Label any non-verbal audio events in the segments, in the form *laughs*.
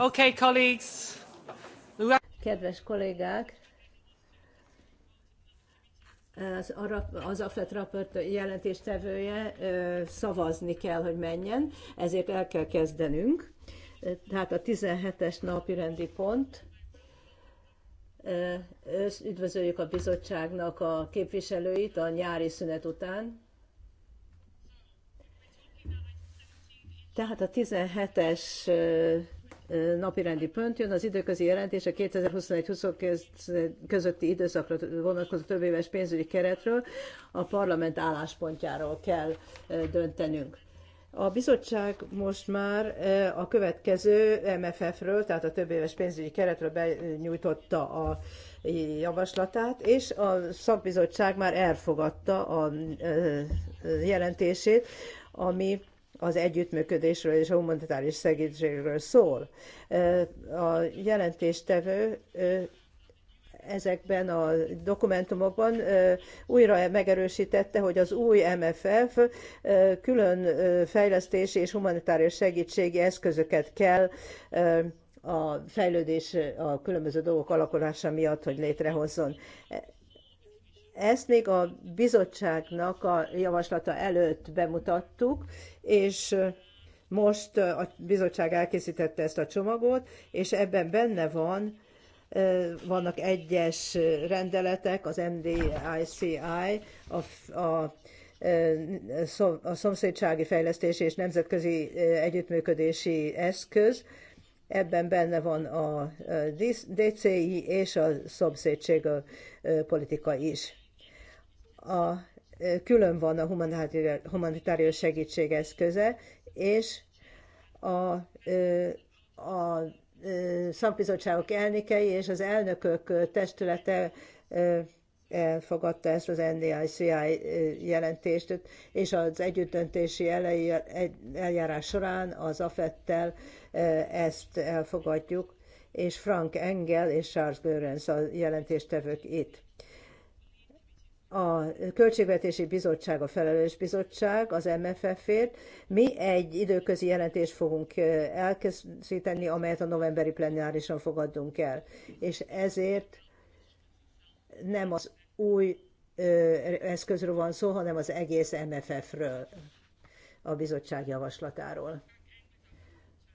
Okay, colleagues. Kedves kollégák, az, az AFET raport jelentéstevője szavazni kell, hogy menjen, ezért el kell kezdenünk. Tehát a 17-es napi rendi pont. Üdvözöljük a bizottságnak a képviselőit a nyári szünet után. Tehát a 17-es napirendi pont jön, az időközi jelentés a 2021-20 közötti időszakra vonatkozó többéves pénzügyi keretről a parlament álláspontjáról kell döntenünk. A bizottság most már a következő MFF-ről, tehát a többéves pénzügyi keretről benyújtotta a javaslatát, és a szakbizottság már elfogadta a jelentését, ami az együttműködésről és a humanitáris segítségről szól. A jelentéstevő ezekben a dokumentumokban újra megerősítette, hogy az új MFF külön fejlesztési és humanitárius segítségi eszközöket kell a fejlődés a különböző dolgok alakulása miatt, hogy létrehozzon. Ezt még a bizottságnak a javaslata előtt bemutattuk, és most a bizottság elkészítette ezt a csomagot, és ebben benne van, vannak egyes rendeletek, az MDICI, a, a, a szomszédsági fejlesztési és nemzetközi együttműködési eszköz, ebben benne van a DCI és a szomszédség politika is a, külön van a humanitárius segítség eszköze, és a, a szakbizottságok elnökei és az elnökök testülete elfogadta ezt az NDICI jelentést, és az együttdöntési eljárás során az AFET-tel ezt elfogadjuk, és Frank Engel és Charles Görens a jelentéstevők itt a Költségvetési Bizottság, a Felelős Bizottság, az MFF-ért. Mi egy időközi jelentést fogunk elkészíteni, amelyet a novemberi plenárison fogadunk el. És ezért nem az új eszközről van szó, hanem az egész MFF-ről, a bizottság javaslatáról.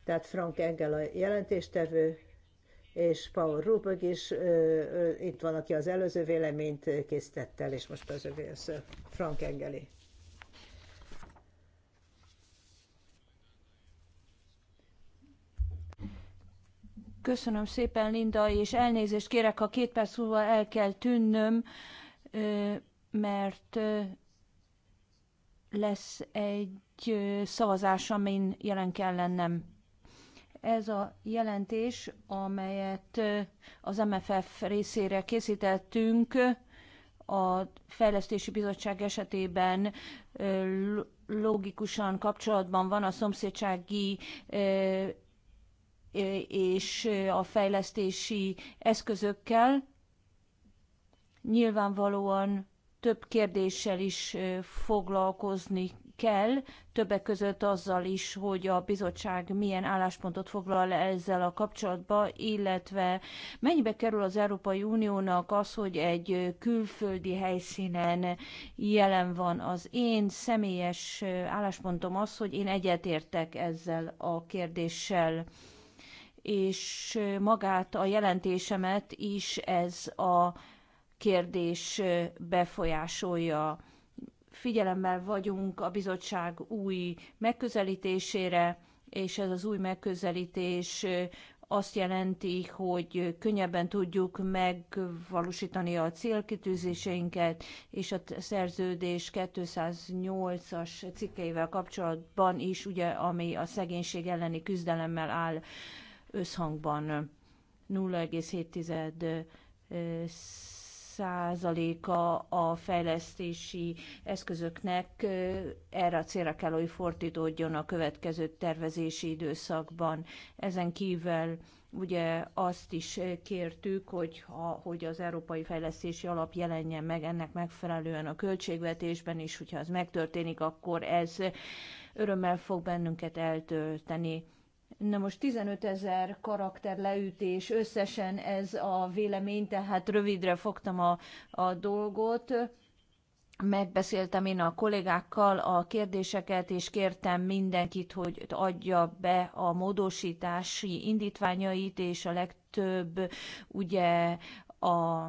Tehát Frank Engel a jelentéstevő, és Paul Rubög is ö, itt van, aki az előző véleményt készítette el, és most az övé Frank Engeli. Köszönöm szépen, Linda, és elnézést kérek, ha két perc múlva el kell tűnnöm, mert lesz egy szavazás, amin jelen kell lennem. Ez a jelentés, amelyet az MFF részére készítettünk, a Fejlesztési Bizottság esetében logikusan kapcsolatban van a szomszédsági és a fejlesztési eszközökkel. Nyilvánvalóan több kérdéssel is foglalkozni kell, többek között azzal is, hogy a bizottság milyen álláspontot foglal ezzel a kapcsolatba, illetve mennyibe kerül az Európai Uniónak az, hogy egy külföldi helyszínen jelen van. Az én személyes álláspontom az, hogy én egyetértek ezzel a kérdéssel és magát a jelentésemet is ez a kérdés befolyásolja figyelemmel vagyunk a bizottság új megközelítésére, és ez az új megközelítés azt jelenti, hogy könnyebben tudjuk megvalósítani a célkitűzéseinket, és a szerződés 208-as cikkeivel kapcsolatban is, ugye, ami a szegénység elleni küzdelemmel áll összhangban 0,7 százaléka a fejlesztési eszközöknek erre a célra kell, hogy fordítódjon a következő tervezési időszakban. Ezen kívül ugye azt is kértük, hogy, ha, hogy az Európai Fejlesztési Alap jelenjen meg ennek megfelelően a költségvetésben is, hogyha az megtörténik, akkor ez örömmel fog bennünket eltölteni. Na most 15 ezer karakter leütés, összesen ez a vélemény, tehát rövidre fogtam a, a dolgot. Megbeszéltem én a kollégákkal a kérdéseket, és kértem mindenkit, hogy adja be a módosítási indítványait, és a legtöbb ugye a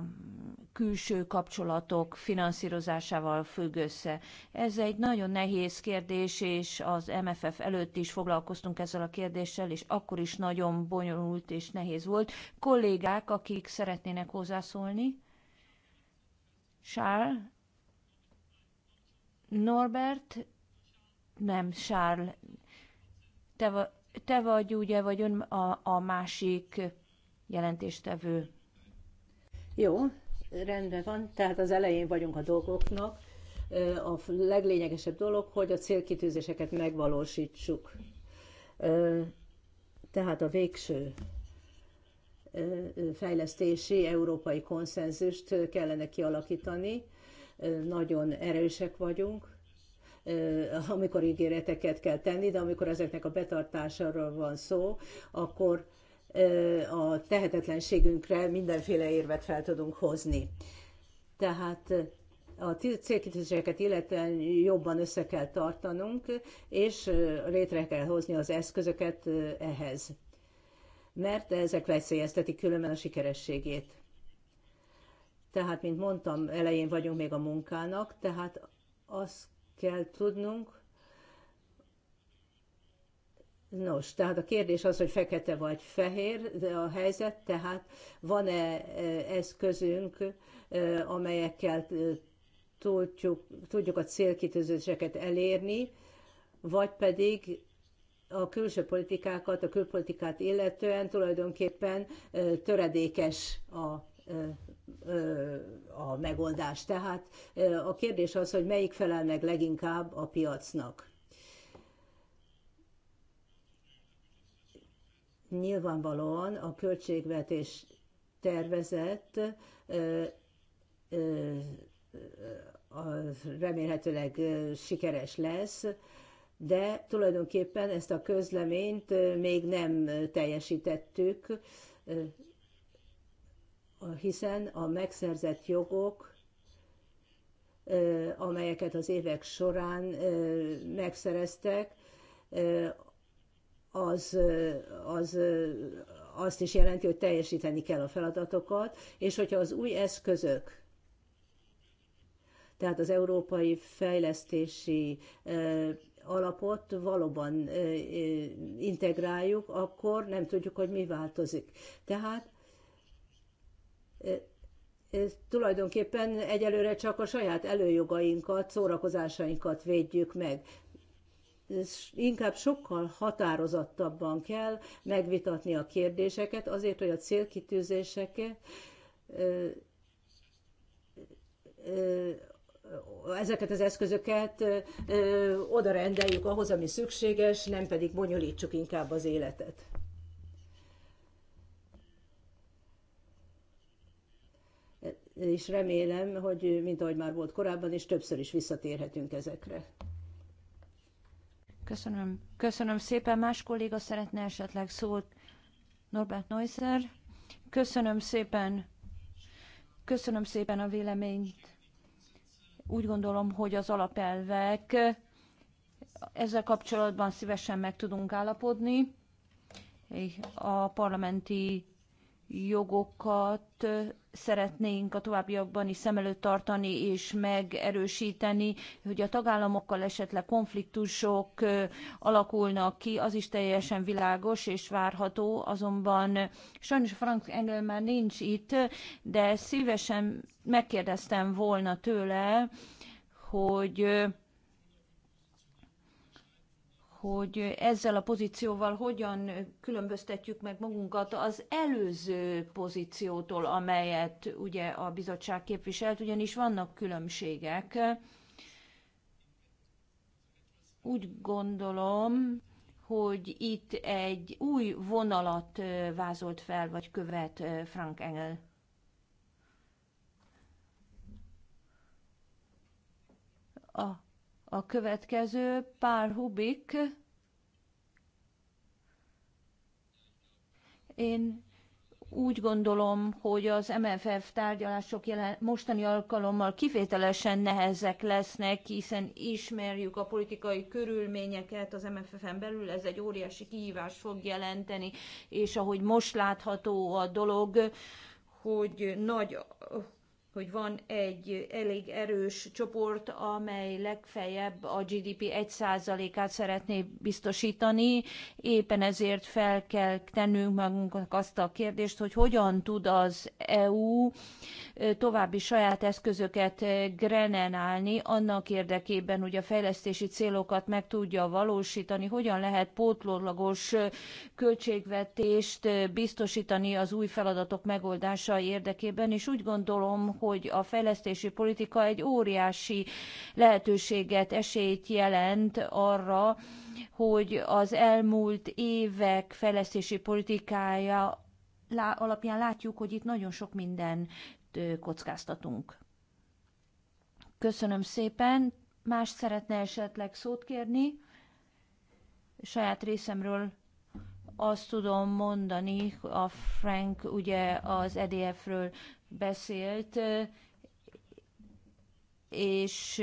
külső kapcsolatok finanszírozásával függ össze. Ez egy nagyon nehéz kérdés, és az MFF előtt is foglalkoztunk ezzel a kérdéssel, és akkor is nagyon bonyolult és nehéz volt. Kollégák, akik szeretnének hozzászólni? Sár? Norbert? Nem, Sár. Te, va- te vagy ugye, vagy ön a, a másik jelentéstevő. Jó, rendben van, tehát az elején vagyunk a dolgoknak. A leglényegesebb dolog, hogy a célkitűzéseket megvalósítsuk. Tehát a végső fejlesztési európai konszenzust kellene kialakítani. Nagyon erősek vagyunk, amikor ígéreteket kell tenni, de amikor ezeknek a betartásáról van szó, akkor a tehetetlenségünkre mindenféle érvet fel tudunk hozni. Tehát a célkitűzéseket illetően jobban össze kell tartanunk, és létre kell hozni az eszközöket ehhez. Mert ezek veszélyeztetik különben a sikerességét. Tehát, mint mondtam, elején vagyunk még a munkának, tehát azt kell tudnunk, Nos, tehát a kérdés az, hogy fekete vagy fehér de a helyzet, tehát van-e e, eszközünk, e, amelyekkel e, tudjuk, tudjuk a célkitűzéseket elérni, vagy pedig a külső politikákat, a külpolitikát illetően tulajdonképpen töredékes a a megoldás. Tehát a kérdés az, hogy melyik felel meg leginkább a piacnak. nyilvánvalóan a költségvetés tervezett remélhetőleg sikeres lesz, de tulajdonképpen ezt a közleményt még nem teljesítettük, hiszen a megszerzett jogok, amelyeket az évek során megszereztek, az, az azt is jelenti, hogy teljesíteni kell a feladatokat, és hogyha az új eszközök, tehát az európai fejlesztési alapot valóban integráljuk, akkor nem tudjuk, hogy mi változik. Tehát tulajdonképpen egyelőre csak a saját előjogainkat, szórakozásainkat védjük meg inkább sokkal határozottabban kell megvitatni a kérdéseket, azért, hogy a célkitűzéseket ezeket az eszközöket oda rendeljük ahhoz, ami szükséges, nem pedig bonyolítsuk inkább az életet. És remélem, hogy mint ahogy már volt korábban, és többször is visszatérhetünk ezekre. Köszönöm. Köszönöm szépen. Más kolléga szeretne esetleg szót. Norbert Neusser. Köszönöm szépen. Köszönöm szépen a véleményt. Úgy gondolom, hogy az alapelvek ezzel kapcsolatban szívesen meg tudunk állapodni. A parlamenti jogokat szeretnénk a továbbiakban is szem előtt tartani és megerősíteni, hogy a tagállamokkal esetleg konfliktusok alakulnak ki, az is teljesen világos és várható, azonban sajnos Frank Engel már nincs itt, de szívesen megkérdeztem volna tőle, hogy hogy ezzel a pozícióval hogyan különböztetjük meg magunkat az előző pozíciótól, amelyet ugye a bizottság képviselt, ugyanis vannak különbségek. Úgy gondolom, hogy itt egy új vonalat vázolt fel, vagy követ Frank Engel. A a következő pár hubik. Én úgy gondolom, hogy az MFF tárgyalások jelen, mostani alkalommal kivételesen nehezek lesznek, hiszen ismerjük a politikai körülményeket az MFF-en belül, ez egy óriási kihívás fog jelenteni, és ahogy most látható a dolog, hogy nagy hogy van egy elég erős csoport, amely legfeljebb a GDP 1%-át szeretné biztosítani. Éppen ezért fel kell tennünk magunknak azt a kérdést, hogy hogyan tud az EU további saját eszközöket grenenálni annak érdekében, hogy a fejlesztési célokat meg tudja valósítani, hogyan lehet pótlólagos költségvetést biztosítani az új feladatok megoldása érdekében, és úgy gondolom, hogy a fejlesztési politika egy óriási lehetőséget, esélyt jelent arra, hogy az elmúlt évek fejlesztési politikája alapján látjuk, hogy itt nagyon sok mindent kockáztatunk. Köszönöm szépen. Más szeretne esetleg szót kérni? Saját részemről azt tudom mondani, a Frank ugye az EDF-ről beszélt, és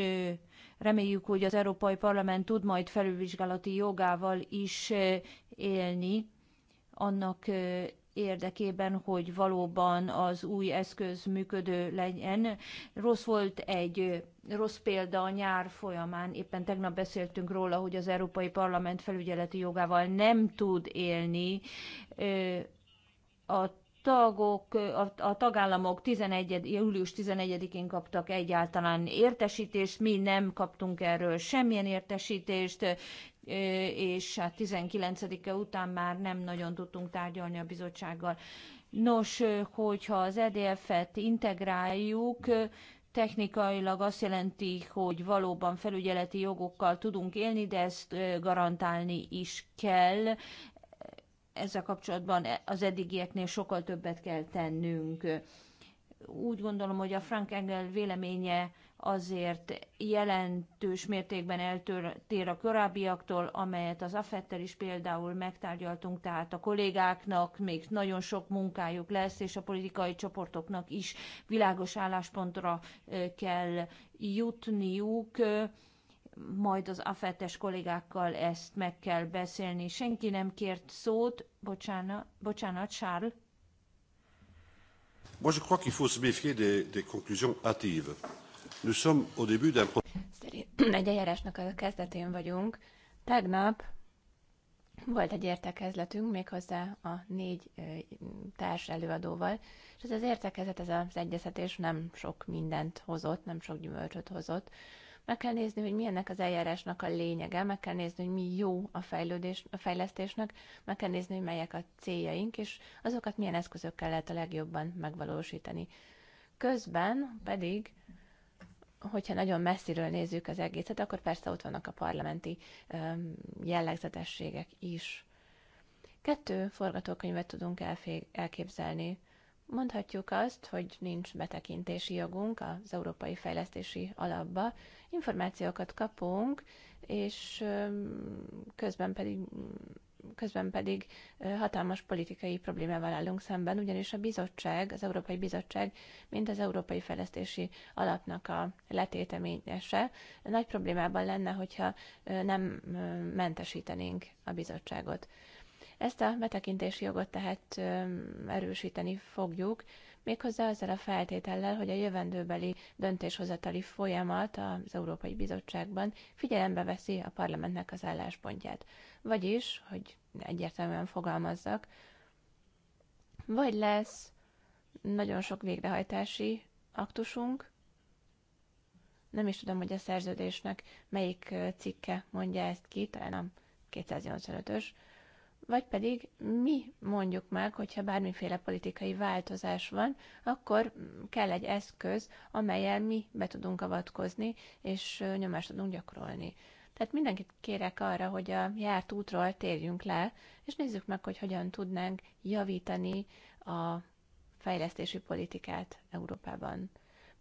reméljük, hogy az Európai Parlament tud majd felülvizsgálati jogával is élni annak érdekében, hogy valóban az új eszköz működő legyen. Rossz volt egy rossz példa a nyár folyamán, éppen tegnap beszéltünk róla, hogy az Európai Parlament felügyeleti jogával nem tud élni a tagok, a, a tagállamok 11, július 11-én kaptak egyáltalán értesítést, mi nem kaptunk erről semmilyen értesítést, és a hát 19-e után már nem nagyon tudtunk tárgyalni a bizottsággal. Nos, hogyha az EDF-et integráljuk, technikailag azt jelenti, hogy valóban felügyeleti jogokkal tudunk élni, de ezt garantálni is kell, ezzel kapcsolatban az eddigieknél sokkal többet kell tennünk. Úgy gondolom, hogy a Frank Engel véleménye azért jelentős mértékben eltér a korábbiaktól, amelyet az afet is például megtárgyaltunk, tehát a kollégáknak még nagyon sok munkájuk lesz, és a politikai csoportoknak is világos álláspontra kell jutniuk majd az afetes kollégákkal ezt meg kell beszélni. Senki nem kért szót. Bocsánat, bocsánat, Charles. Moi, je crois qu'il faut se méfier des, des conclusions hâtives. Nous sommes au début d'un... *clears throat* Egy eljárásnak a kezdetén vagyunk. Tegnap volt egy értekezletünk, méghozzá a négy társ előadóval, és ez az értekezet, ez az egyeztetés nem sok mindent hozott, nem sok gyümölcsöt hozott. Meg kell nézni, hogy milyennek az eljárásnak a lényege, meg kell nézni, hogy mi jó a, fejlődés, a fejlesztésnek, meg kell nézni, hogy melyek a céljaink, és azokat milyen eszközökkel lehet a legjobban megvalósítani. Közben pedig hogyha nagyon messziről nézzük az egészet, akkor persze ott vannak a parlamenti jellegzetességek is. Kettő forgatókönyvet tudunk elfé- elképzelni. Mondhatjuk azt, hogy nincs betekintési jogunk az Európai Fejlesztési Alapba. Információkat kapunk, és közben pedig közben pedig hatalmas politikai problémával állunk szemben, ugyanis a bizottság, az Európai Bizottság, mint az Európai Fejlesztési Alapnak a letéteményese nagy problémában lenne, hogyha nem mentesítenénk a bizottságot. Ezt a betekintési jogot tehát erősíteni fogjuk, méghozzá ezzel a feltétellel, hogy a jövendőbeli döntéshozatali folyamat az Európai Bizottságban figyelembe veszi a parlamentnek az álláspontját. Vagyis, hogy egyértelműen fogalmazzak, vagy lesz nagyon sok végrehajtási aktusunk, nem is tudom, hogy a szerződésnek melyik cikke mondja ezt ki, talán a 285-ös, vagy pedig mi mondjuk meg, hogyha bármiféle politikai változás van, akkor kell egy eszköz, amelyel mi be tudunk avatkozni, és nyomást tudunk gyakorolni. Tehát mindenkit kérek arra, hogy a járt útról térjünk le, és nézzük meg, hogy hogyan tudnánk javítani a fejlesztési politikát Európában.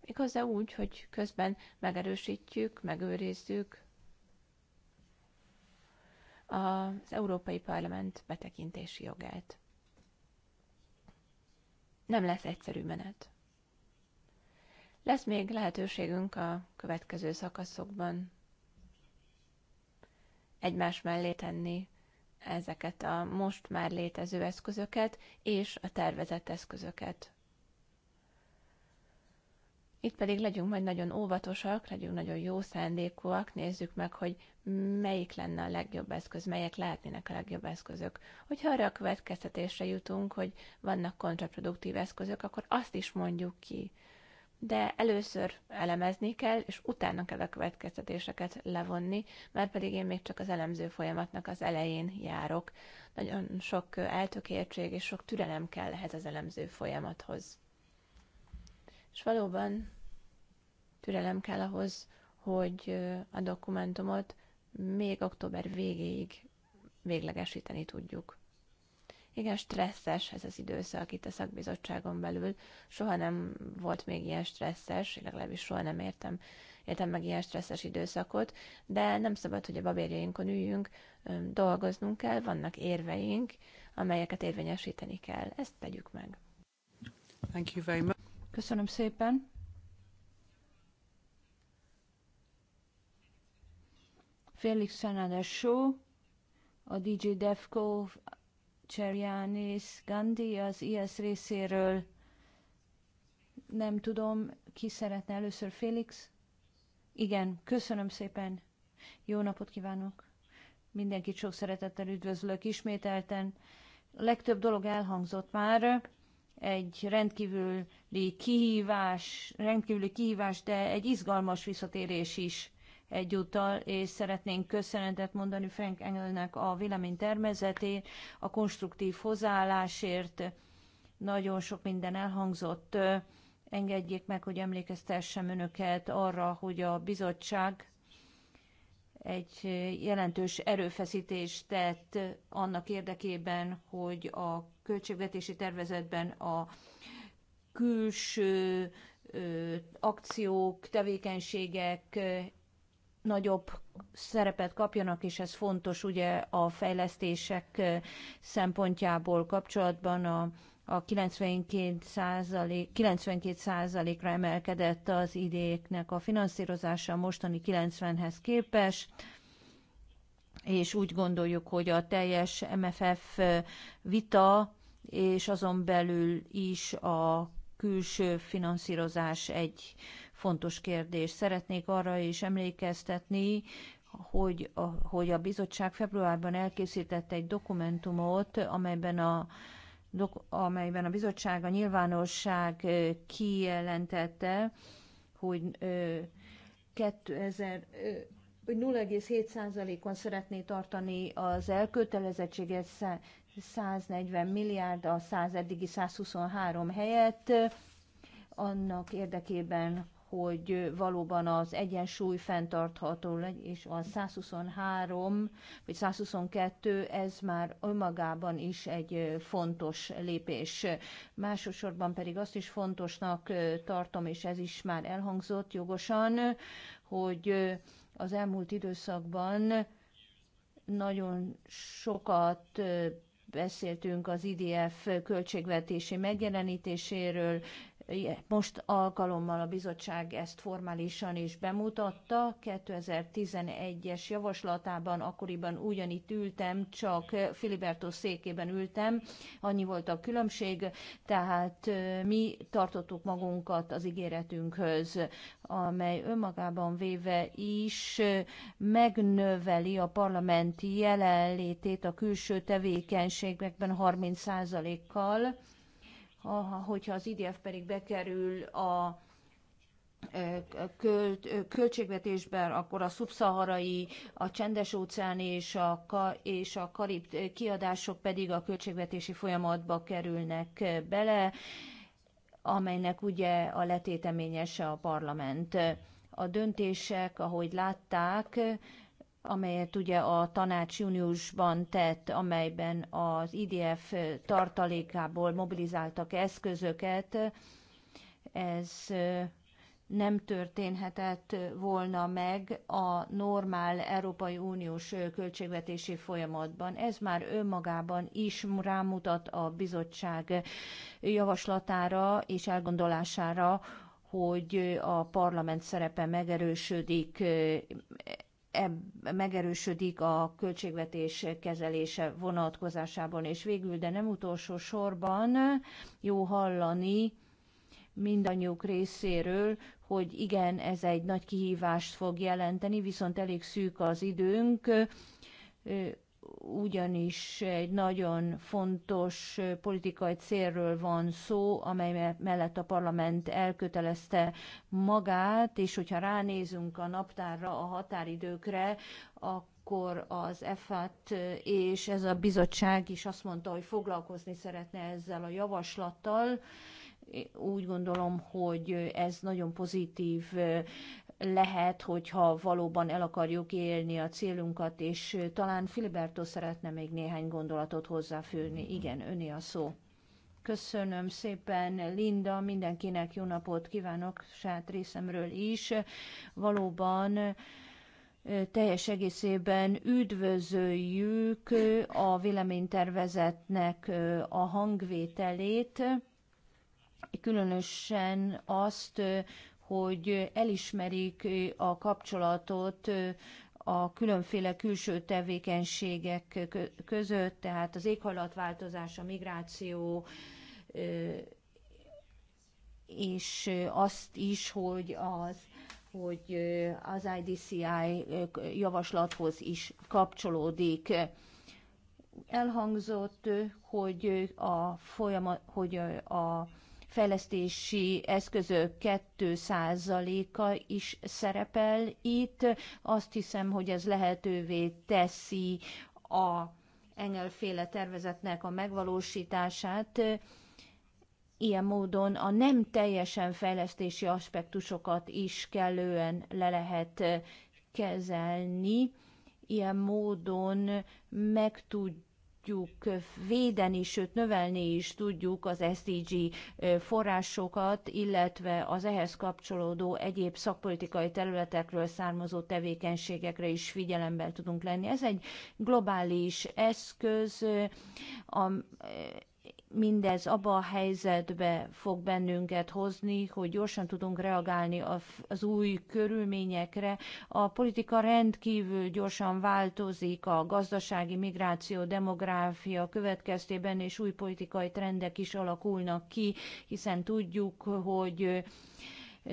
Méghozzá úgy, hogy közben megerősítjük, megőrizzük, az Európai Parlament betekintési jogát. Nem lesz egyszerű menet. Lesz még lehetőségünk a következő szakaszokban egymás mellé tenni ezeket a most már létező eszközöket és a tervezett eszközöket. Itt pedig legyünk majd nagyon óvatosak, legyünk nagyon jó szándékúak, nézzük meg, hogy melyik lenne a legjobb eszköz, melyek lehetnének a legjobb eszközök. Hogyha arra a következtetésre jutunk, hogy vannak kontraproduktív eszközök, akkor azt is mondjuk ki. De először elemezni kell, és utána kell a következtetéseket levonni, mert pedig én még csak az elemző folyamatnak az elején járok. Nagyon sok eltökértség és sok türelem kell ehhez az elemző folyamathoz. És valóban türelem kell ahhoz, hogy a dokumentumot még október végéig véglegesíteni tudjuk. Igen, stresszes ez az időszak itt a szakbizottságon belül. Soha nem volt még ilyen stresszes, legalábbis soha nem értem, éltem meg ilyen stresszes időszakot, de nem szabad, hogy a babérjainkon üljünk, dolgoznunk kell, vannak érveink, amelyeket érvényesíteni kell. Ezt tegyük meg. Thank you very much. Köszönöm szépen. Félix Fernández Show, a DJ Defco, Cserjánész Gandhi az IS részéről. Nem tudom, ki szeretne először Félix? Igen, köszönöm szépen. Jó napot kívánok. Mindenkit sok szeretettel üdvözlök ismételten. A legtöbb dolog elhangzott már egy rendkívüli kihívás, rendkívüli kihívás, de egy izgalmas visszatérés is egyúttal, és szeretnénk köszönetet mondani Frank Engelnek a vélemény termezetét, a konstruktív hozzáállásért. Nagyon sok minden elhangzott. Engedjék meg, hogy emlékeztessem önöket arra, hogy a bizottság egy jelentős erőfeszítést tett annak érdekében, hogy a költségvetési tervezetben a külső akciók, tevékenységek nagyobb szerepet kapjanak, és ez fontos ugye a fejlesztések szempontjából kapcsolatban a, a 92 százalék, 92 százalékra emelkedett az idéknek a finanszírozása a mostani 90-hez képes, és úgy gondoljuk, hogy a teljes MFF vita és azon belül is a külső finanszírozás egy fontos kérdés. Szeretnék arra is emlékeztetni, hogy a, hogy a bizottság februárban elkészített egy dokumentumot, amelyben a, amelyben a bizottság a nyilvánosság kijelentette, hogy 2000 0,7%-on szeretné tartani az elkötelezettséget 140 milliárd a 100 eddigi 123 helyett annak érdekében, hogy valóban az egyensúly fenntartható legyen, és a 123 vagy 122 ez már önmagában is egy fontos lépés. Másosorban pedig azt is fontosnak tartom, és ez is már elhangzott jogosan, hogy az elmúlt időszakban nagyon sokat beszéltünk az IDF költségvetési megjelenítéséről, most alkalommal a bizottság ezt formálisan is bemutatta. 2011-es javaslatában akkoriban ugyanitt ültem, csak Filiberto székében ültem. Annyi volt a különbség, tehát mi tartottuk magunkat az ígéretünkhöz, amely önmagában véve is megnöveli a parlamenti jelenlétét a külső tevékenységekben 30%-kal hogyha az IDF pedig bekerül a e, költ, e, költségvetésben, akkor a szubszaharai, a csendes óceán és a, és a karib kiadások pedig a költségvetési folyamatba kerülnek bele, amelynek ugye a letéteményese a parlament. A döntések, ahogy látták, amelyet ugye a tanács júniusban tett, amelyben az IDF tartalékából mobilizáltak eszközöket, ez nem történhetett volna meg a normál Európai Uniós költségvetési folyamatban. Ez már önmagában is rámutat a bizottság javaslatára és elgondolására, hogy a parlament szerepe megerősödik megerősödik a költségvetés kezelése vonatkozásában, és végül, de nem utolsó sorban jó hallani mindannyiuk részéről, hogy igen, ez egy nagy kihívást fog jelenteni, viszont elég szűk az időnk, ugyanis egy nagyon fontos politikai célről van szó, amely mellett a parlament elkötelezte magát, és hogyha ránézünk a naptárra, a határidőkre, akkor az EFAT és ez a bizottság is azt mondta, hogy foglalkozni szeretne ezzel a javaslattal, úgy gondolom, hogy ez nagyon pozitív lehet, hogyha valóban el akarjuk élni a célunkat, és talán Filiberto szeretne még néhány gondolatot hozzáfűzni. Igen, öné a szó. Köszönöm szépen, Linda, mindenkinek jó napot kívánok, sát részemről is. Valóban teljes egészében üdvözöljük a véleménytervezetnek a hangvételét, különösen azt, hogy elismerik a kapcsolatot a különféle külső tevékenységek között, tehát az éghajlatváltozás, a migráció, és azt is, hogy az hogy az IDCI javaslathoz is kapcsolódik. Elhangzott, hogy a folyamat, hogy a fejlesztési eszközök 2%-a is szerepel itt. Azt hiszem, hogy ez lehetővé teszi a Engelféle tervezetnek a megvalósítását. Ilyen módon a nem teljesen fejlesztési aspektusokat is kellően le lehet kezelni. Ilyen módon meg tud tudjuk védeni, sőt növelni is tudjuk az SDG forrásokat, illetve az ehhez kapcsolódó egyéb szakpolitikai területekről származó tevékenységekre is figyelemben tudunk lenni. Ez egy globális eszköz, a, mindez abba a helyzetbe fog bennünket hozni, hogy gyorsan tudunk reagálni az új körülményekre. A politika rendkívül gyorsan változik a gazdasági migráció, demográfia következtében, és új politikai trendek is alakulnak ki, hiszen tudjuk, hogy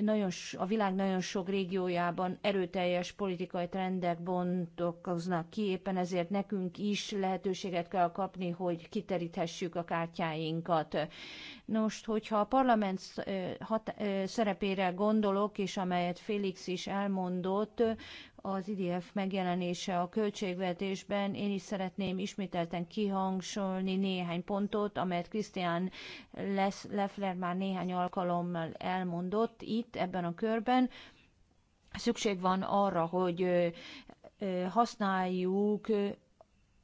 nagyon, a világ nagyon sok régiójában erőteljes politikai trendek bontokoznak ki, éppen ezért nekünk is lehetőséget kell kapni, hogy kiteríthessük a kártyáinkat. Most, hogyha a parlament szerepére gondolok, és amelyet Félix is elmondott, az IDF megjelenése a költségvetésben. Én is szeretném ismételten kihangsúlni néhány pontot, amelyet Krisztián Leffler már néhány alkalommal elmondott itt ebben a körben. Szükség van arra, hogy használjuk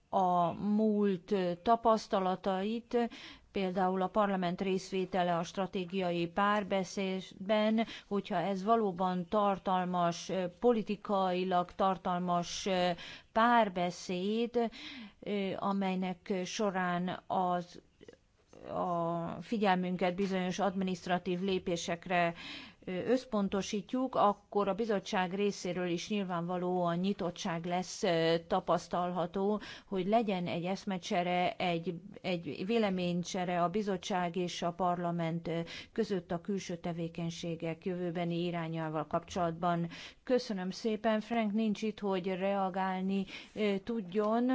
a múlt tapasztalatait, például a parlament részvétele a stratégiai párbeszédben, hogyha ez valóban tartalmas, politikailag tartalmas párbeszéd, amelynek során az a figyelmünket bizonyos administratív lépésekre összpontosítjuk, akkor a bizottság részéről is nyilvánvalóan nyitottság lesz tapasztalható, hogy legyen egy eszmecsere, egy, egy véleménycsere a bizottság és a parlament között a külső tevékenységek jövőbeni irányával kapcsolatban. Köszönöm szépen, Frank nincs itt, hogy reagálni tudjon.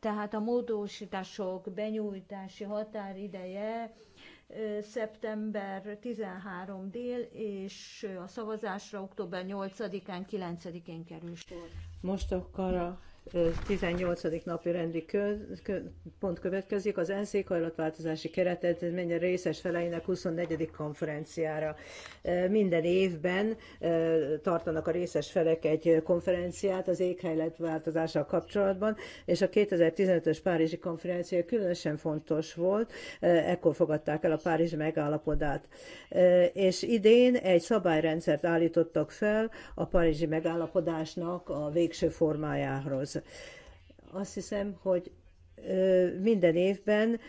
Tehát a módosítások benyújtási határideje szeptember 13 dél, és a szavazásra október 8-án, 9-én kerül sor. Most akkor a 18. napi rendi kö, kö, pont következik az ENSZ éghajlatváltozási keretet mennyi részes feleinek 24. konferenciára. E, minden évben e, tartanak a részes felek egy konferenciát az éghajlatváltozással kapcsolatban, és a 2015-ös Párizsi konferencia különösen fontos volt, e, ekkor fogadták el a Párizsi megállapodát. És idén egy szabályrendszert állítottak fel a Párizsi megállapodásnak a végső formájához az. Azt hiszem, hogy minden évben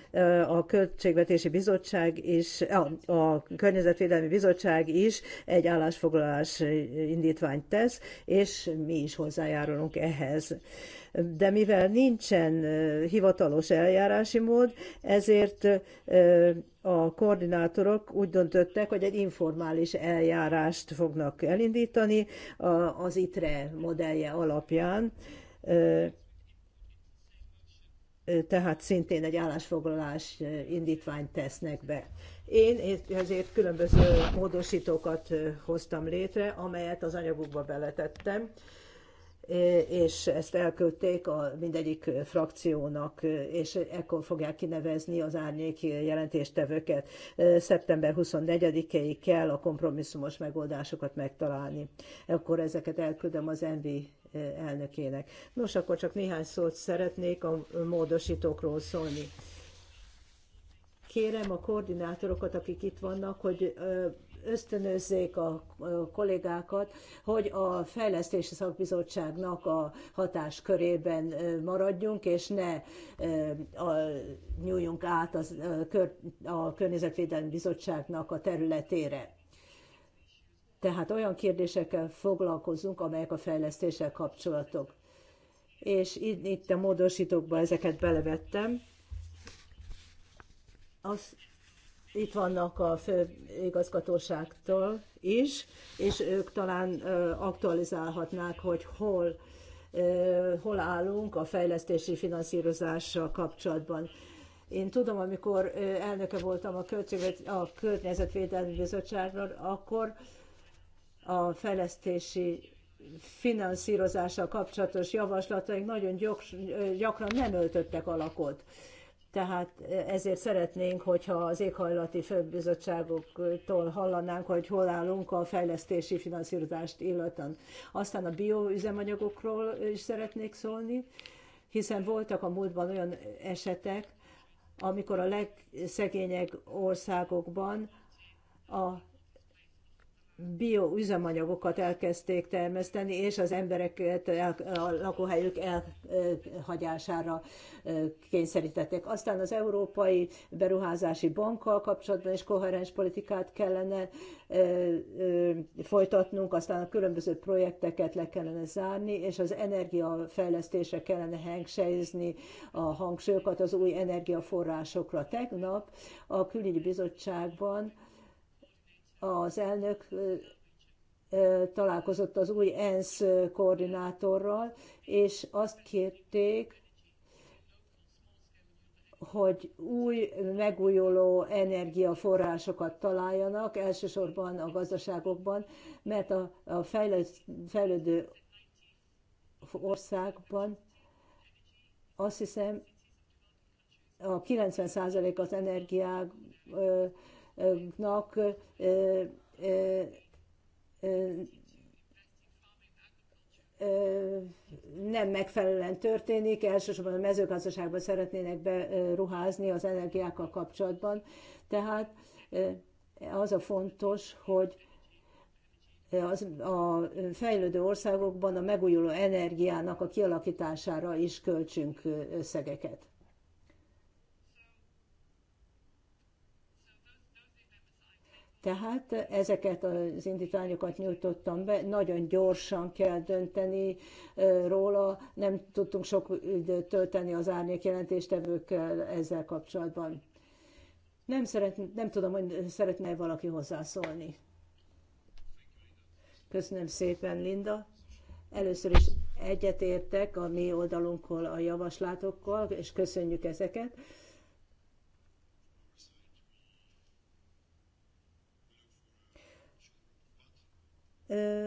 a Költségvetési Bizottság és a, a Környezetvédelmi Bizottság is egy állásfoglalás indítványt tesz, és mi is hozzájárulunk ehhez. De mivel nincsen hivatalos eljárási mód, ezért a koordinátorok úgy döntöttek, hogy egy informális eljárást fognak elindítani az ITRE modellje alapján tehát szintén egy állásfoglalás indítványt tesznek be. Én ezért különböző módosítókat hoztam létre, amelyet az anyagukba beletettem, és ezt elküldték a mindegyik frakciónak, és ekkor fogják kinevezni az árnyék jelentéstevőket. Szeptember 24-ig kell a kompromisszumos megoldásokat megtalálni. Akkor ezeket elküldöm az ENVI elnökének. Nos, akkor csak néhány szót szeretnék a módosítókról szólni. Kérem a koordinátorokat, akik itt vannak, hogy ösztönözzék a kollégákat, hogy a fejlesztési szakbizottságnak a hatáskörében maradjunk, és ne nyúljunk át a, a Környezetvédelmi Bizottságnak a területére. Tehát olyan kérdésekkel foglalkozunk, amelyek a fejlesztéssel kapcsolatok. És itt a módosítókba ezeket belevettem. Az, itt vannak a fő igazgatóságtól is, és ők talán ö, aktualizálhatnák, hogy hol, ö, hol állunk a fejlesztési finanszírozással kapcsolatban. Én tudom, amikor elnöke voltam a, Költség, a Környezetvédelmi Bizottságnak, akkor ö, a fejlesztési finanszírozással kapcsolatos javaslataink nagyon gyakran nem öltöttek alakot. Tehát ezért szeretnénk, hogyha az éghajlati főbizottságoktól hallanánk, hogy hol állunk a fejlesztési finanszírozást illetően. Aztán a bioüzemanyagokról is szeretnék szólni, hiszen voltak a múltban olyan esetek, amikor a legszegényebb országokban a bioüzemanyagokat elkezdték termeszteni, és az embereket a lakóhelyük elhagyására kényszerítették. Aztán az Európai Beruházási Bankkal kapcsolatban is koherens politikát kellene folytatnunk, aztán a különböző projekteket le kellene zárni, és az energiafejlesztésre kellene hangsúlyozni a hangsúlyokat az új energiaforrásokra. Tegnap a külügyi bizottságban az elnök találkozott az új ENSZ koordinátorral, és azt kérték, hogy új megújuló energiaforrásokat találjanak, elsősorban a gazdaságokban, mert a, a fejlődő országban azt hiszem a 90% az energiák nak eh, eh, eh, nem megfelelően történik, elsősorban a mezőgazdaságban szeretnének beruházni az energiákkal kapcsolatban. Tehát az a fontos, hogy az, a fejlődő országokban a megújuló energiának a kialakítására is költsünk összegeket. Tehát ezeket az indítványokat nyújtottam be, nagyon gyorsan kell dönteni róla, nem tudtunk sok időt tölteni az árnyék jelentéstevőkkel ezzel kapcsolatban. Nem, szeret, nem tudom, hogy szeretne valaki hozzászólni. Köszönöm szépen, Linda. Először is egyetértek a mi oldalunkról a javaslatokkal, és köszönjük ezeket.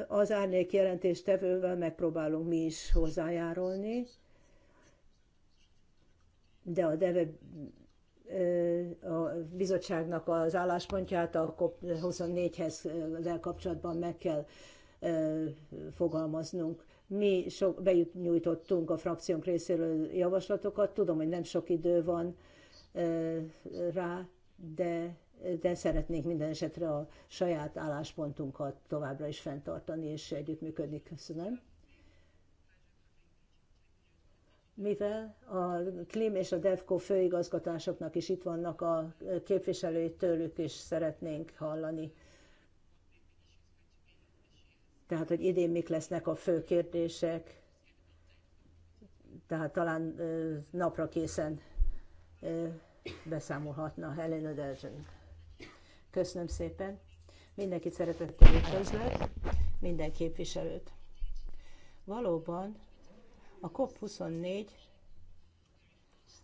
az árnyék jelentéstevővel megpróbálunk mi is hozzájárulni, de a deve a bizottságnak az álláspontját a COP24-hez kapcsolatban meg kell fogalmaznunk. Mi sok, benyújtottunk a frakciónk részéről javaslatokat, tudom, hogy nem sok idő van rá, de de szeretnénk minden esetre a saját álláspontunkat továbbra is fenntartani és együttműködni. Köszönöm. Mivel a Klim és a DEVCO főigazgatásoknak is itt vannak a képviselői tőlük is szeretnénk hallani. Tehát, hogy idén mik lesznek a fő kérdések, tehát talán napra készen beszámolhatna Helena Delzsön. Köszönöm szépen. Mindenkit szeretettel üdvözlök, minden képviselőt. Valóban a COP24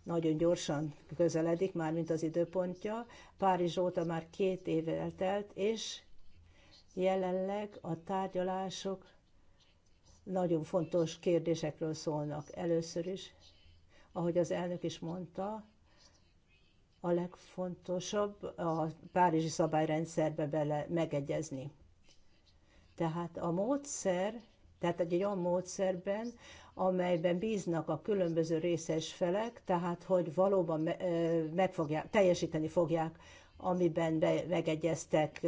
nagyon gyorsan közeledik, mint az időpontja. Párizs óta már két év eltelt, és jelenleg a tárgyalások nagyon fontos kérdésekről szólnak. Először is, ahogy az elnök is mondta, a legfontosabb a párizsi szabályrendszerbe bele megegyezni. Tehát a módszer, tehát egy olyan módszerben, amelyben bíznak a különböző részes felek, tehát hogy valóban meg fogják, teljesíteni fogják, amiben be, megegyeztek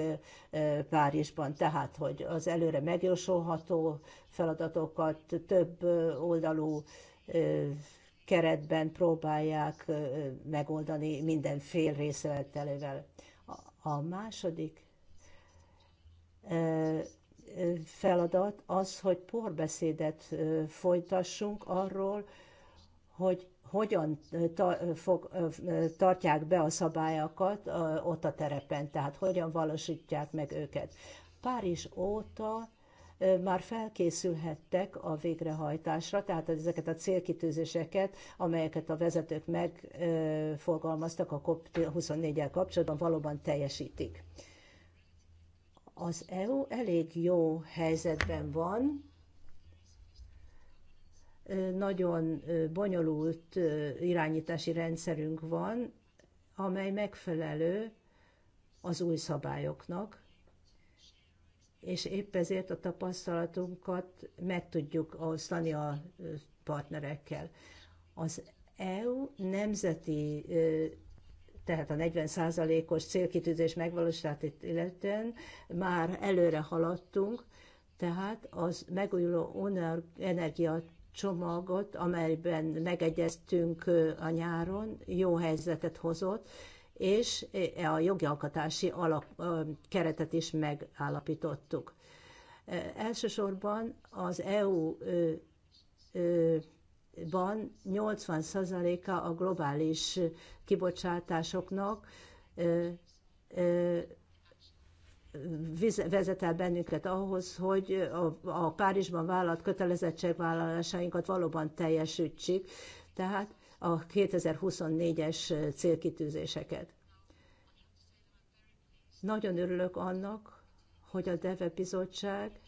Párizsban. Tehát, hogy az előre megjósolható feladatokat, több oldalú keretben próbálják megoldani minden fél részletelével. A második feladat az, hogy porbeszédet folytassunk arról, hogy hogyan fog, tartják be a szabályokat ott a terepen, tehát hogyan valósítják meg őket. Párizs óta már felkészülhettek a végrehajtásra, tehát ezeket a célkitűzéseket, amelyeket a vezetők megfogalmaztak a COP24-el kapcsolatban, valóban teljesítik. Az EU elég jó helyzetben van, nagyon bonyolult irányítási rendszerünk van, amely megfelelő az új szabályoknak, és épp ezért a tapasztalatunkat meg tudjuk osztani a partnerekkel. Az EU nemzeti, tehát a 40%-os célkitűzés megvalósítását illetően már előre haladtunk, tehát az megújuló energia csomagot, amelyben megegyeztünk a nyáron, jó helyzetet hozott, és eh, a jogi alkotási alap, keretet is megállapítottuk. Elsősorban az EU ban 80%-a a globális kibocsátásoknak vezet el bennünket ahhoz, hogy a, a Párizsban vállalt kötelezettségvállalásainkat valóban teljesítsük. Tehát a 2024-es célkitűzéseket. Nagyon örülök annak, hogy a DEVE bizottság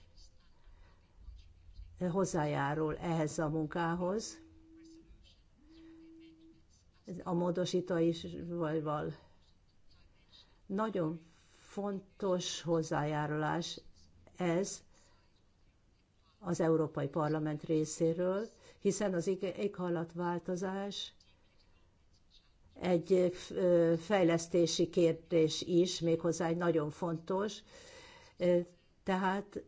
hozzájárul ehhez a munkához, a módosítóival. Nagyon fontos hozzájárulás ez az Európai Parlament részéről, hiszen az éghajlatváltozás egy fejlesztési kérdés is, méghozzá egy nagyon fontos. Tehát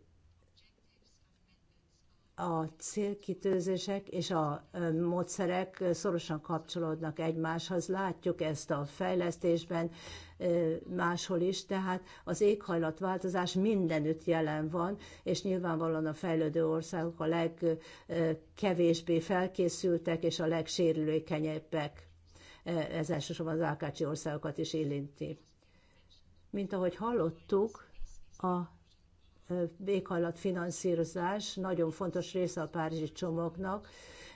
a célkitőzések és a módszerek szorosan kapcsolódnak egymáshoz. Látjuk ezt a fejlesztésben máshol is, tehát az éghajlatváltozás mindenütt jelen van, és nyilvánvalóan a fejlődő országok a legkevésbé felkészültek és a legsérülékenyebbek. Ez elsősorban az Ákácsi országokat is érinti. Mint ahogy hallottuk, a éghajlatfinanszírozás nagyon fontos része a Párizsi csomagnak.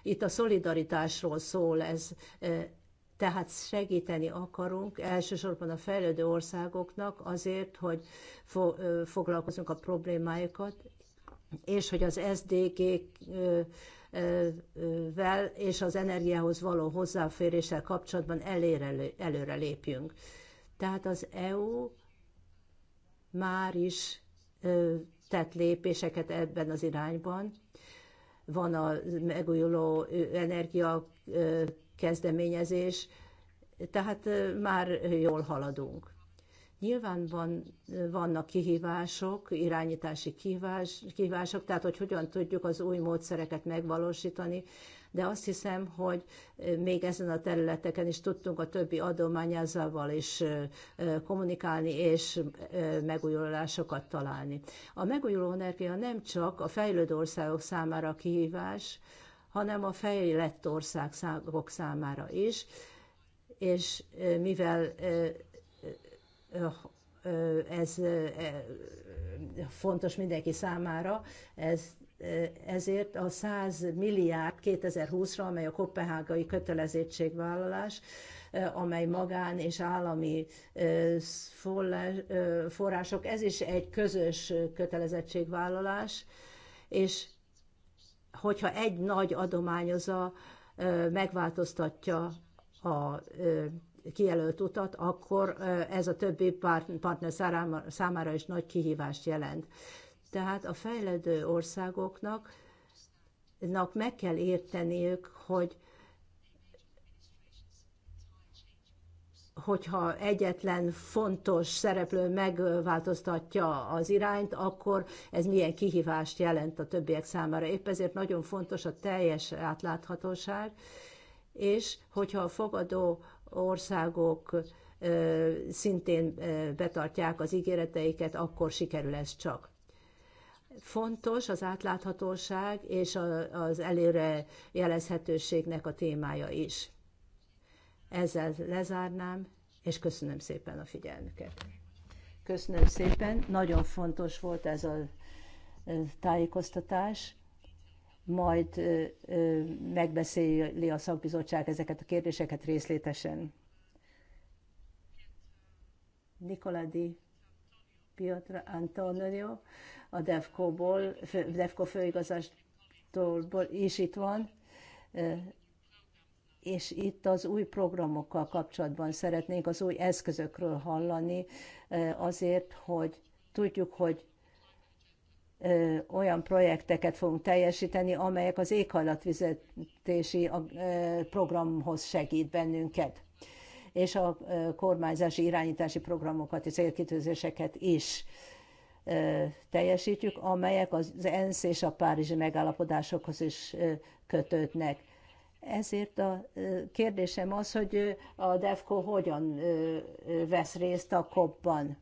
Itt a szolidaritásról szól ez, e, tehát segíteni akarunk elsősorban a fejlődő országoknak azért, hogy fo- foglalkozunk a problémáikat és hogy az SDG-vel és az energiához való hozzáféréssel kapcsolatban elére, előre lépjünk. Tehát az EU már is tett lépéseket ebben az irányban. Van a megújuló energia kezdeményezés, tehát már jól haladunk. Nyilván van, vannak kihívások, irányítási kihívás, kihívások, tehát hogy hogyan tudjuk az új módszereket megvalósítani, de azt hiszem, hogy még ezen a területeken is tudtunk a többi adományázával is kommunikálni és megújulásokat találni. A megújuló energia nem csak a fejlődő országok számára kihívás, hanem a fejlett országok számára is, és mivel ez fontos mindenki számára, ez ezért a 100 milliárd 2020-ra, amely a kopenhágai kötelezettségvállalás, amely magán és állami források, ez is egy közös kötelezettségvállalás, és hogyha egy nagy adományozó megváltoztatja a kijelölt utat, akkor ez a többi partner számára is nagy kihívást jelent. Tehát a fejlődő országoknak meg kell érteniük, hogy hogyha egyetlen fontos szereplő megváltoztatja az irányt, akkor ez milyen kihívást jelent a többiek számára. Épp ezért nagyon fontos a teljes átláthatóság, és hogyha a fogadó országok szintén betartják az ígéreteiket, akkor sikerül ez csak. Fontos az átláthatóság és az előre jelezhetőségnek a témája is. Ezzel lezárnám, és köszönöm szépen a figyelmüket. Köszönöm szépen, nagyon fontos volt ez a tájékoztatás majd megbeszéli a szakbizottság ezeket a kérdéseket részletesen. Nikoladi Piotr Antonio, a DEFCO-ból, DEFCO főigazástól is itt van, és itt az új programokkal kapcsolatban szeretnénk az új eszközökről hallani, azért, hogy tudjuk, hogy olyan projekteket fogunk teljesíteni, amelyek az éghajlatvizetési programhoz segít bennünket és a kormányzási irányítási programokat és célkitűzéseket is teljesítjük, amelyek az ENSZ és a Párizsi megállapodásokhoz is kötődnek. Ezért a kérdésem az, hogy a DEFCO hogyan vesz részt a COP-ban,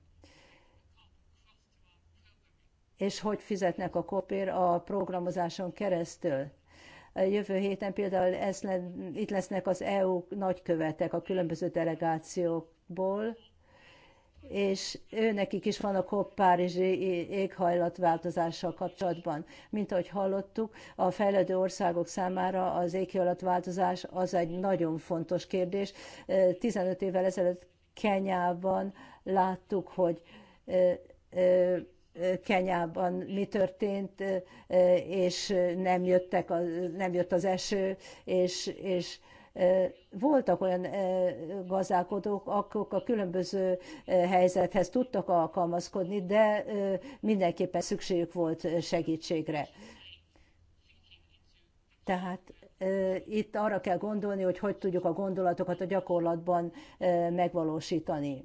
és hogy fizetnek a COPÉR a programozáson keresztül. Jövő héten például ez, itt lesznek az EU nagykövetek a különböző delegációkból, és őnekik is van a COP Párizsi éghajlatváltozással kapcsolatban. Mint ahogy hallottuk, a fejlődő országok számára az éghajlatváltozás az egy nagyon fontos kérdés. 15 évvel ezelőtt Kenyában láttuk, hogy Kenyában mi történt, és nem, jöttek a, nem jött az eső, és, és voltak olyan gazdálkodók, akik a különböző helyzethez tudtak alkalmazkodni, de mindenképpen szükségük volt segítségre. Tehát itt arra kell gondolni, hogy hogy tudjuk a gondolatokat a gyakorlatban megvalósítani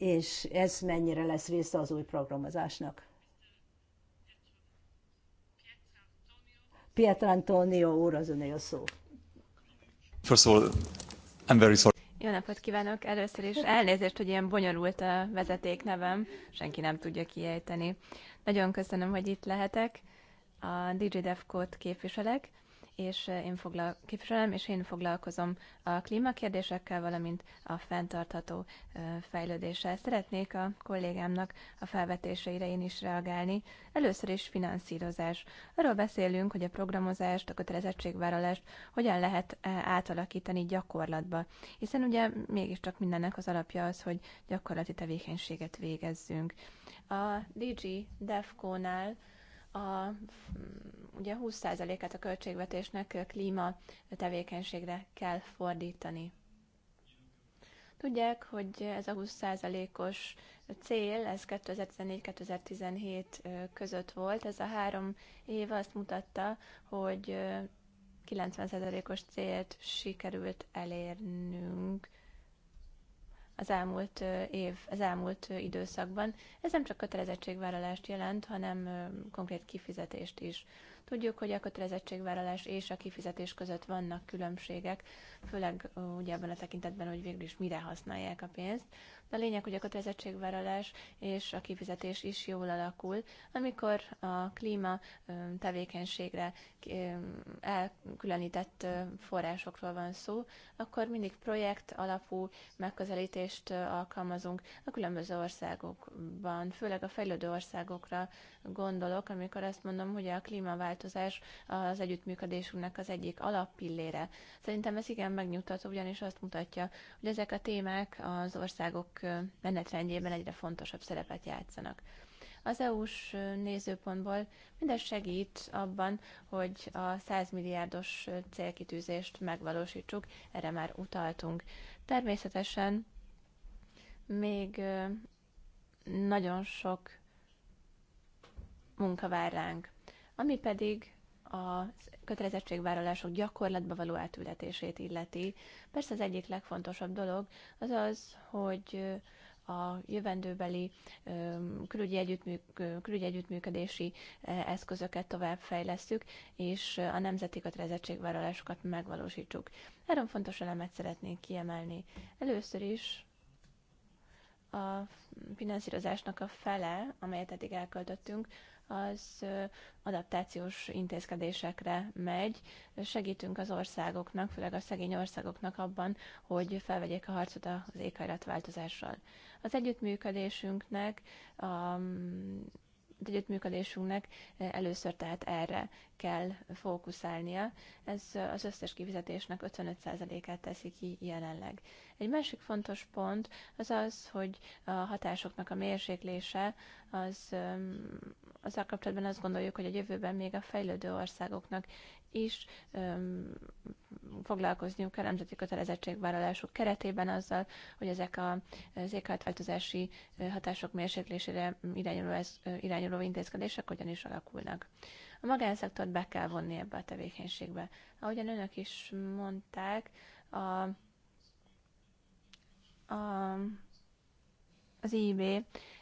és ez mennyire lesz része az új programozásnak. Antonio úr, az önél a szó. First of all, I'm very sorry. Jó napot kívánok! Először is elnézést, hogy ilyen bonyolult a vezetéknevem, senki nem tudja kiejteni. Nagyon köszönöm, hogy itt lehetek. A DigiDevCode képviselek és eh, én foglal- képviselem, és én foglalkozom a klímakérdésekkel, valamint a fenntartható eh, fejlődéssel. Szeretnék a kollégámnak a felvetéseire én is reagálni. Először is finanszírozás. Arról beszélünk, hogy a programozást, a kötelezettségvállalást hogyan lehet eh, átalakítani gyakorlatba, hiszen ugye mégiscsak mindennek az alapja az, hogy gyakorlati tevékenységet végezzünk. A DG DEFCO-nál a, ugye 20%-át a költségvetésnek klíma tevékenységre kell fordítani. Tudják, hogy ez a 20%-os cél, ez 2014-2017 között volt, ez a három év azt mutatta, hogy 90%-os célt sikerült elérnünk az elmúlt év, az elmúlt időszakban. Ez nem csak kötelezettségvállalást jelent, hanem konkrét kifizetést is. Tudjuk, hogy a kötelezettségvállalás és a kifizetés között vannak különbségek, főleg ugye ebben a tekintetben, hogy végül is mire használják a pénzt. A lényeg, hogy a kötelezettségvállalás és a kifizetés is jól alakul, amikor a klíma tevékenységre elkülönített forrásokról van szó, akkor mindig projekt alapú megközelítést alkalmazunk a különböző országokban, főleg a fejlődő országokra gondolok, amikor azt mondom, hogy a klímaváltozás az együttműködésünknek az egyik alappillére. Szerintem ez igen megnyugtató, ugyanis azt mutatja, hogy ezek a témák az országok menetrendjében egyre fontosabb szerepet játszanak. Az EU-s nézőpontból mindez segít abban, hogy a 100 milliárdos célkitűzést megvalósítsuk, erre már utaltunk. Természetesen még nagyon sok munka vár ránk. Ami pedig a kötelezettségvállalások gyakorlatba való átültetését illeti. Persze az egyik legfontosabb dolog az az, hogy a jövendőbeli külügyi, együttműk, külügyi együttműködési eszközöket továbbfejlesztjük, és a nemzeti kötelezettségvállalásokat megvalósítsuk. Három fontos elemet szeretnék kiemelni. Először is a finanszírozásnak a fele, amelyet eddig elköltöttünk, az adaptációs intézkedésekre megy. Segítünk az országoknak, főleg a szegény országoknak abban, hogy felvegyék a harcot az éghajlatváltozással. Az együttműködésünknek a együttműködésünknek eh, először tehát erre kell fókuszálnia. Ez eh, az összes kifizetésnek 55%-át teszi ki jelenleg. Egy másik fontos pont az az, hogy a hatásoknak a mérséklése az a kapcsolatban azt gondoljuk, hogy a jövőben még a fejlődő országoknak is öm, foglalkozniuk kell nemzeti kötelezettségvállalásuk keretében azzal, hogy ezek a, az változási hatások mérséklésére irányuló, ez, irányuló intézkedések hogyan is alakulnak. A magánszektort be kell vonni ebbe a tevékenységbe. Ahogyan önök is mondták, a, a, az IB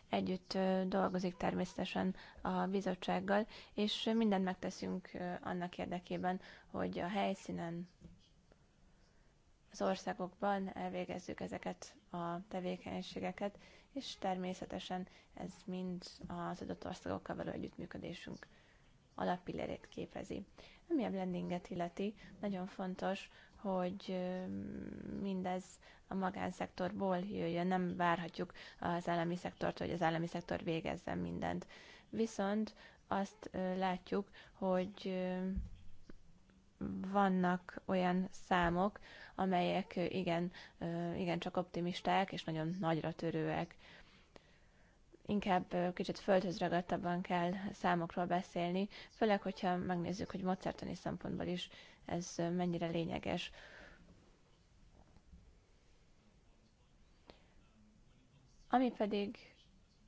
együtt dolgozik természetesen a bizottsággal, és mindent megteszünk annak érdekében, hogy a helyszínen, az országokban elvégezzük ezeket a tevékenységeket, és természetesen ez mind az adott országokkal való együttműködésünk alappillérét képezi. Ami a blendinget illeti, nagyon fontos, hogy mindez a magánszektorból jöjjön, nem várhatjuk az állami szektort, hogy az állami szektor végezzen mindent. Viszont azt látjuk, hogy vannak olyan számok, amelyek igen, igen csak optimisták és nagyon nagyra törőek inkább kicsit földhöz ragadtabban kell számokról beszélni, főleg, hogyha megnézzük, hogy mozertani szempontból is ez mennyire lényeges. Ami pedig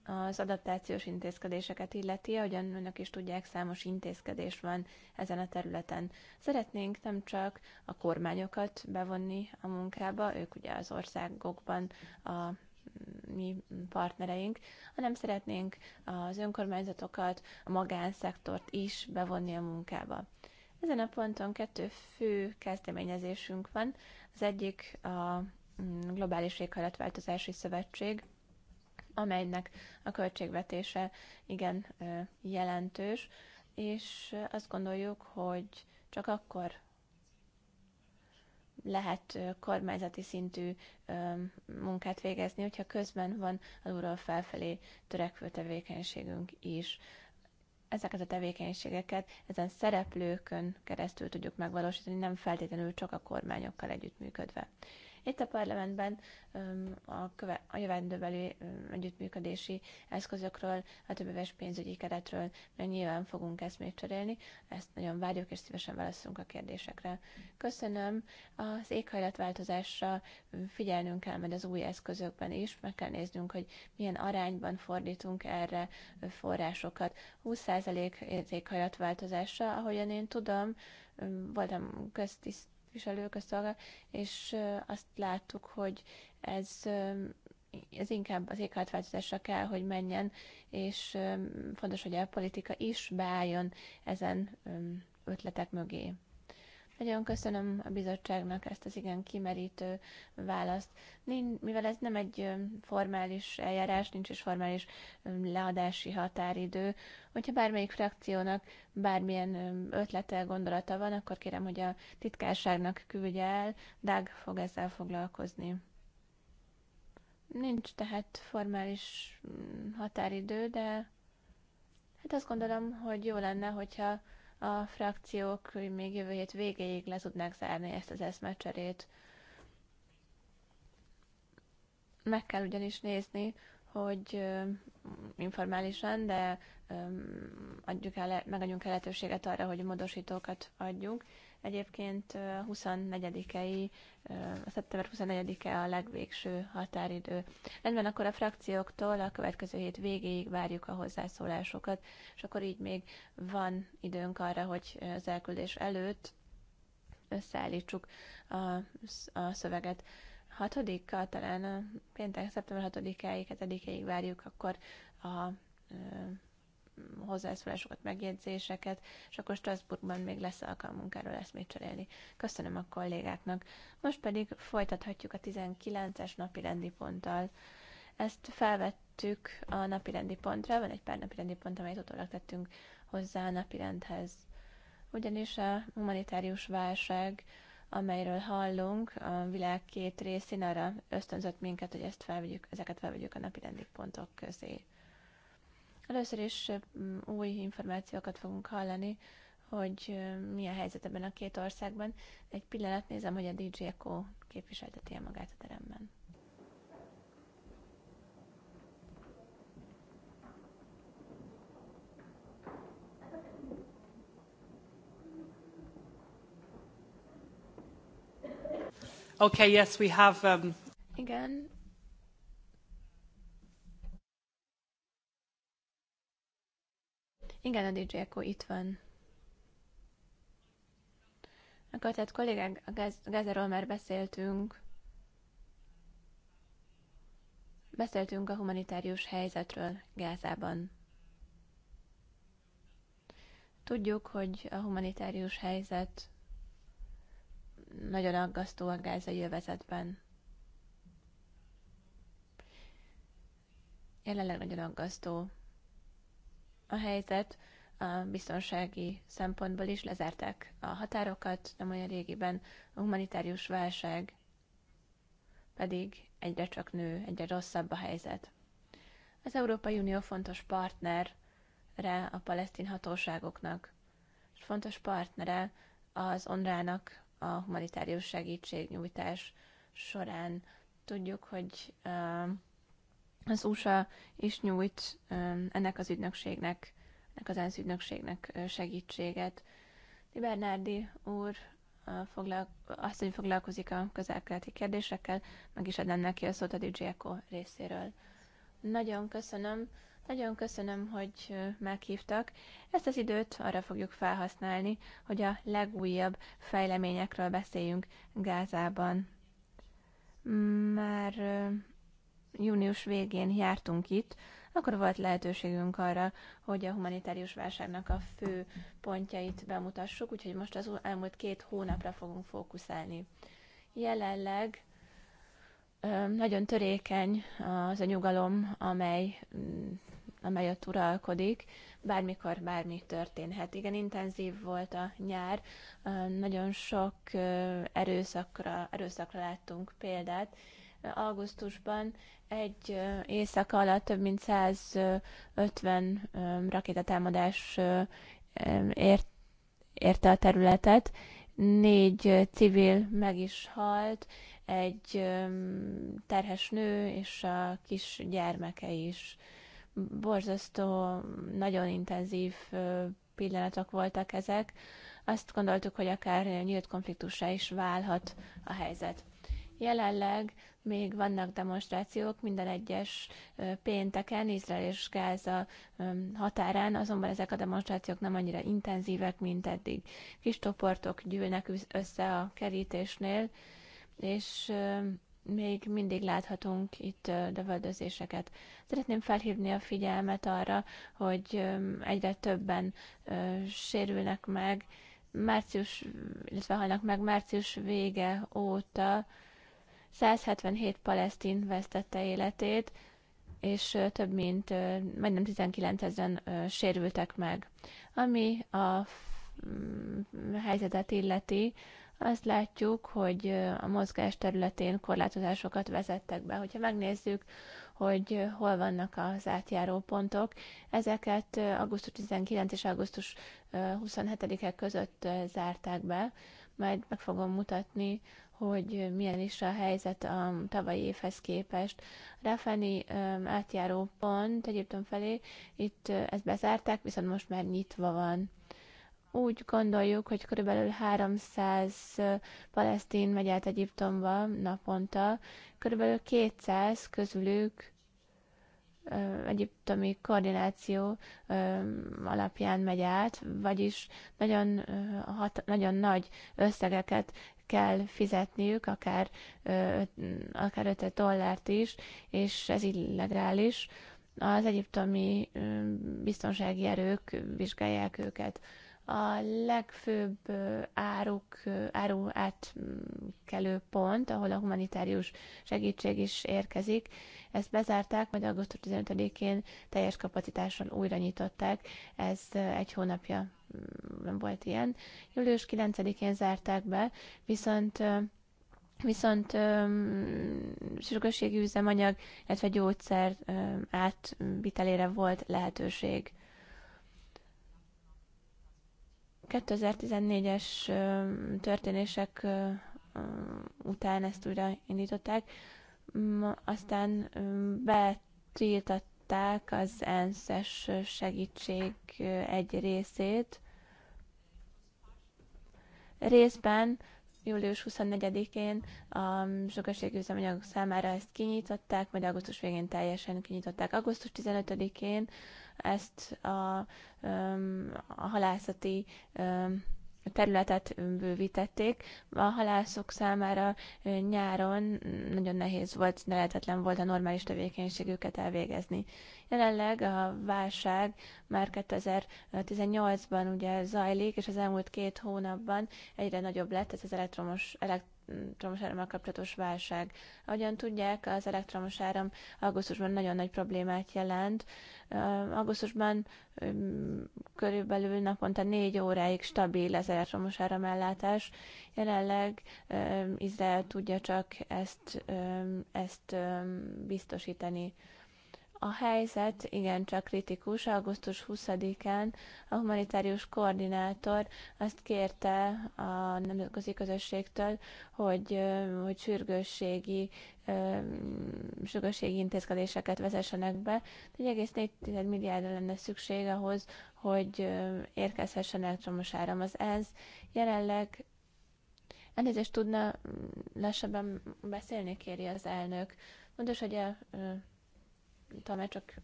az adaptációs intézkedéseket illeti, ahogyan önök is tudják, számos intézkedés van ezen a területen. Szeretnénk nem csak a kormányokat bevonni a munkába, ők ugye az országokban a mi partnereink, hanem szeretnénk az önkormányzatokat, a magánszektort is bevonni a munkába. Ezen a ponton kettő fő kezdeményezésünk van. Az egyik a mm, Globális Éghajlatváltozási Szövetség, amelynek a költségvetése igen jelentős, és azt gondoljuk, hogy csak akkor lehet kormányzati szintű munkát végezni, hogyha közben van alulról felfelé törekvő tevékenységünk is. Ezeket a tevékenységeket ezen szereplőkön keresztül tudjuk megvalósítani, nem feltétlenül csak a kormányokkal együttműködve. Itt a parlamentben a, köve, a jövendőbeli együttműködési eszközökről, a többéves pénzügyi keretről nyilván fogunk ezt még cserélni. Ezt nagyon várjuk, és szívesen válaszolunk a kérdésekre. Köszönöm. Az éghajlatváltozásra figyelnünk kell majd az új eszközökben is, meg kell néznünk, hogy milyen arányban fordítunk erre forrásokat. 20% éghajlatváltozásra, ahogyan én tudom, voltam köztiszt képviselők a szolgál, és azt láttuk, hogy ez ez inkább az éghajlatváltozásra kell, hogy menjen, és fontos, hogy a politika is beálljon ezen ötletek mögé. Nagyon köszönöm a bizottságnak ezt az igen kimerítő választ. Mivel ez nem egy formális eljárás, nincs is formális leadási határidő, hogyha bármelyik frakciónak bármilyen ötlete, gondolata van, akkor kérem, hogy a titkárságnak küldje el, Dag fog ezzel foglalkozni. Nincs tehát formális mm, határidő, de hát azt gondolom, hogy jó lenne, hogyha a frakciók még jövő hét végéig le tudnák zárni ezt az eszmecserét. Meg kell ugyanis nézni, hogy informálisan, de adjuk el, megadjunk el lehetőséget arra, hogy módosítókat adjunk, Egyébként 24-ei, szeptember 24-e a legvégső határidő. Rendben, akkor a frakcióktól a következő hét végéig várjuk a hozzászólásokat, és akkor így még van időnk arra, hogy az elküldés előtt összeállítsuk a, a szöveget. 6 talán a péntek szeptember 6-áig, 7-ig várjuk akkor a hozzászólásokat, megjegyzéseket, és akkor Strasbourgban még lesz alkalmunk erről eszmét cserélni. Köszönöm a kollégáknak. Most pedig folytathatjuk a 19-es napi rendi ponttal. Ezt felvettük a napi rendi pontra, van egy pár napi rendi pont, amelyet utólag tettünk hozzá a napi rendhez. Ugyanis a humanitárius válság amelyről hallunk, a világ két részén arra ösztönzött minket, hogy ezt felvegyük, ezeket felvegyük a napi rendi pontok közé. Először is új információkat fogunk hallani, hogy milyen helyzet ebben a két országban. Egy pillanat nézem, hogy a DJ Eko képviselteti -e magát a teremben. Okay, yes, we have um, igen, Igen, a DJ Eko itt van. Akkor tehát kollégák, a Gáz, már beszéltünk. Beszéltünk a humanitárius helyzetről Gázában. Tudjuk, hogy a humanitárius helyzet nagyon aggasztó a gázai jövezetben. Jelenleg nagyon aggasztó a helyzet, a biztonsági szempontból is lezárták a határokat, nem olyan régiben a humanitárius válság pedig egyre csak nő, egyre rosszabb a helyzet. Az Európai Unió fontos partnere a palesztin hatóságoknak, és fontos partnere az onrának a humanitárius segítségnyújtás során. Tudjuk, hogy uh, az USA is nyújt ennek az ügynökségnek, ennek az ENSZ ügynökségnek segítséget. Bernárdi úr azt, hogy foglalkozik a közelkeleti kérdésekkel, meg is adnám neki a szót a DJ Eko részéről. Nagyon köszönöm, nagyon köszönöm, hogy meghívtak. Ezt az időt arra fogjuk felhasználni, hogy a legújabb fejleményekről beszéljünk Gázában. Már június végén jártunk itt, akkor volt lehetőségünk arra, hogy a humanitárius válságnak a fő pontjait bemutassuk, úgyhogy most az elmúlt két hónapra fogunk fókuszálni. Jelenleg nagyon törékeny az a nyugalom, amely, mm, amely ott uralkodik, bármikor bármi történhet. Igen, intenzív volt a nyár, nagyon sok erőszakra, erőszakra láttunk példát, augusztusban egy éjszaka alatt több mint 150 rakétatámadás ért, érte a területet, négy civil meg is halt, egy terhes nő és a kis gyermeke is. Borzasztó, nagyon intenzív pillanatok voltak ezek. Azt gondoltuk, hogy akár nyílt konfliktusra is válhat a helyzet. Jelenleg még vannak demonstrációk minden egyes pénteken Izrael és Gáza határán, azonban ezek a demonstrációk nem annyira intenzívek, mint eddig. Kis csoportok gyűlnek össze a kerítésnél, és még mindig láthatunk itt lövöldözéseket. Szeretném felhívni a figyelmet arra, hogy egyre többen sérülnek meg, március, illetve halnak meg március vége óta 177 palesztin vesztette életét, és több mint majdnem 19 ezeren sérültek meg. Ami a mm, helyzetet illeti, azt látjuk, hogy a mozgás területén korlátozásokat vezettek be. Hogyha megnézzük, hogy hol vannak az átjáró pontok, ezeket augusztus 19 és augusztus 27 ek között zárták be, majd meg fogom mutatni, hogy milyen is a helyzet a tavalyi évhez képest. Ráfáni átjáró pont Egyiptom felé, itt ezt bezárták, viszont most már nyitva van. Úgy gondoljuk, hogy körülbelül 300 palesztin megy át Egyiptomba naponta, körülbelül 200 közülük egyiptomi koordináció alapján megy át, vagyis nagyon, hat, nagyon nagy összegeket kell fizetniük, akár, akár 5 dollárt is, és ez illegális. Az egyiptomi biztonsági erők vizsgálják őket a legfőbb áruk, áru átkelő pont, ahol a humanitárius segítség is érkezik. Ezt bezárták, majd augusztus 15-én teljes kapacitáson újra nyitották. Ez egy hónapja mm, nem volt ilyen. Július 9-én zárták be, viszont viszont mm, sürgősségi üzemanyag, illetve gyógyszer átvitelére volt lehetőség. 2014-es történések után ezt újra indították, aztán betiltatták az ENSZ-es segítség egy részét. Részben július 24-én a sokaségi üzemanyagok számára ezt kinyitották, majd augusztus végén teljesen kinyitották. Augusztus 15-én ezt a, a halászati területet bővítették. A halászok számára nyáron nagyon nehéz volt, lehetetlen volt a normális tevékenységüket elvégezni. Jelenleg a válság már 2018-ban ugye zajlik, és az elmúlt két hónapban egyre nagyobb lett ez az elektromos, elektromos elektromos árammal kapcsolatos válság. Ahogyan tudják, az elektromos áram augusztusban nagyon nagy problémát jelent. Augusztusban körülbelül naponta négy óráig stabil az elektromos áramellátás. Jelenleg Izrael tudja csak ezt, ezt biztosítani. A helyzet igencsak kritikus. Augusztus 20-án a humanitárius koordinátor azt kérte a nemzetközi közösségtől, hogy, hogy sürgősségi sürgősségi intézkedéseket vezessenek be. 1,4 milliárdra lenne szükség ahhoz, hogy érkezhessen elektromos áram az ENSZ. Jelenleg Elnézést tudna mm, lassabban beszélni, kéri az elnök. Mondos, hogy a talán csak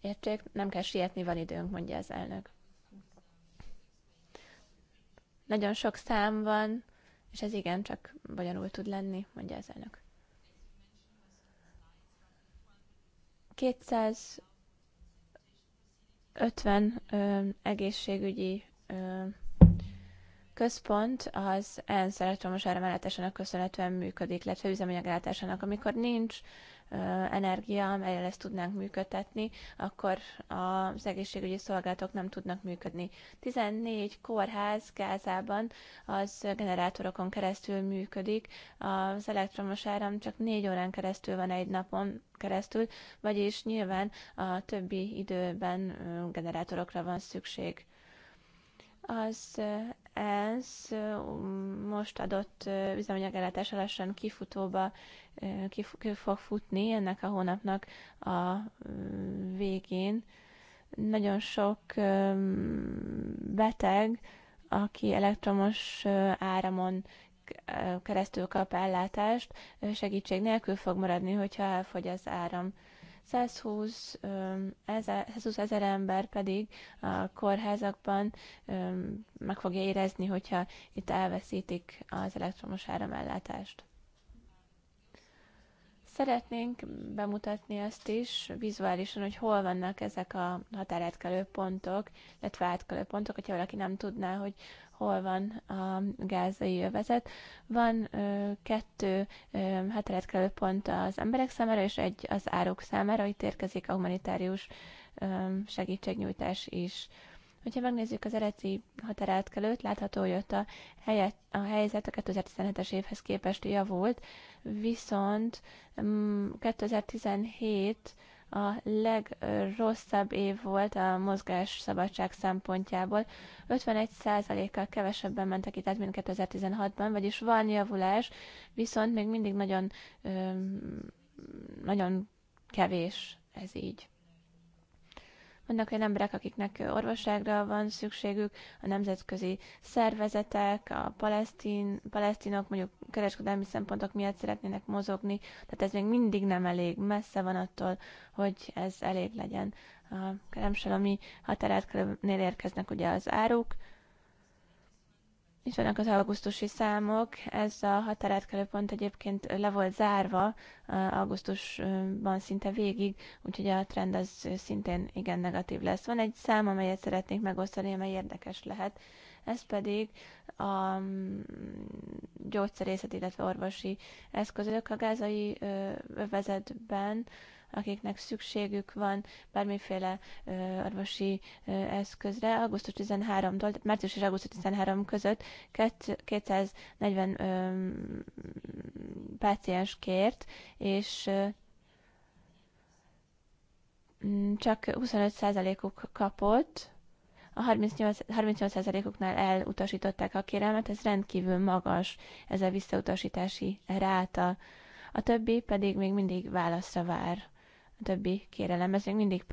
értsék, nem kell sietni, van időnk, mondja az elnök. Nagyon sok szám van, és ez igen, csak bonyolult tud lenni, mondja az elnök. 250 ö, egészségügyi ö, központ az ENSZ elektromos áramellátásának köszönhetően működik, illetve üzemanyagellátásának. Amikor nincs energia, amelyel ezt tudnánk működtetni, akkor az egészségügyi szolgálatok nem tudnak működni. 14 kórház Gázában az generátorokon keresztül működik, az elektromos áram csak 4 órán keresztül van egy napon, keresztül, vagyis nyilván a többi időben generátorokra van szükség. Az ez most adott üzemanyagellátás lassan kifutóba ki fog futni ennek a hónapnak a végén. Nagyon sok beteg, aki elektromos áramon keresztül kap ellátást, segítség nélkül fog maradni, hogyha elfogy az áram. 120 ezer, 120 ezer ember pedig a kórházakban meg fogja érezni, hogyha itt elveszítik az elektromos áramellátást. Szeretnénk bemutatni azt is vizuálisan, hogy hol vannak ezek a határátkelő pontok, illetve átkelő pontok, hogyha valaki nem tudná, hogy hol van a gázai övezet. Van ö, kettő határátkelő pont az emberek számára, és egy az árok számára, itt érkezik a humanitárius ö, segítségnyújtás is. Hogyha megnézzük az eredeti határátkelőt, látható, hogy ott a, helyet, a helyzet a 2017-es évhez képest javult, viszont 2017 mm, a legrosszabb év volt a mozgás szabadság szempontjából. 51%-kal kevesebben mentek itt mint 2016-ban, vagyis van javulás, viszont még mindig nagyon, nagyon kevés ez így. Vannak olyan emberek, akiknek orvosságra van szükségük, a nemzetközi szervezetek, a palesztin, palesztinok mondjuk kereskedelmi szempontok miatt szeretnének mozogni, tehát ez még mindig nem elég, messze van attól, hogy ez elég legyen. A keremsel, ami határátnél érkeznek ugye az áruk, itt vannak az augusztusi számok, ez a határátkelő pont egyébként le volt zárva augusztusban szinte végig, úgyhogy a trend az szintén igen negatív lesz. Van egy szám, amelyet szeretnék megosztani, amely érdekes lehet, ez pedig a mm, gyógyszerészet, illetve orvosi eszközök a gázai övezetben akiknek szükségük van bármiféle orvosi eszközre. Augusztus 13-tól, március és augusztus 13 között 240 páciens kért, és csak 25%-uk kapott, a 38%-uknál elutasították a kérelmet, ez rendkívül magas, ez a visszautasítási ráta. A többi pedig még mindig válaszra vár többi kérelem, ez még mindig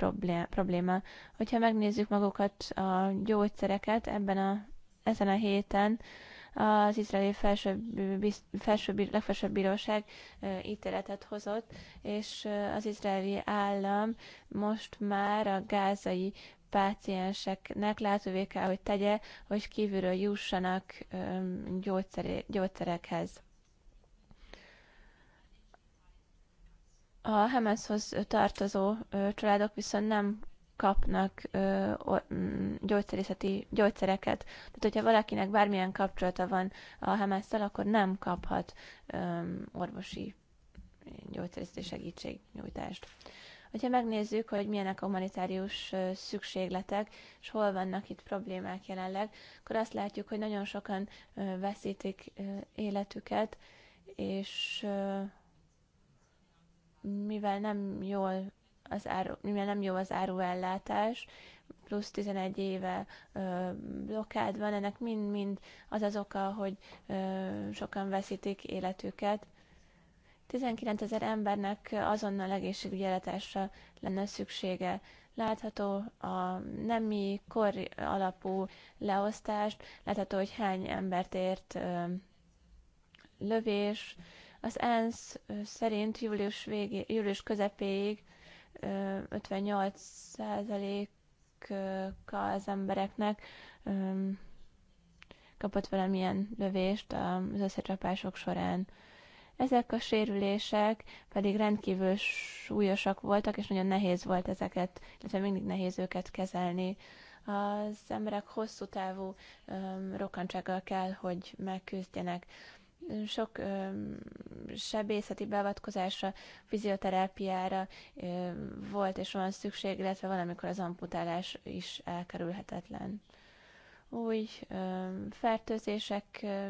probléma. Hogyha megnézzük magukat a gyógyszereket ebben a, ezen a héten, az izraeli felső, legfelsőbb bíróság ítéletet hozott, és az izraeli állam most már a gázai pácienseknek lehetővé kell, hogy tegye, hogy kívülről jussanak gyógyszerekhez. A Hemeshoz tartozó családok viszont nem kapnak ö, o, gyógyszerészeti gyógyszereket. Tehát, hogyha valakinek bármilyen kapcsolata van a Hemesszel, akkor nem kaphat ö, orvosi gyógyszerészeti segítségnyújtást. Hogyha megnézzük, hogy milyenek a humanitárius szükségletek, és hol vannak itt problémák jelenleg, akkor azt látjuk, hogy nagyon sokan veszítik életüket, és mivel nem jól az áru, mivel nem jó az áruellátás, plusz 11 éve ö, blokkád van, ennek mind-mind az az oka, hogy ö, sokan veszítik életüket. 19 ezer embernek azonnal ellátásra lenne szüksége. Látható a nemi kor alapú leosztást, látható, hogy hány embert ért ö, lövés, ö, az ENSZ szerint július, végé, július közepéig 58%-a az embereknek kapott valamilyen lövést az összecsapások során. Ezek a sérülések pedig rendkívül súlyosak voltak, és nagyon nehéz volt ezeket, illetve mindig nehéz őket kezelni. Az emberek hosszú távú rokkantsággal kell, hogy megküzdjenek sok ö, sebészeti beavatkozásra, fizioterápiára ö, volt és van szükség, illetve valamikor az amputálás is elkerülhetetlen. Új ö, fertőzések ö,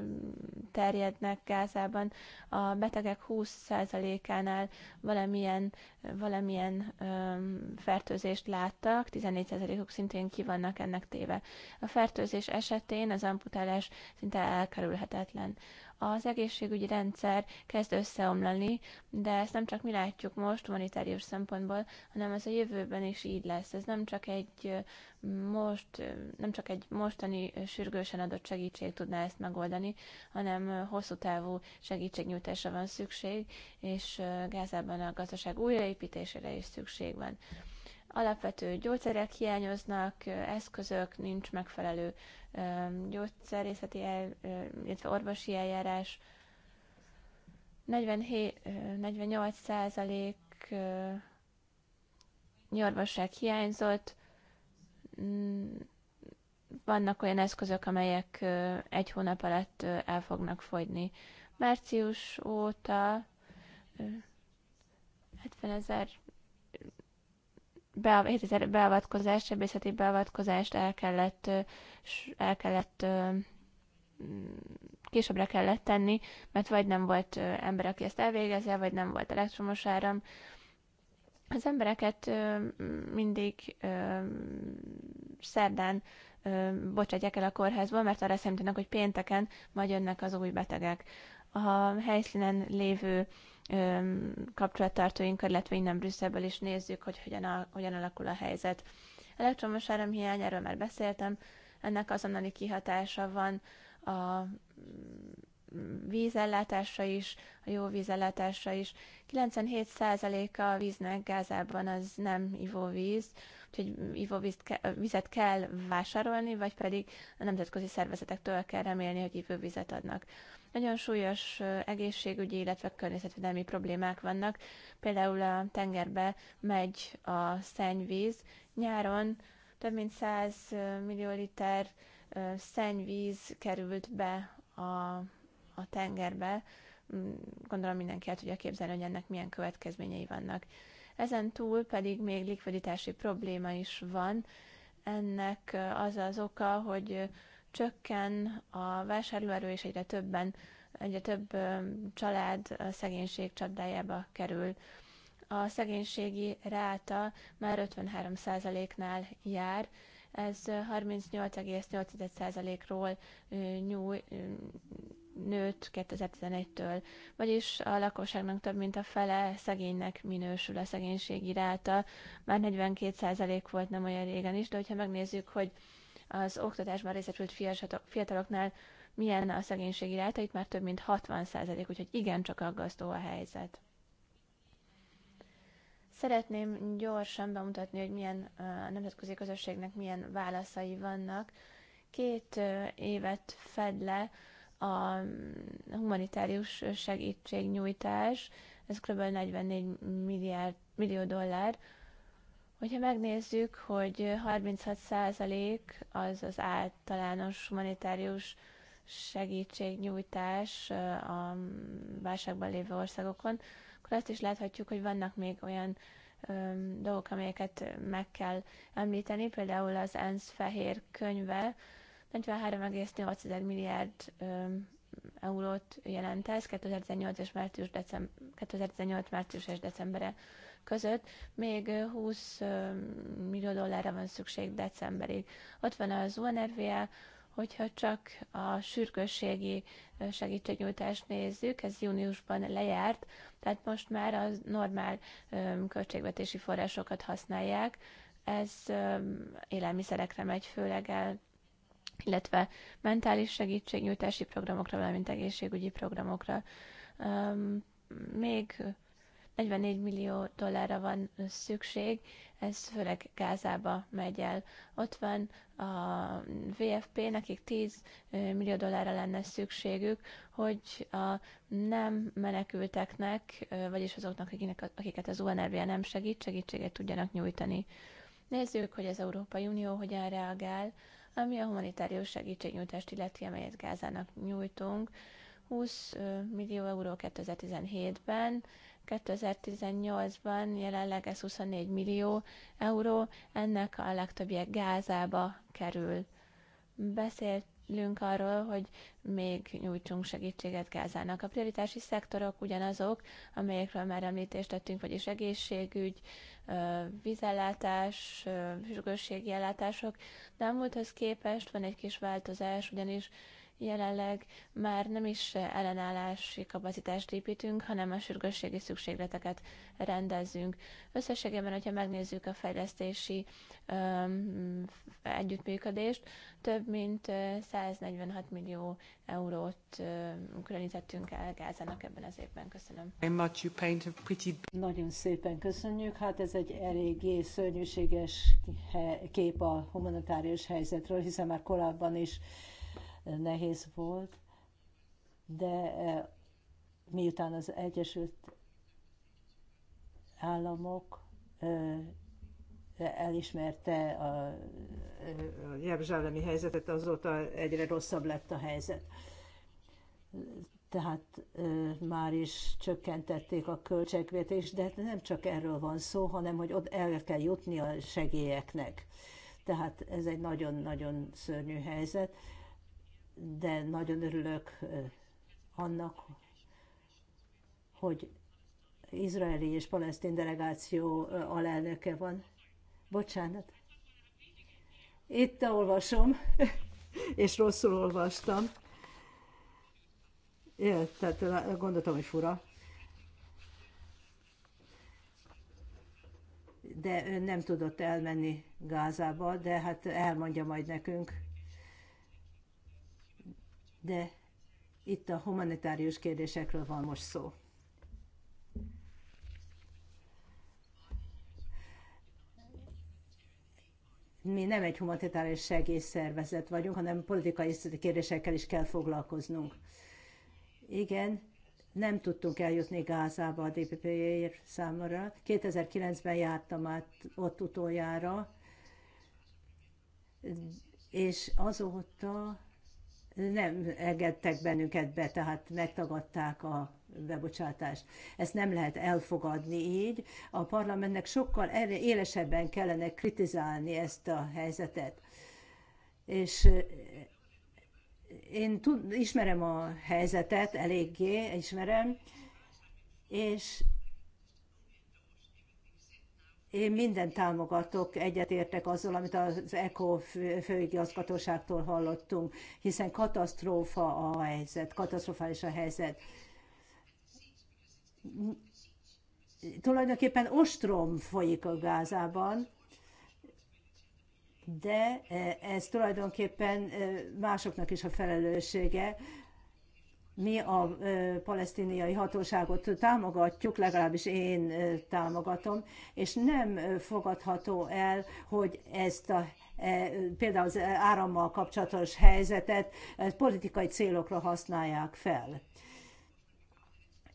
terjednek Gázában, a betegek 20%-ánál valamilyen, valamilyen ö, fertőzést láttak, 14%-uk szintén ki vannak ennek téve. A fertőzés esetén az amputálás szinte elkerülhetetlen. Az egészségügyi rendszer kezd összeomlani, de ezt nem csak mi látjuk most humanitárius szempontból, hanem ez a jövőben is így lesz. Ez nem csak egy most, nem csak egy mostani sürgősen adott segítség tudná ezt megoldani, hanem hosszú távú segítségnyújtásra van szükség, és Gázában a gazdaság újraépítésére is szükség van. Alapvető gyógyszerek hiányoznak, eszközök, nincs megfelelő gyógyszerészeti, el, illetve orvosi eljárás. 47, 48 százalék orvosság hiányzott, mm, vannak olyan eszközök, amelyek egy hónap alatt el fognak fogyni. Március óta 70 ezer beavatkozást, sebészeti beavatkozást el kellett, el kellett későbbre kellett tenni, mert vagy nem volt ember, aki ezt elvégezze, vagy nem volt elektromos áram. Az embereket mindig szerdán bocsátják el a kórházból, mert arra szerintenek, hogy pénteken majd jönnek az új betegek. A helyszínen lévő kapcsolattartóinkkal, illetve innen Brüsszelből is nézzük, hogy hogyan, a, hogyan alakul a helyzet. Elektromos áramhiány, erről már beszéltem, ennek azonnali kihatása van a vízellátásra is, a jó vízellátásra is. 97%-a a víznek Gázában az nem ivóvíz, úgyhogy ivóvízt ke- vizet kell vásárolni, vagy pedig a nemzetközi szervezetektől kell remélni, hogy ivóvizet adnak. Nagyon súlyos egészségügyi, illetve környezetvédelmi problémák vannak. Például a tengerbe megy a szennyvíz. Nyáron több mint 100 millió liter szennyvíz került be a, a tengerbe. Mm, gondolom mindenki el tudja képzelni, hogy ennek milyen következményei vannak. Ezen túl pedig még likviditási probléma is van. Ennek az az oka, hogy csökken a vásárlóerő, és egyre többen, egyre több család a szegénység csapdájába kerül. A szegénységi ráta már 53%-nál jár, ez 38,8%-ról nyúj, nőtt 2011-től, vagyis a lakosságnak több mint a fele szegénynek minősül a szegénységi ráta, már 42% volt nem olyan régen is, de hogyha megnézzük, hogy az oktatásban részesült fiataloknál milyen a szegénységi ráta, itt már több mint 60%, százalék, úgyhogy igencsak aggasztó a helyzet. Szeretném gyorsan bemutatni, hogy milyen a nemzetközi közösségnek milyen válaszai vannak. Két évet fed le a mm, humanitárius segítségnyújtás, ez kb. 44 milliárd, millió dollár, Hogyha megnézzük, hogy 36% az az általános humanitárius segítségnyújtás a válságban lévő országokon, akkor azt is láthatjuk, hogy vannak még olyan dolgok, amelyeket meg kell említeni, például az ENSZ fehér könyve 43,8 milliárd eurót jelent ez 2018 és március, december, 2018 március és decembere között még 20 millió dollárra van szükség decemberig. Ott van az UNRVA, hogyha csak a sürgősségi segítségnyújtást nézzük, ez júniusban lejárt, tehát most már a normál költségvetési forrásokat használják, ez élelmiszerekre megy főleg el, illetve mentális segítségnyújtási programokra, valamint egészségügyi programokra. Még 44 millió dollárra van szükség, ez főleg Gázába megy el. Ott van a VFP, nekik 10 millió dollárra lenne szükségük, hogy a nem menekülteknek, vagyis azoknak, akiket az UNRV nem segít, segítséget tudjanak nyújtani. Nézzük, hogy az Európai Unió hogyan reagál, ami a humanitárius segítségnyújtást illeti, amelyet Gázának nyújtunk. 20 millió euró 2017-ben, 2018-ban jelenleg ez 24 millió euró, ennek a legtöbbje Gázába kerül. Beszélünk arról, hogy még nyújtsunk segítséget Gázának. A prioritási szektorok ugyanazok, amelyekről már említést tettünk, vagyis egészségügy, vízellátás, sürgősségi ellátások, de a múlthoz képest van egy kis változás, ugyanis jelenleg már nem is ellenállási kapacitást építünk, hanem a sürgősségi szükségleteket rendezünk. Összességében, hogyha megnézzük a fejlesztési um, együttműködést, több mint 146 millió eurót um, különítettünk el Gázának ebben az évben. Köszönöm. Nagyon szépen köszönjük. Hát ez egy eléggé szörnyűséges kép a humanitárius helyzetről, hiszen már korábban is nehéz volt, de e, miután az Egyesült Államok e, elismerte e, a jeruzsálemi helyzetet, azóta egyre rosszabb lett a helyzet. Tehát már is csökkentették a költségvetést, de nem csak erről van szó, hanem hogy ott el kell jutni a segélyeknek. Tehát ez egy nagyon-nagyon szörnyű helyzet, de nagyon örülök annak, hogy izraeli és palesztin delegáció alelnöke van. Bocsánat. Itt olvasom, *laughs* és rosszul olvastam. Ja, tehát gondoltam, hogy fura. De ő nem tudott elmenni Gázába, de hát elmondja majd nekünk de itt a humanitárius kérdésekről van most szó. Mi nem egy humanitárius segélyszervezet vagyunk, hanem politikai kérdésekkel is kell foglalkoznunk. Igen, nem tudtunk eljutni Gázába a dpp számára. 2009-ben jártam át ott utoljára, és azóta nem engedtek bennünket be, tehát megtagadták a bebocsátást. Ezt nem lehet elfogadni így. A parlamentnek sokkal élesebben kellene kritizálni ezt a helyzetet. És én tud, ismerem a helyzetet, eléggé ismerem, és én minden támogatok, egyetértek azzal, amit az ECO főigazgatóságtól hallottunk, hiszen katasztrófa a helyzet, katasztrofális a helyzet. Tulajdonképpen ostrom folyik a Gázában, de eh, ez tulajdonképpen eh, másoknak is a felelőssége, mi a palesztiniai hatóságot támogatjuk, legalábbis én támogatom, és nem fogadható el, hogy ezt a e, például az e, árammal kapcsolatos helyzetet politikai célokra használják fel.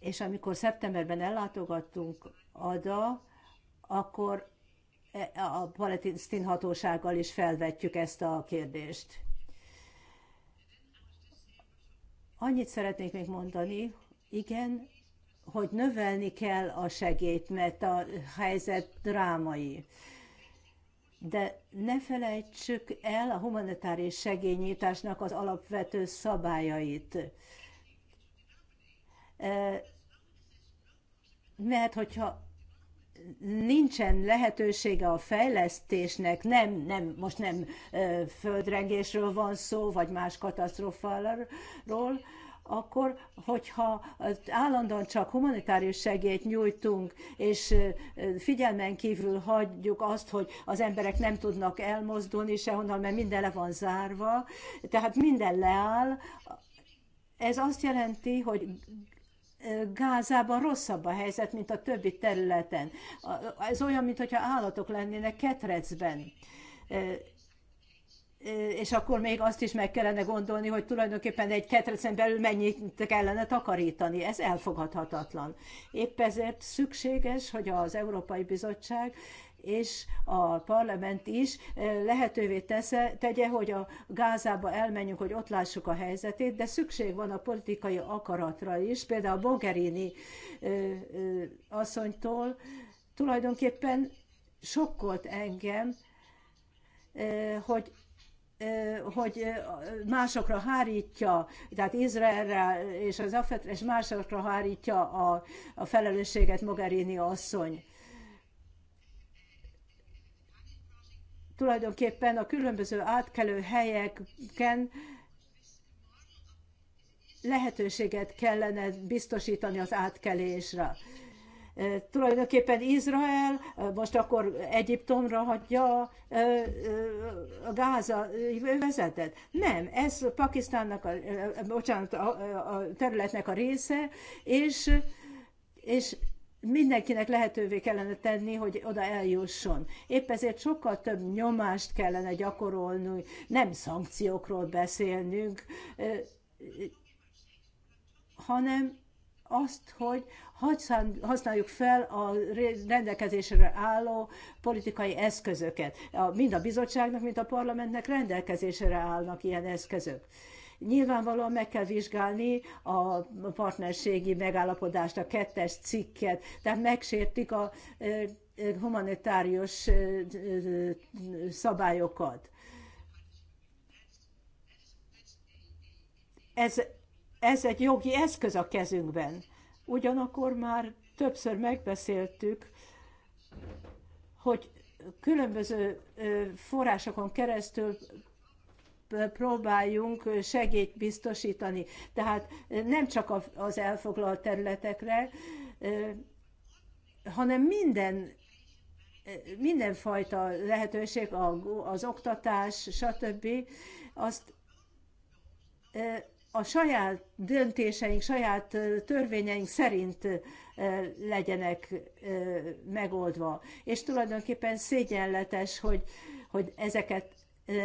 És amikor szeptemberben ellátogattunk ada, akkor e, a palesztin hatósággal is felvetjük ezt a kérdést Annyit szeretnék még mondani, igen, hogy növelni kell a segélyt, mert a helyzet drámai. De ne felejtsük el a humanitárius segélynyújtásnak az alapvető szabályait. Mert hogyha nincsen lehetősége a fejlesztésnek, nem, nem, most nem földrengésről van szó, vagy más katasztrofáról, akkor, hogyha állandóan csak humanitárius segélyt nyújtunk, és figyelmen kívül hagyjuk azt, hogy az emberek nem tudnak elmozdulni sehonnan, mert minden le van zárva, tehát minden leáll, ez azt jelenti, hogy Gázában rosszabb a helyzet, mint a többi területen. Ez olyan, mintha állatok lennének ketrecben e, e, és akkor még azt is meg kellene gondolni, hogy tulajdonképpen egy ketrecen belül mennyit kellene takarítani. Ez elfogadhatatlan. Épp ezért szükséges, hogy az Európai Bizottság és a parlament is eh, lehetővé tesze, tegye, hogy a Gázába elmenjünk, hogy ott lássuk a helyzetét, de szükség van a politikai akaratra is, például a Bogerini eh, eh, asszonytól tulajdonképpen sokkolt engem, hogy hogy másokra hárítja, tehát Izraelre és az Afetre és másokra hárítja a, a felelősséget Mogherini asszony. tulajdonképpen a különböző átkelő helyeken lehetőséget kellene biztosítani az átkelésre. E, tulajdonképpen Izrael e, most akkor Egyiptomra hagyja e, a Gáza övezetet. Nem, ez Pakisztánnak, a, bocsánat, a, a területnek a része, és, és mindenkinek lehetővé kellene tenni, hogy oda eljusson. Épp ezért sokkal több nyomást kellene gyakorolni, nem szankciókról beszélnünk, hanem azt, hogy használjuk fel a rendelkezésre álló politikai eszközöket. Mind a bizottságnak, mind a parlamentnek rendelkezésre állnak ilyen eszközök. Nyilvánvalóan meg kell vizsgálni a partnerségi megállapodást, a kettes cikket, tehát megsértik a humanitárius szabályokat. Ez, ez egy jogi eszköz a kezünkben. Ugyanakkor már többször megbeszéltük, hogy különböző forrásokon keresztül próbáljunk segít biztosítani. Tehát nem csak az elfoglalt területekre, hanem minden mindenfajta lehetőség, az oktatás, stb. azt a saját döntéseink, saját törvényeink szerint legyenek megoldva. És tulajdonképpen szégyenletes, hogy, hogy ezeket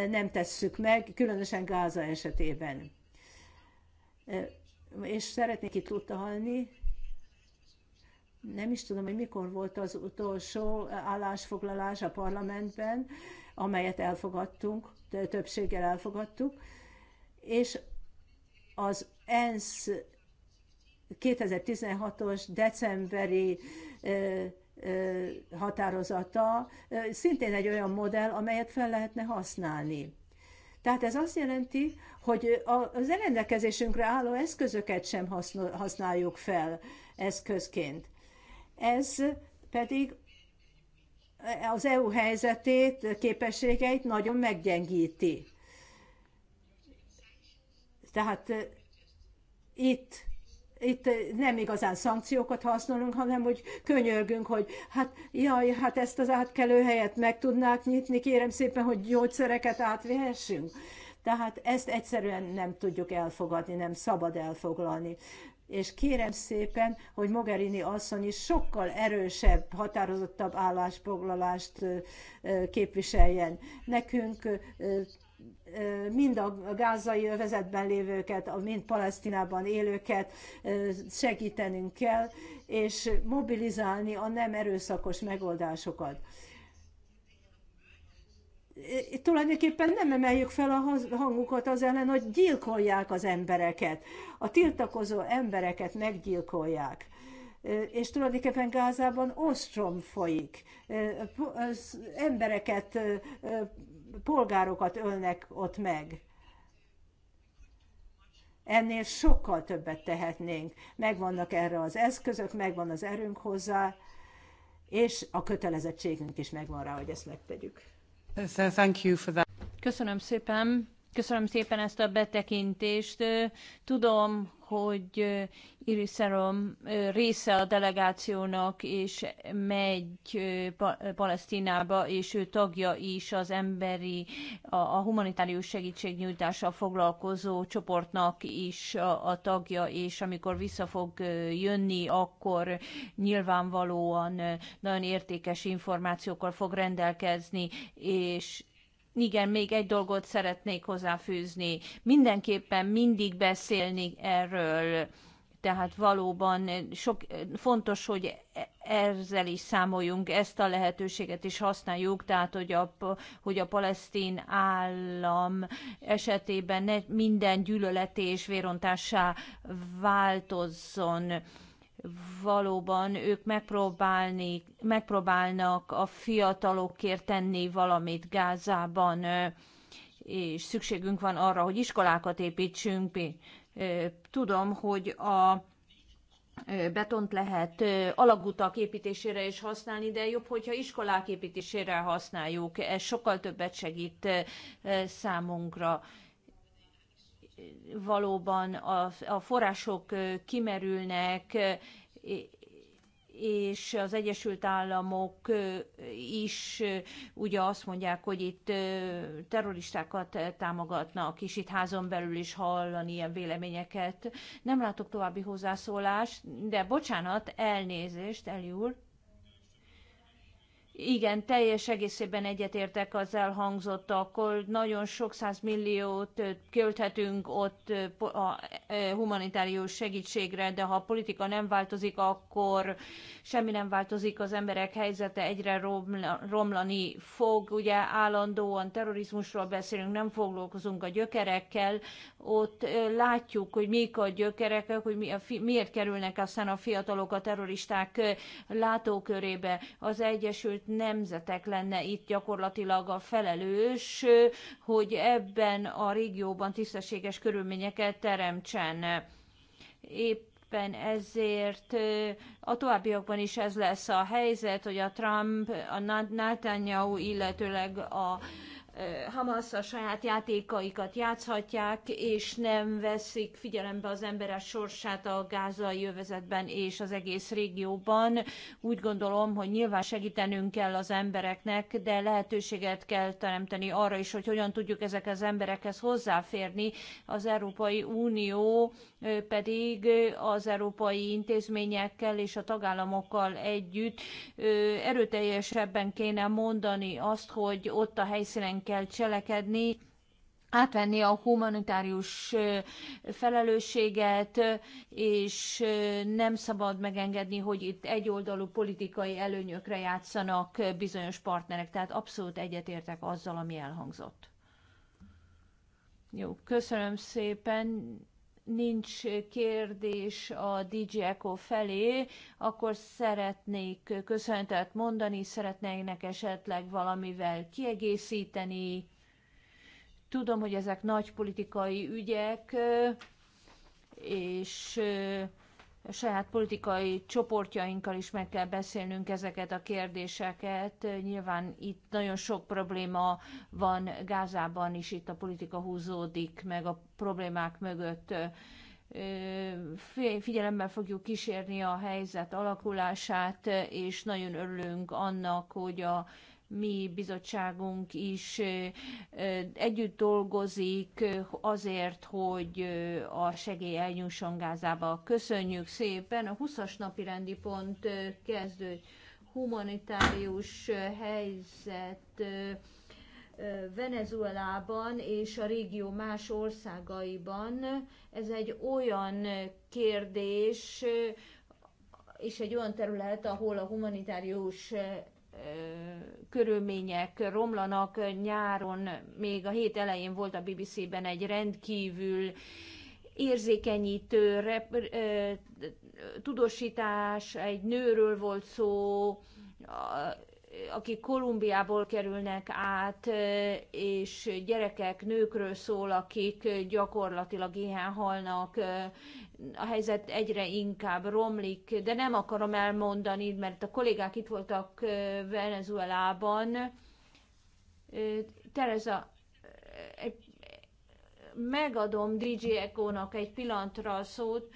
nem tesszük meg, különösen Gáza esetében. És szeretnék itt utalni, nem is tudom, hogy mikor volt az utolsó állásfoglalás a parlamentben, amelyet elfogadtunk, többséggel elfogadtuk, és az ENSZ 2016-os decemberi határozata szintén egy olyan modell, amelyet fel lehetne használni. Tehát ez azt jelenti, hogy az elrendelkezésünkre álló eszközöket sem használjuk fel eszközként. Ez pedig az EU helyzetét, képességeit nagyon meggyengíti. Tehát itt itt eh, nem igazán szankciókat használunk, hanem hogy könyörgünk, hogy hát jaj, hát ezt az átkelő helyet meg tudnák nyitni, kérem szépen, hogy gyógyszereket átvihessünk. Tehát ezt egyszerűen nem tudjuk elfogadni, nem szabad elfoglalni. És kérem szépen, hogy Mogherini asszony is sokkal erősebb, határozottabb állásfoglalást eh, eh, képviseljen. Nekünk mind a gázai övezetben lévőket, mind Palesztinában élőket segítenünk kell, és mobilizálni a nem erőszakos megoldásokat. Itt tulajdonképpen nem emeljük fel a hangukat az ellen, hogy gyilkolják az embereket. A tiltakozó embereket meggyilkolják és tulajdonképpen Gázában ostrom folyik. Embereket polgárokat ölnek ott meg. Ennél sokkal többet tehetnénk. Megvannak erre az eszközök, megvan az erőnk hozzá, és a kötelezettségünk is megvan rá, hogy ezt megtegyük. Köszönöm szépen Köszönöm szépen ezt a betekintést. Tudom, hogy Iriszerom része a delegációnak, és megy Palesztinába, és ő tagja is az emberi, a, a humanitárius segítségnyújtással foglalkozó csoportnak is a, a tagja, és amikor vissza fog jönni, akkor nyilvánvalóan nagyon értékes információkkal fog rendelkezni, és igen, még egy dolgot szeretnék hozzáfűzni. Mindenképpen mindig beszélni erről, tehát valóban sok, fontos, hogy ezzel is számoljunk, ezt a lehetőséget is használjuk, tehát hogy a, hogy a palesztin állam esetében ne minden gyűlölet és vérontássá változzon valóban ők megpróbálni, megpróbálnak a fiatalokért tenni valamit Gázában, és szükségünk van arra, hogy iskolákat építsünk. Tudom, hogy a betont lehet alagutak építésére is használni, de jobb, hogyha iskolák építésére használjuk. Ez sokkal többet segít számunkra valóban a, a források kimerülnek, és az Egyesült Államok is ugye azt mondják, hogy itt terroristákat támogatnak, és itt házon belül is hallani ilyen véleményeket. Nem látok további hozzászólást, de bocsánat, elnézést, Eli úr. Igen, teljes egészében egyetértek az elhangzottakkal. Nagyon sok száz milliót költhetünk ott a humanitárius segítségre, de ha a politika nem változik, akkor semmi nem változik, az emberek helyzete egyre romlani fog. Ugye állandóan terrorizmusról beszélünk, nem foglalkozunk a gyökerekkel. Ott látjuk, hogy mik a gyökerek, hogy mi a fi- miért kerülnek aztán a fiatalok, a terroristák látókörébe. Az Egyesült nemzetek lenne itt gyakorlatilag a felelős, hogy ebben a régióban tisztességes körülményeket teremtsen. Épp éppen ezért a továbbiakban is ez lesz a helyzet, hogy a Trump, a Netanyahu, illetőleg a Hamas a saját játékaikat játszhatják, és nem veszik figyelembe az emberek sorsát a gázai jövezetben és az egész régióban. Úgy gondolom, hogy nyilván segítenünk kell az embereknek, de lehetőséget kell teremteni arra is, hogy hogyan tudjuk ezek az emberekhez hozzáférni. Az Európai Unió pedig az európai intézményekkel és a tagállamokkal együtt erőteljesebben kéne mondani azt, hogy ott a helyszínen kell cselekedni, átvenni a humanitárius felelősséget, és nem szabad megengedni, hogy itt egyoldalú politikai előnyökre játszanak bizonyos partnerek. Tehát abszolút egyetértek azzal, ami elhangzott. Jó, köszönöm szépen nincs kérdés a DJ Echo felé, akkor szeretnék köszöntet mondani, szeretnének esetleg valamivel kiegészíteni. Tudom, hogy ezek nagy politikai ügyek, és saját politikai csoportjainkkal is meg kell beszélnünk ezeket a kérdéseket. Nyilván itt nagyon sok probléma van Gázában is, itt a politika húzódik meg a problémák mögött. Figyelemmel fogjuk kísérni a helyzet alakulását, és nagyon örülünk annak, hogy a mi bizottságunk is együtt dolgozik azért, hogy a segély eljusson Gázába. Köszönjük szépen! A 20-as napi rendi pont kezdő humanitárius helyzet Venezuelában és a régió más országaiban. Ez egy olyan kérdés, és egy olyan terület, ahol a humanitárius körülmények romlanak nyáron. Még a hét elején volt a BBC-ben egy rendkívül érzékenyítő rep, tudósítás, egy nőről volt szó, akik Kolumbiából kerülnek át, és gyerekek, nőkről szól, akik gyakorlatilag éhen halnak, a helyzet egyre inkább romlik, de nem akarom elmondani, mert a kollégák itt voltak Venezuelában. Tereza, megadom DJ Eco-nak egy pillantra a szót,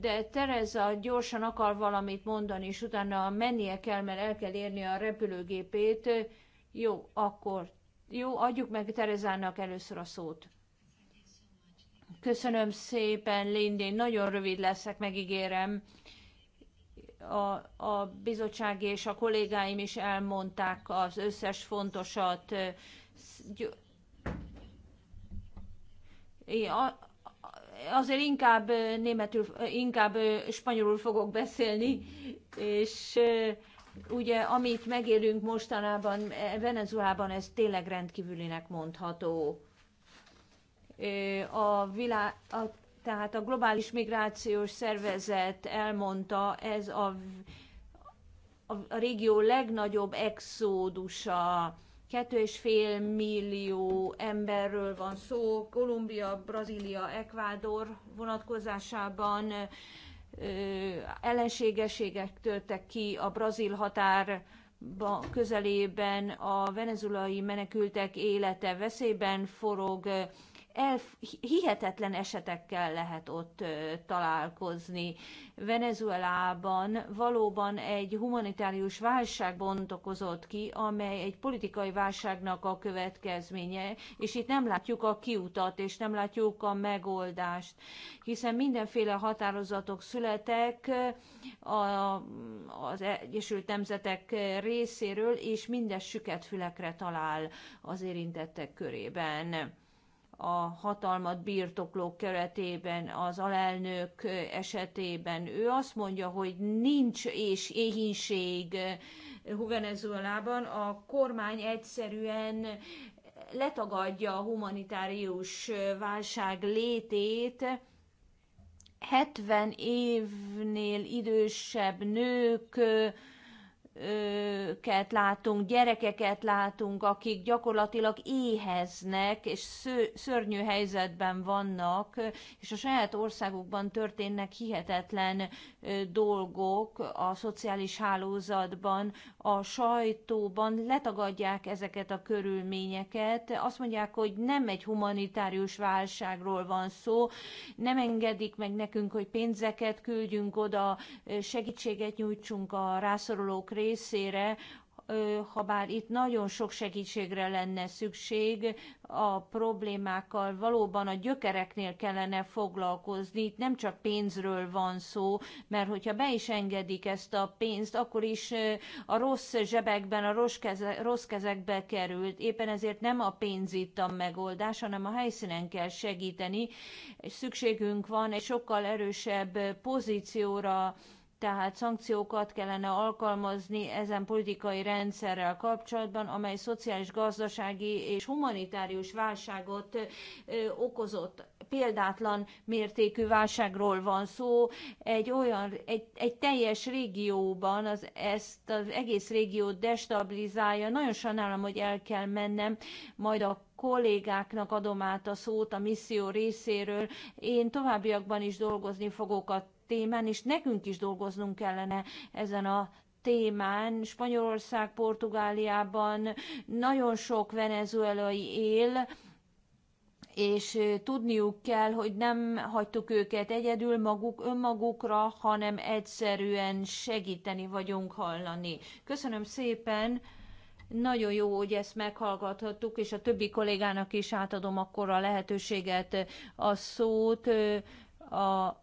de Tereza gyorsan akar valamit mondani, és utána mennie kell, mert el kell érni a repülőgépét. Jó, akkor jó, adjuk meg Terezának először a szót. Köszönöm szépen, Lindy, nagyon rövid leszek, megígérem. A, a bizottság és a kollégáim is elmondták az összes fontosat. A, azért inkább németül, inkább spanyolul fogok beszélni, és ugye amit megélünk mostanában e, Venezuelában, ez tényleg rendkívülinek mondható. A világ, a, tehát a globális migrációs szervezet elmondta, ez a, a, a régió legnagyobb exódusa, 2,5 millió emberről van szó, Kolumbia, Brazília, Ekvádor vonatkozásában ellenségességek törtek ki a brazil határ közelében a venezuelai menekültek élete veszélyben forog, elf, hihetetlen esetekkel lehet ott találkozni. Venezuelában valóban egy humanitárius válság bontokozott ki, amely egy politikai válságnak a következménye, és itt nem látjuk a kiutat, és nem látjuk a megoldást, hiszen mindenféle határozatok születek a, az Egyesült Nemzetek részéről, és mindez süket fülekre talál az érintettek körében a hatalmat birtoklók keretében, az alelnök esetében. Ő azt mondja, hogy nincs és éhínség Venezuelában, a kormány egyszerűen letagadja a humanitárius válság létét, 70 évnél idősebb nők ket látunk, gyerekeket látunk, akik gyakorlatilag éheznek, és sző, szörnyű helyzetben vannak, és a saját országukban történnek hihetetlen dolgok a szociális hálózatban, a sajtóban, letagadják ezeket a körülményeket, azt mondják, hogy nem egy humanitárius válságról van szó, nem engedik meg nekünk, hogy pénzeket küldjünk oda, segítséget nyújtsunk a rászorulók részére, ha bár itt nagyon sok segítségre lenne szükség, a problémákkal valóban a gyökereknél kellene foglalkozni, itt nem csak pénzről van szó, mert hogyha be is engedik ezt a pénzt, akkor is a rossz zsebekben, a rossz, keze, rossz kezekbe került. Éppen ezért nem a pénz itt a megoldás, hanem a helyszínen kell segíteni. Szükségünk van egy sokkal erősebb pozícióra, tehát szankciókat kellene alkalmazni ezen politikai rendszerrel kapcsolatban, amely szociális, gazdasági és humanitárius válságot okozott. Példátlan mértékű válságról van szó. Egy olyan, egy, egy teljes régióban az, ezt az egész régiót destabilizálja. Nagyon sajnálom, hogy el kell mennem, majd a kollégáknak adom át a szót a misszió részéről. Én továbbiakban is dolgozni fogok a témán, és nekünk is dolgoznunk kellene ezen a témán, Spanyolország, Portugáliában nagyon sok venezuelai él, és tudniuk kell, hogy nem hagytuk őket egyedül maguk önmagukra, hanem egyszerűen segíteni vagyunk hallani. Köszönöm szépen, nagyon jó, hogy ezt meghallgathattuk, és a többi kollégának is átadom akkor a lehetőséget, a szót, a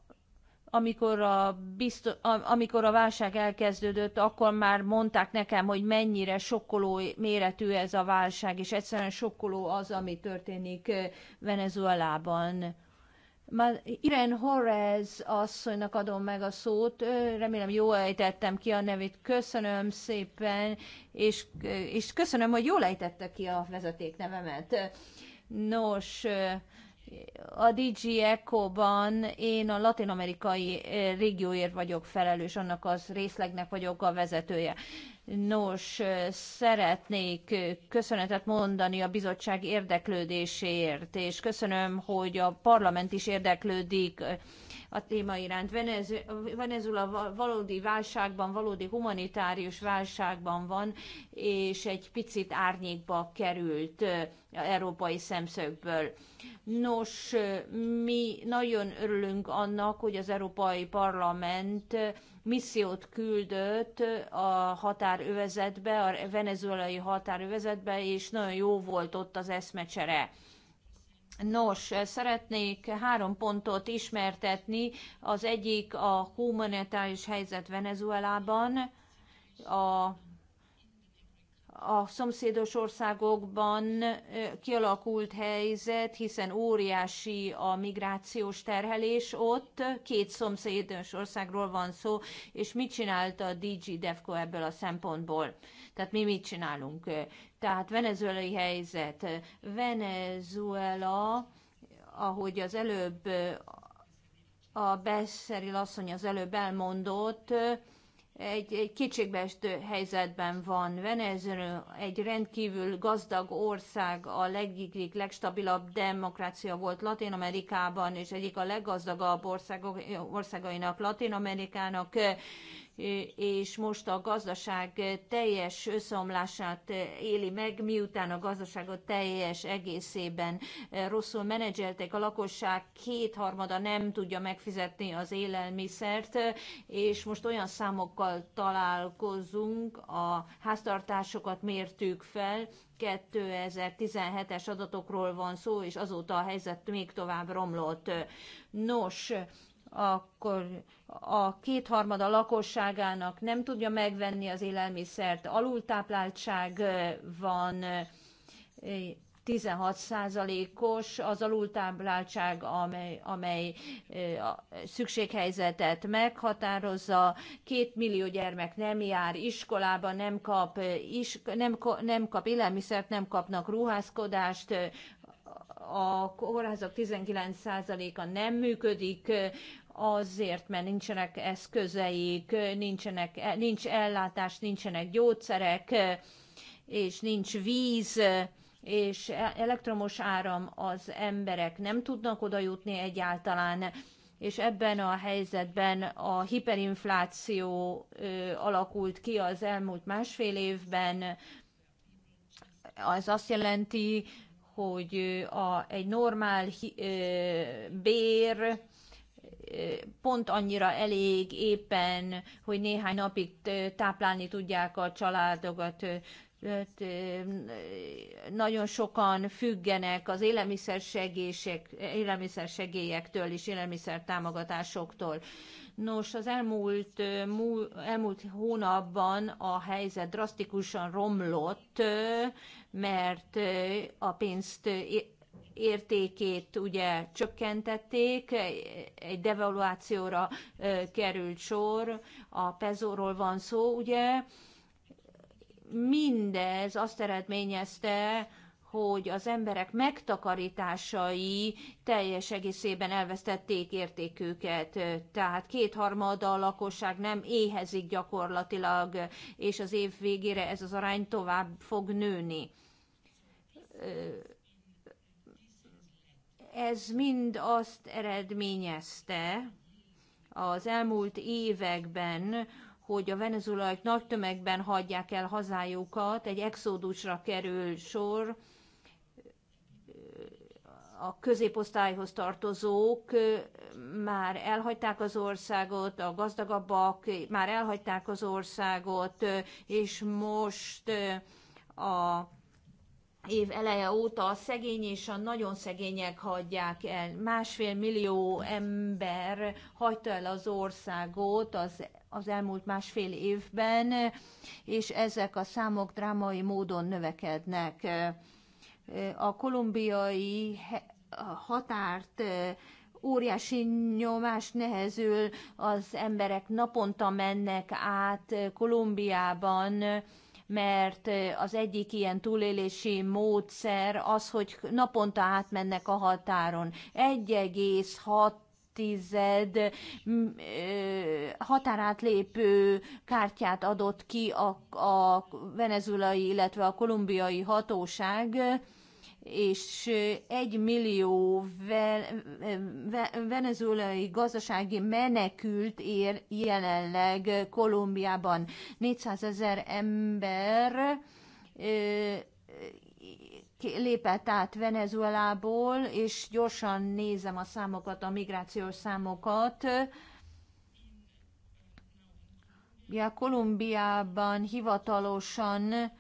amikor a, biztos, amikor a válság elkezdődött, akkor már mondták nekem, hogy mennyire sokkoló méretű ez a válság, és egyszerűen sokkoló az, ami történik Venezuelában. Már Irene Horez asszonynak adom meg a szót, remélem jól ejtettem ki a nevét, köszönöm szépen, és, és köszönöm, hogy jól ejtette ki a vezetéknevemet. Nos, a DG Eco-ban én a Latinamerikai eh, régióért vagyok felelős, annak az részlegnek vagyok a vezetője. Nos, eh, szeretnék eh, köszönetet mondani a bizottság érdeklődéséért, és köszönöm, hogy a parlament is érdeklődik a téma iránt. Venezuela valódi válságban, valódi humanitárius válságban van, és egy picit árnyékba került európai szemszögből. Nos, mi nagyon örülünk annak, hogy az Európai Parlament missziót küldött a határövezetbe, a venezuelai határövezetbe, és nagyon jó volt ott az eszmecsere Nos, szeretnék három pontot ismertetni. Az egyik a humanitárius helyzet Venezuelában, a a szomszédos országokban kialakult helyzet, hiszen óriási a migrációs terhelés ott. Két szomszédos országról van szó, és mit csinálta a DG DEFCO ebből a szempontból? Tehát mi mit csinálunk? Tehát venezuelai helyzet. Venezuela, ahogy az előbb a Besszeril asszony az előbb elmondott, egy, egy kétségbeestő helyzetben van. Venezuela egy rendkívül gazdag ország, a legik, legstabilabb demokrácia volt Latin Amerikában, és egyik a leggazdagabb országok, országainak Latin Amerikának és most a gazdaság teljes összeomlását éli meg, miután a gazdaságot teljes egészében rosszul menedzselték, a lakosság kétharmada nem tudja megfizetni az élelmiszert, és most olyan számokkal találkozunk, a háztartásokat mértük fel, 2017-es adatokról van szó, és azóta a helyzet még tovább romlott. Nos, akkor a kétharmada lakosságának nem tudja megvenni az élelmiszert, alultápláltság van, 16%-os az alultápláltság, amely, amely a szükséghelyzetet meghatározza. Két millió gyermek nem jár iskolába, nem kap, is, nem, nem kap élelmiszert, nem kapnak ruházkodást, a kórházak 19%-a nem működik, azért, mert nincsenek eszközeik, nincsenek, nincs ellátás, nincsenek gyógyszerek, és nincs víz, és elektromos áram, az emberek nem tudnak oda jutni egyáltalán, és ebben a helyzetben a hiperinfláció ö, alakult ki az elmúlt másfél évben. Az azt jelenti, hogy a, egy normál hi, ö, bér pont annyira elég éppen, hogy néhány napig táplálni tudják a családokat, nagyon sokan függenek az élelmiszersegélyektől és élelmiszertámogatásoktól. Nos, az elmúlt, elmúlt hónapban a helyzet drasztikusan romlott, mert a pénzt értékét ugye csökkentették, egy devaluációra került sor, a pezóról van szó, ugye. Mindez azt eredményezte, hogy az emberek megtakarításai teljes egészében elvesztették értéküket. Tehát kétharmada a lakosság nem éhezik gyakorlatilag, és az év végére ez az arány tovább fog nőni ez mind azt eredményezte az elmúlt években, hogy a venezuelaiak nagy tömegben hagyják el hazájukat, egy exódusra kerül sor, a középosztályhoz tartozók már elhagyták az országot, a gazdagabbak már elhagyták az országot, és most a év eleje óta a szegény és a nagyon szegények hagyják el. Másfél millió ember hagyta el az országot az, az elmúlt másfél évben, és ezek a számok drámai módon növekednek. A kolumbiai határt óriási nyomás nehezül, az emberek naponta mennek át Kolumbiában, mert az egyik ilyen túlélési módszer az, hogy naponta átmennek a határon. 1,6 tized határátlépő kártyát adott ki a, a venezuelai, illetve a kolumbiai hatóság és egy millió venezuelai gazdasági menekült ér jelenleg Kolumbiában. 400 ezer ember lépett át Venezuelából, és gyorsan nézem a számokat, a migrációs számokat. Ja, Kolumbiában hivatalosan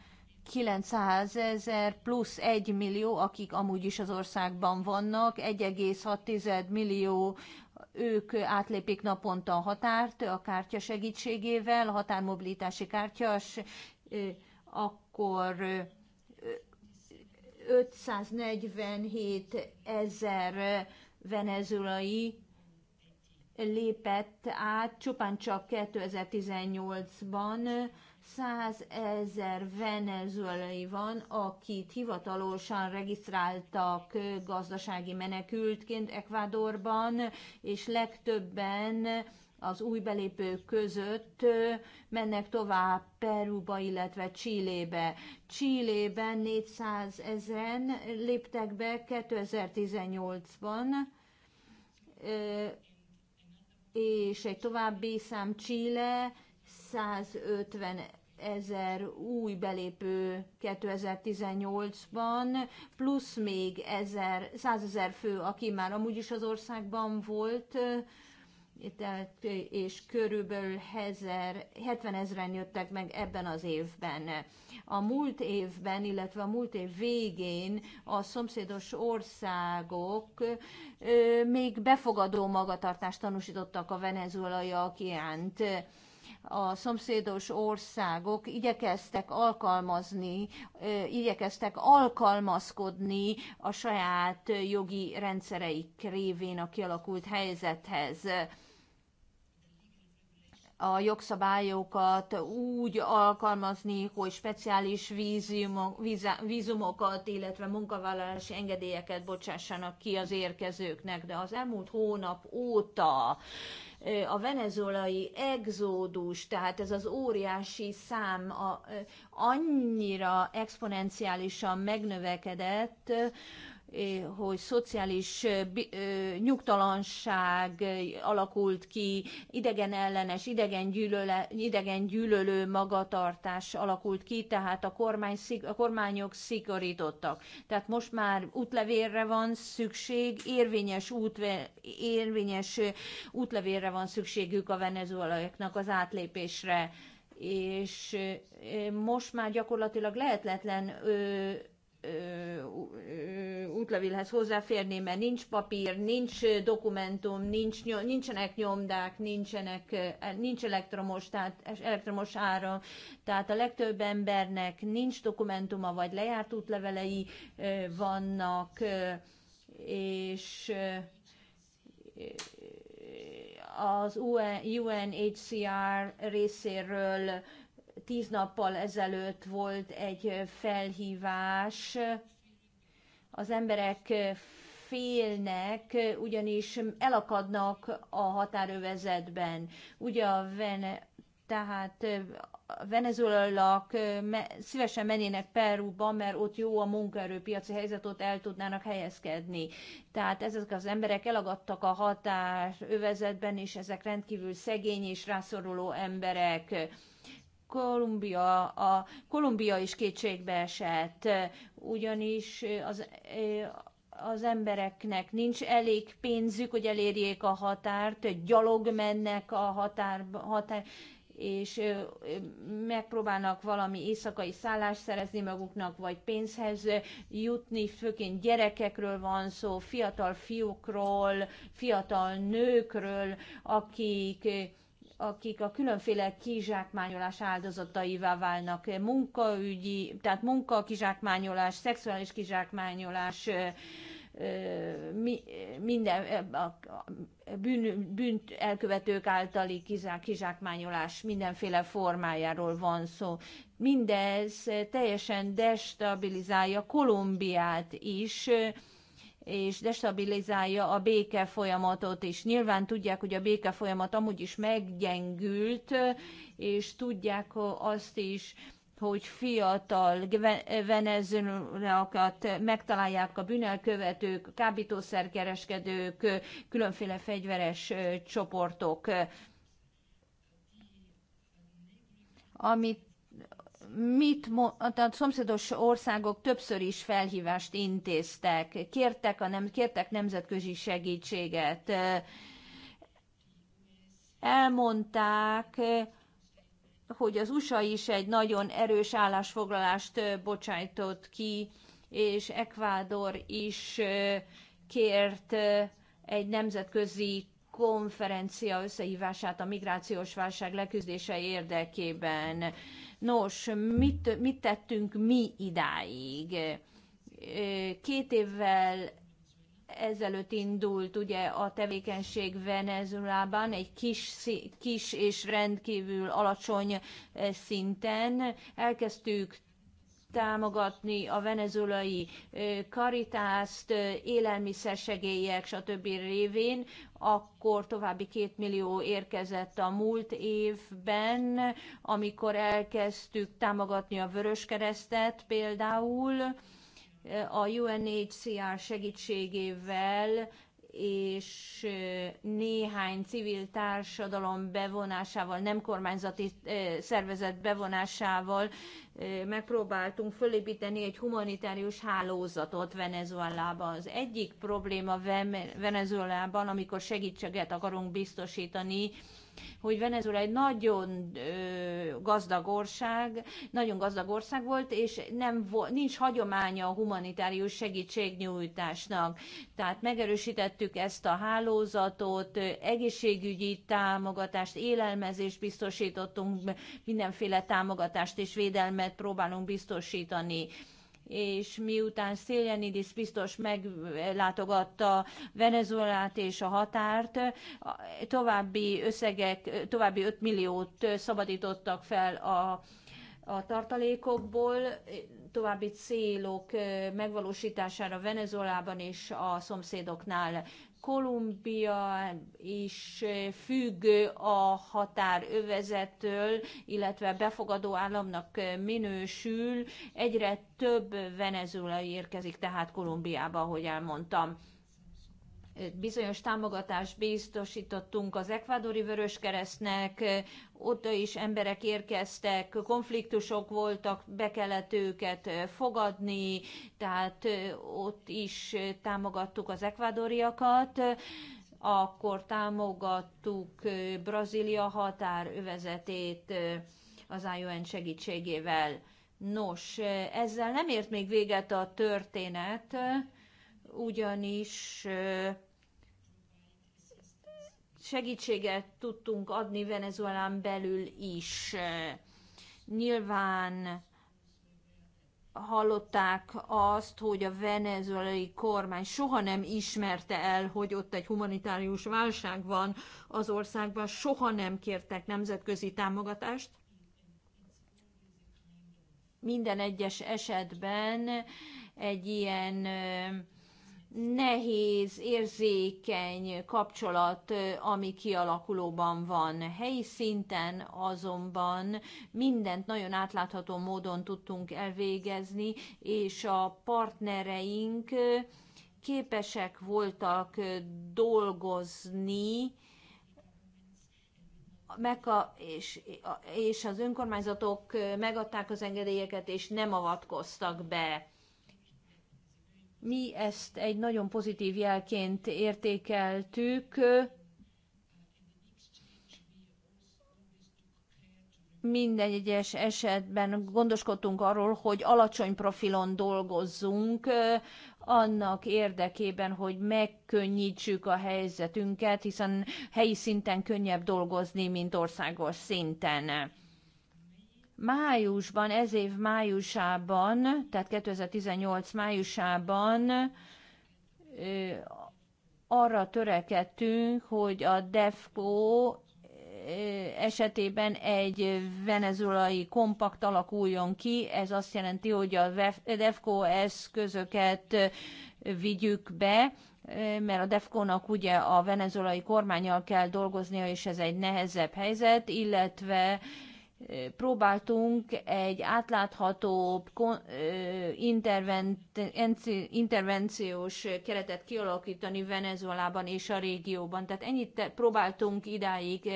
900 ezer plusz 1 millió, akik amúgy is az országban vannak, 1,6 millió ők átlépik naponta a határt a kártya segítségével, a határmobilitási kártyas, akkor 547 ezer venezuelai lépett át csupán csak 2018-ban százezer venezuelai van, akit hivatalosan regisztráltak gazdasági menekültként Ekvádorban, és legtöbben az új belépők között mennek tovább Peruba, illetve Csillébe. Csillében 400 ezeren léptek be 2018-ban, és egy további szám Chile 150 ezer új belépő 2018-ban, plusz még 100 ezer fő, aki már amúgy is az országban volt, és körülbelül 70 ezeren jöttek meg ebben az évben. A múlt évben, illetve a múlt év végén a szomszédos országok még befogadó magatartást tanúsítottak a venezuelaiak iránt a szomszédos országok igyekeztek alkalmazni, igyekeztek alkalmazkodni a saját jogi rendszereik révén a kialakult helyzethez a jogszabályokat úgy alkalmazni, hogy speciális vízumok, vízumokat, illetve munkavállalási engedélyeket bocsássanak ki az érkezőknek, de az elmúlt hónap óta a venezolai exódus, tehát ez az óriási szám a, annyira exponenciálisan megnövekedett, hogy szociális nyugtalanság alakult ki, idegen ellenes, idegen, gyűlöle, idegen gyűlölő magatartás alakult ki, tehát a, kormány, a kormányok szigorítottak. Tehát most már útlevérre van szükség, érvényes, útve, érvényes útlevérre van szükségük a venezuelaiaknak az átlépésre és most már gyakorlatilag lehetetlen útlevélhez hozzáférni, mert nincs papír, nincs dokumentum, nincs, nincsenek nyomdák, nincsenek, e, nincs elektromos, tehát elektromos áram, tehát a legtöbb embernek nincs dokumentuma, vagy lejárt útlevelei vannak, és az UNHCR részéről tíz nappal ezelőtt volt egy felhívás, az emberek félnek, ugyanis elakadnak a határövezetben. Ugye a Ven- tehát a venezuelak szívesen mennének Perúba, mert ott jó a munkaerőpiaci helyzet, ott el tudnának helyezkedni. Tehát ezek az emberek elagadtak a határ övezetben, és ezek rendkívül szegény és rászoruló emberek Kolumbia, a Kolumbia is kétségbe esett, ugyanis az, az embereknek nincs elég pénzük, hogy elérjék a határt, gyalog mennek a határ, határ és megpróbálnak valami éjszakai szállást szerezni maguknak, vagy pénzhez jutni, főként gyerekekről van szó, fiatal fiúkról, fiatal nőkről, akik akik a különféle kizsákmányolás áldozataivá válnak, munkaügyi, tehát munka kizsákmányolás, szexuális kizsákmányolás, minden a bűn, bűnt elkövetők általi kizák, kizsákmányolás mindenféle formájáról van szó. Mindez teljesen destabilizálja Kolumbiát is, és destabilizálja a béke folyamatot is. Nyilván tudják, hogy a béke folyamat amúgy is meggyengült, és tudják azt is, hogy fiatal venezuelakat megtalálják a bűnelkövetők, kábítószerkereskedők, különféle fegyveres csoportok. Amit mit a szomszédos országok többször is felhívást intéztek, kértek, a nem, kértek nemzetközi segítséget, elmondták, hogy az USA is egy nagyon erős állásfoglalást bocsájtott ki, és Ekvádor is kért egy nemzetközi konferencia összehívását a migrációs válság leküzdése érdekében. Nos, mit, mit tettünk mi idáig? Két évvel ezelőtt indult ugye a tevékenység Venezuelában egy kis, kis és rendkívül alacsony szinten. Elkezdtük támogatni a venezuelai karitást, élelmiszersegélyek, stb. révén, akkor további két millió érkezett a múlt évben, amikor elkezdtük támogatni a Vöröskeresztet például, a UNHCR segítségével és néhány civil társadalom bevonásával, nem kormányzati szervezet bevonásával megpróbáltunk fölépíteni egy humanitárius hálózatot Venezuelában. Az egyik probléma Venezuelában, amikor segítséget akarunk biztosítani, hogy Venezuela egy nagyon gazdag ország, nagyon gazdag ország volt, és nem vo- nincs hagyománya a humanitárius segítségnyújtásnak. Tehát megerősítettük ezt a hálózatot, egészségügyi támogatást, élelmezést biztosítottunk, mindenféle támogatást és védelmet próbálunk biztosítani és miután Szélyenidis biztos meglátogatta Venezuelát és a határt, további összegek, további 5 milliót szabadítottak fel a a tartalékokból további célok megvalósítására Venezuelában és a szomszédoknál Kolumbia is függ a határövezettől, illetve befogadó államnak minősül. Egyre több venezuelai érkezik tehát Kolumbiába, ahogy elmondtam bizonyos támogatást biztosítottunk az ekvádori Vöröskeresztnek, ott is emberek érkeztek, konfliktusok voltak, be kellett őket fogadni, tehát ott is támogattuk az ekvádoriakat akkor támogattuk Brazília határövezetét az ION segítségével. Nos, ezzel nem ért még véget a történet, ugyanis segítséget tudtunk adni Venezuelán belül is. Nyilván hallották azt, hogy a venezuelai kormány soha nem ismerte el, hogy ott egy humanitárius válság van az országban, soha nem kértek nemzetközi támogatást. Minden egyes esetben egy ilyen nehéz, érzékeny kapcsolat, ami kialakulóban van. Helyi szinten azonban mindent nagyon átlátható módon tudtunk elvégezni, és a partnereink képesek voltak dolgozni, meg a, és, és az önkormányzatok megadták az engedélyeket, és nem avatkoztak be mi ezt egy nagyon pozitív jelként értékeltük. Minden egyes esetben gondoskodtunk arról, hogy alacsony profilon dolgozzunk, annak érdekében, hogy megkönnyítsük a helyzetünket, hiszen helyi szinten könnyebb dolgozni, mint országos szinten. Májusban, ez év májusában, tehát 2018 májusában arra törekedtünk, hogy a DEFCO esetében egy venezuelai kompakt alakuljon ki. Ez azt jelenti, hogy a DEFCO eszközöket vigyük be, mert a DEFCO-nak ugye a venezuelai kormányjal kell dolgoznia, és ez egy nehezebb helyzet, illetve próbáltunk egy átlátható intervenciós keretet kialakítani Venezuelában és a régióban. Tehát ennyit próbáltunk idáig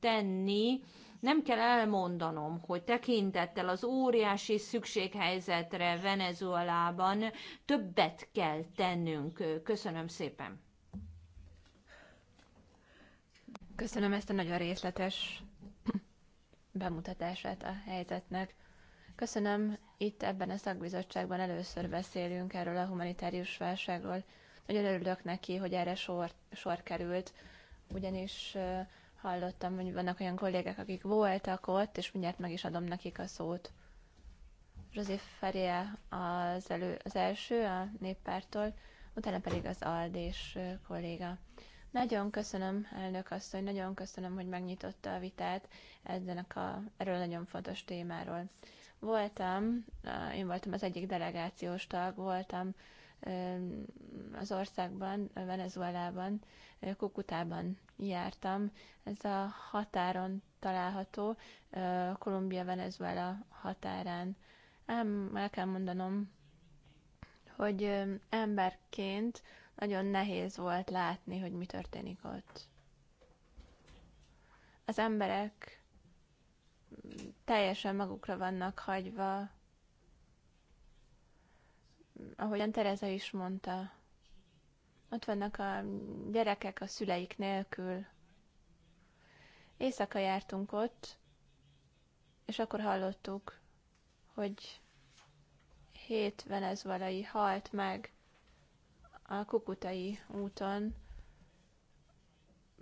tenni. Nem kell elmondanom, hogy tekintettel az óriási szükséghelyzetre Venezuelában többet kell tennünk. Köszönöm szépen! Köszönöm ezt a nagyon részletes bemutatását a helyzetnek. Köszönöm, itt ebben a szakbizottságban először beszélünk erről a humanitárius válságról. Nagyon örülök neki, hogy erre sor, sor került, ugyanis hallottam, hogy vannak olyan kollégák, akik voltak ott, és mindjárt meg is adom nekik a szót. José Feria az, elő, az első a néppártól, utána pedig az Aldés kolléga. Nagyon köszönöm, elnök asszony, nagyon köszönöm, hogy megnyitotta a vitát ezen a, erről nagyon fontos témáról. Voltam, én voltam az egyik delegációs tag, voltam az országban, Venezuelában, Kukutában jártam. Ez a határon található, Kolumbia-Venezuela határán. Ám el kell mondanom, hogy emberként nagyon nehéz volt látni, hogy mi történik ott. Az emberek teljesen magukra vannak hagyva, ahogyan Tereza is mondta. Ott vannak a gyerekek a szüleik nélkül. Éjszaka jártunk ott, és akkor hallottuk, hogy hét venezuelai halt meg, a Kukutai úton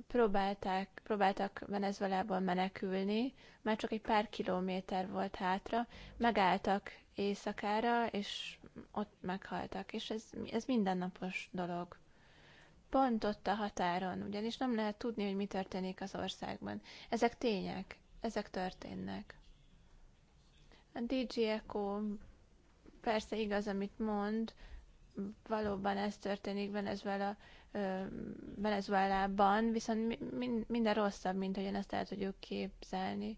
próbálták, próbáltak Venezuelából menekülni, már csak egy pár kilométer volt hátra, megálltak éjszakára, és ott meghaltak, és ez, ez mindennapos dolog. Pont ott a határon, ugyanis nem lehet tudni, hogy mi történik az országban. Ezek tények, ezek történnek. A DJ Echo persze igaz, amit mond, valóban ez történik Venezuela, Venezuelában, viszont minden rosszabb, mint én ezt el tudjuk képzelni.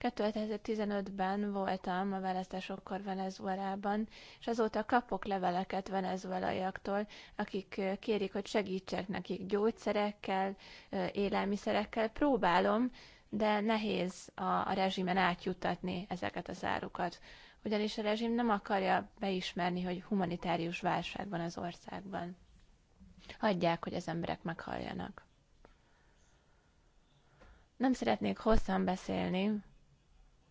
2015-ben voltam a választásokkor Venezuelában, és azóta kapok leveleket venezuelaiaktól, akik kérik, hogy segítsek nekik gyógyszerekkel, élelmiszerekkel. Próbálom, de nehéz a, a rezsimen átjutatni ezeket az árukat ugyanis a rezsim nem akarja beismerni, hogy humanitárius válság van az országban. Hagyják, hogy az emberek meghalljanak. Nem szeretnék hosszan beszélni,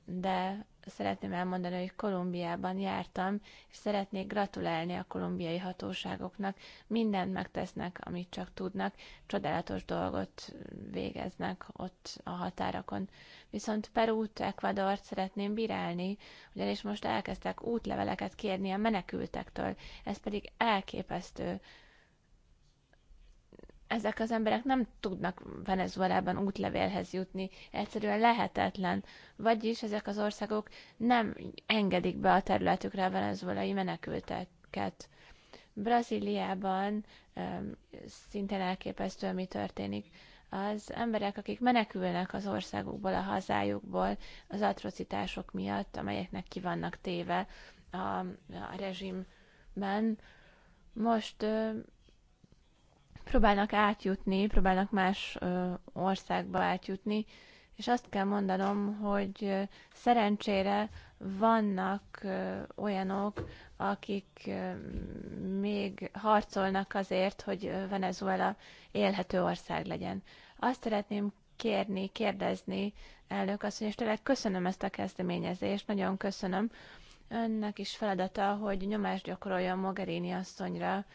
de szeretném elmondani, hogy Kolumbiában jártam, és szeretnék gratulálni a kolumbiai hatóságoknak. Mindent megtesznek, amit csak tudnak. Csodálatos dolgot végeznek ott a határokon. Viszont Perút, Ecuadort szeretném bírálni, ugyanis most elkezdtek útleveleket kérni a menekültektől. Ez pedig elképesztő ezek az emberek nem tudnak Venezuelában útlevélhez jutni, egyszerűen lehetetlen. Vagyis ezek az országok nem engedik be a területükre a venezuelai menekülteket. Brazíliában um, szintén elképesztő, mi történik. Az emberek, akik menekülnek az országukból, a hazájukból, az atrocitások miatt, amelyeknek ki vannak téve a, a rezsimben, most próbálnak átjutni, próbálnak más országba átjutni, és azt kell mondanom, hogy szerencsére vannak olyanok, akik még harcolnak azért, hogy Venezuela élhető ország legyen. Azt szeretném kérni, kérdezni, elnök asszony, és tényleg köszönöm ezt a kezdeményezést, nagyon köszönöm. Önnek is feladata, hogy nyomást gyakoroljon Mogherini asszonyra,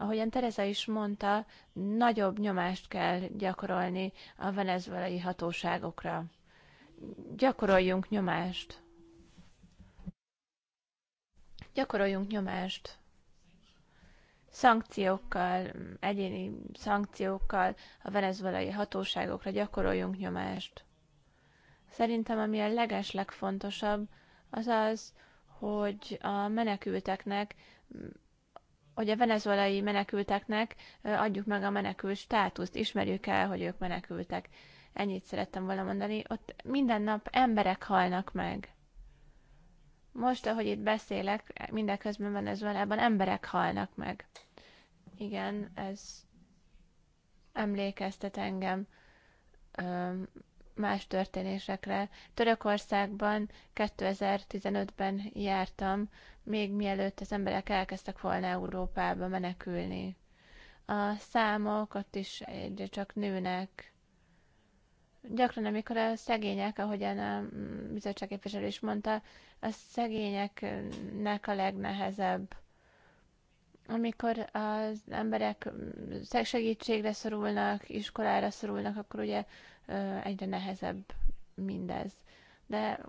Ahogyan Tereza is mondta, nagyobb nyomást kell gyakorolni a venezuelai hatóságokra. Gyakoroljunk nyomást. Gyakoroljunk nyomást szankciókkal, egyéni szankciókkal a venezuelai hatóságokra gyakoroljunk nyomást. Szerintem ami a leges legfontosabb, az az, hogy a menekülteknek hogy a venezuelai menekülteknek adjuk meg a menekült státuszt, ismerjük el, hogy ők menekültek. Ennyit szerettem volna mondani. Ott minden nap emberek halnak meg. Most, ahogy itt beszélek, mindeközben Venezuelában emberek halnak meg. Igen, ez emlékeztet engem más történésekre. Törökországban 2015-ben jártam, még mielőtt az emberek elkezdtek volna Európába menekülni. A számok ott is egyre csak nőnek. Gyakran, amikor a szegények, ahogyan a bizottságképviselő is mondta, a szegényeknek a legnehezebb amikor az emberek segítségre szorulnak, iskolára szorulnak, akkor ugye egyre nehezebb mindez. De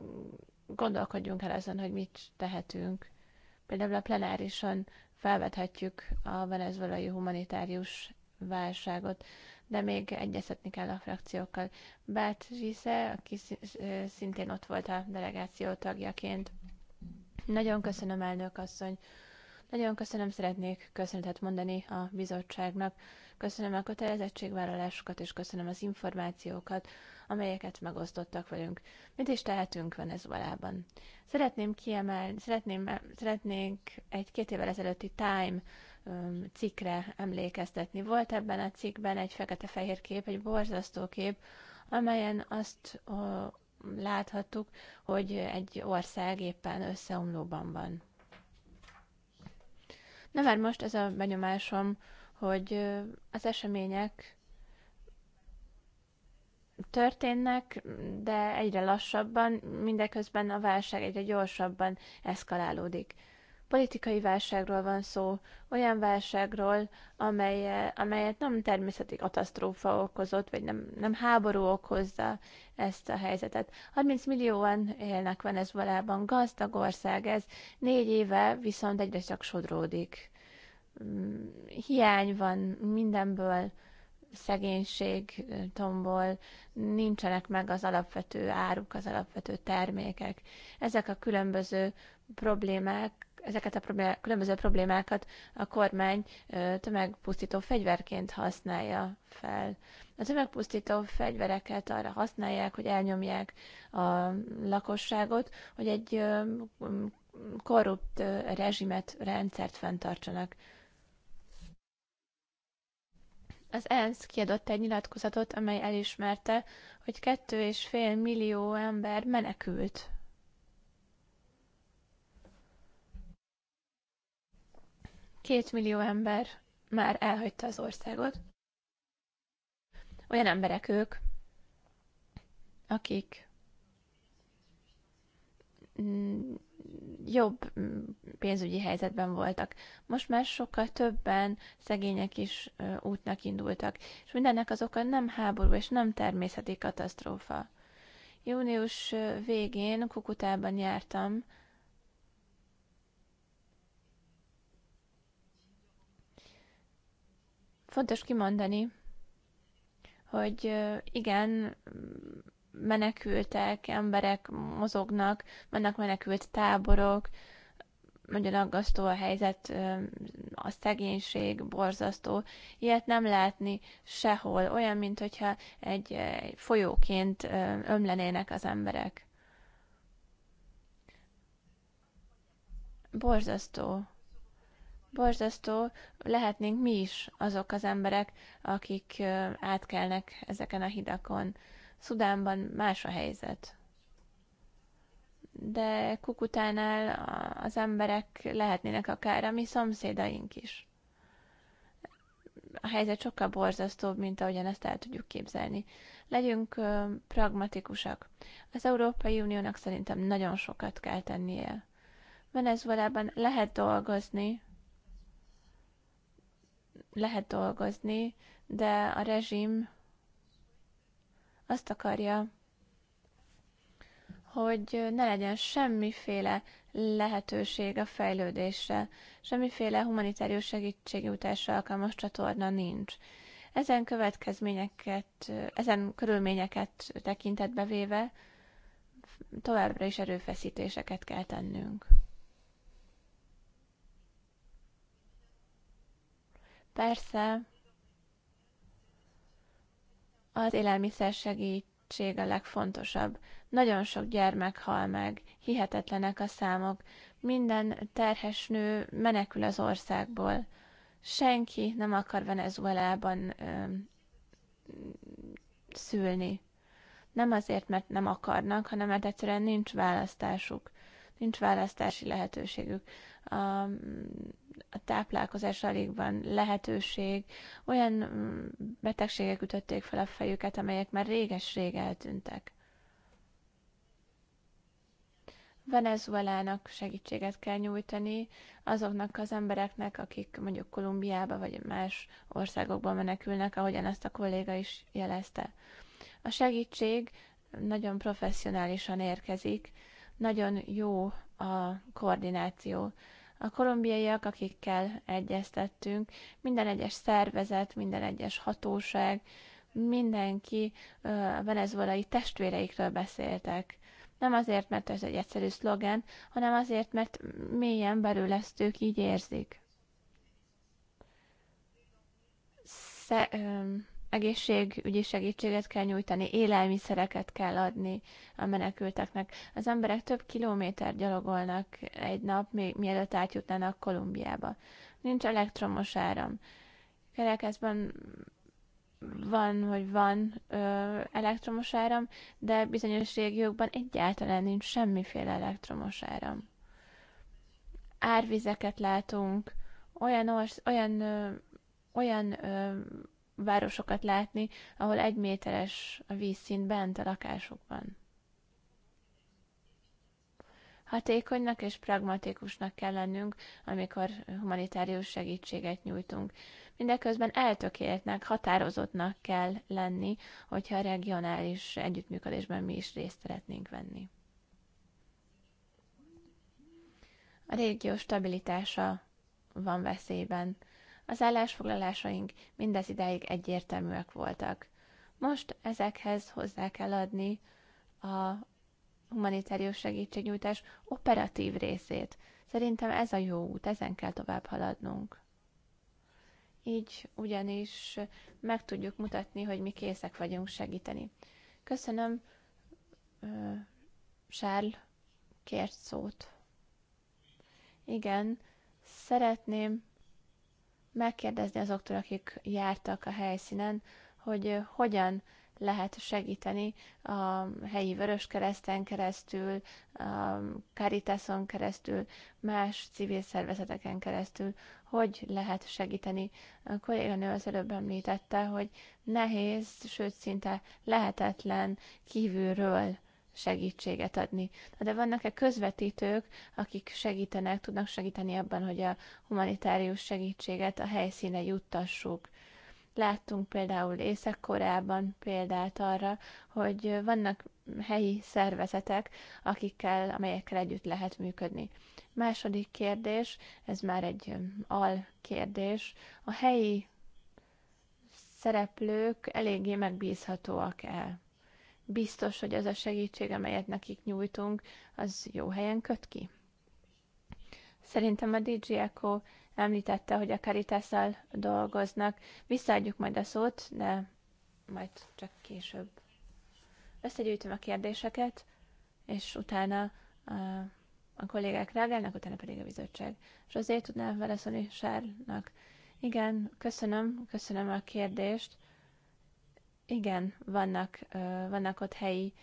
gondolkodjunk el ezen, hogy mit tehetünk. Például a plenárison felvethetjük a venezuelai humanitárius válságot, de még egyeztetni kell a frakciókkal. Bát Zsisze, aki szintén ott volt a delegáció tagjaként. Nagyon köszönöm, elnök asszony. Nagyon köszönöm, szeretnék köszönetet mondani a bizottságnak köszönöm a kötelezettségvállalásokat, és köszönöm az információkat, amelyeket megosztottak velünk. Mit is tehetünk Venezuelában? Szeretném kiemelni, szeretném, szeretnék egy két évvel ezelőtti Time um, cikkre emlékeztetni. Volt ebben a cikkben egy fekete-fehér kép, egy borzasztó kép, amelyen azt ó, láthattuk, hogy egy ország éppen összeomlóban van. Na már most ez a benyomásom, hogy az események történnek, de egyre lassabban, mindeközben a válság egyre gyorsabban eszkalálódik. Politikai válságról van szó, olyan válságról, amely, amelyet nem természeti katasztrófa okozott, vagy nem, nem háború okozza ezt a helyzetet. 30 millióan élnek Venezuelában, gazdag ország ez, négy éve viszont egyre csak sodródik hiány van mindenből, szegénység tombol, nincsenek meg az alapvető áruk, az alapvető termékek. Ezek a különböző problémák, ezeket a problémák, különböző problémákat a kormány tömegpusztító fegyverként használja fel. A tömegpusztító fegyvereket arra használják, hogy elnyomják a lakosságot, hogy egy korrupt rezsimet, rendszert fenntartsanak. Az ENSZ kiadott egy nyilatkozatot, amely elismerte, hogy kettő és fél millió ember menekült. Két millió ember már elhagyta az országot. Olyan emberek ők, akik jobb mm, pénzügyi helyzetben voltak. Most már sokkal többen szegények is útnak indultak, és mindennek az oka nem háború és nem természeti katasztrófa. Június végén Kukutában jártam, Fontos kimondani, hogy igen, menekültek, emberek mozognak, vannak menekült táborok, nagyon aggasztó a helyzet, a szegénység borzasztó. Ilyet nem látni sehol, olyan, mint hogyha egy folyóként ömlenének az emberek. Borzasztó. Borzasztó, lehetnénk mi is azok az emberek, akik átkelnek ezeken a hidakon. Szudánban más a helyzet. De Kukutánál az emberek lehetnének akár a mi szomszédaink is. A helyzet sokkal borzasztóbb, mint ahogyan ezt el tudjuk képzelni. Legyünk pragmatikusak. Az Európai Uniónak szerintem nagyon sokat kell tennie. Venezuelában lehet dolgozni, lehet dolgozni, de a rezsim azt akarja, hogy ne legyen semmiféle lehetőség a fejlődésre, semmiféle humanitárius segítségnyújtásra alkalmas csatorna nincs. Ezen következményeket, ezen körülményeket tekintetbe véve továbbra is erőfeszítéseket kell tennünk. Persze, az élelmiszer segítség a legfontosabb. Nagyon sok gyermek hal meg, hihetetlenek a számok. Minden terhes nő menekül az országból. Senki nem akar Venezuelában ö, szülni. Nem azért, mert nem akarnak, hanem mert egyszerűen nincs választásuk nincs választási lehetőségük. A, a táplálkozás alig van lehetőség, olyan mm, betegségek ütötték fel a fejüket, amelyek már réges-rég eltűntek. Venezuelának segítséget kell nyújtani azoknak az embereknek, akik mondjuk Kolumbiába vagy más országokba menekülnek, ahogyan ezt a kolléga is jelezte. A segítség nagyon professzionálisan érkezik, nagyon jó a koordináció. A kolumbiaiak, akikkel egyeztettünk, minden egyes szervezet, minden egyes hatóság, mindenki a venezuelai testvéreikről beszéltek. Nem azért, mert ez egy egyszerű szlogen, hanem azért, mert mélyen belül ezt ők így érzik. Sze- egészségügyi segítséget kell nyújtani, élelmiszereket kell adni a menekülteknek. Az emberek több kilométer gyalogolnak egy nap, még mielőtt átjutnának Kolumbiába. Nincs elektromos áram. Kerekezben van, hogy van ö, elektromos áram, de bizonyos régiókban egyáltalán nincs semmiféle elektromos áram. Árvizeket látunk, olyan, olyan, ö, olyan ö, városokat látni, ahol egy méteres a vízszint bent a lakásokban. Hatékonynak és pragmatikusnak kell lennünk, amikor humanitárius segítséget nyújtunk. Mindeközben eltökéltnek, határozottnak kell lenni, hogyha a regionális együttműködésben mi is részt szeretnénk venni. A régió stabilitása van veszélyben. Az állásfoglalásaink mindez ideig egyértelműek voltak. Most ezekhez hozzá kell adni a humanitárius segítségnyújtás operatív részét. Szerintem ez a jó út, ezen kell tovább haladnunk. Így ugyanis meg tudjuk mutatni, hogy mi készek vagyunk segíteni. Köszönöm, Sárl kért szót. Igen, szeretném megkérdezni azoktól, akik jártak a helyszínen, hogy hogyan lehet segíteni a helyi Vöröskereszten keresztül, a Caritason keresztül, más civil szervezeteken keresztül, hogy lehet segíteni. A kolléganő az előbb említette, hogy nehéz, sőt szinte lehetetlen kívülről segítséget adni. De vannak-e közvetítők, akik segítenek, tudnak segíteni abban, hogy a humanitárius segítséget a helyszíne juttassuk? Láttunk például Észak-Koreában példát arra, hogy vannak helyi szervezetek, akikkel, amelyekkel együtt lehet működni. Második kérdés, ez már egy al kérdés, a helyi szereplők eléggé megbízhatóak el biztos, hogy az a segítség, amelyet nekik nyújtunk, az jó helyen köt ki? Szerintem a DJ Echo említette, hogy a caritas dolgoznak. Visszaadjuk majd a szót, de majd csak később. Összegyűjtöm a kérdéseket, és utána a, a kollégák reagálnak, utána pedig a bizottság. És azért tudnám válaszolni Sárnak. Igen, köszönöm, köszönöm a kérdést igen, vannak, vannak ott helyi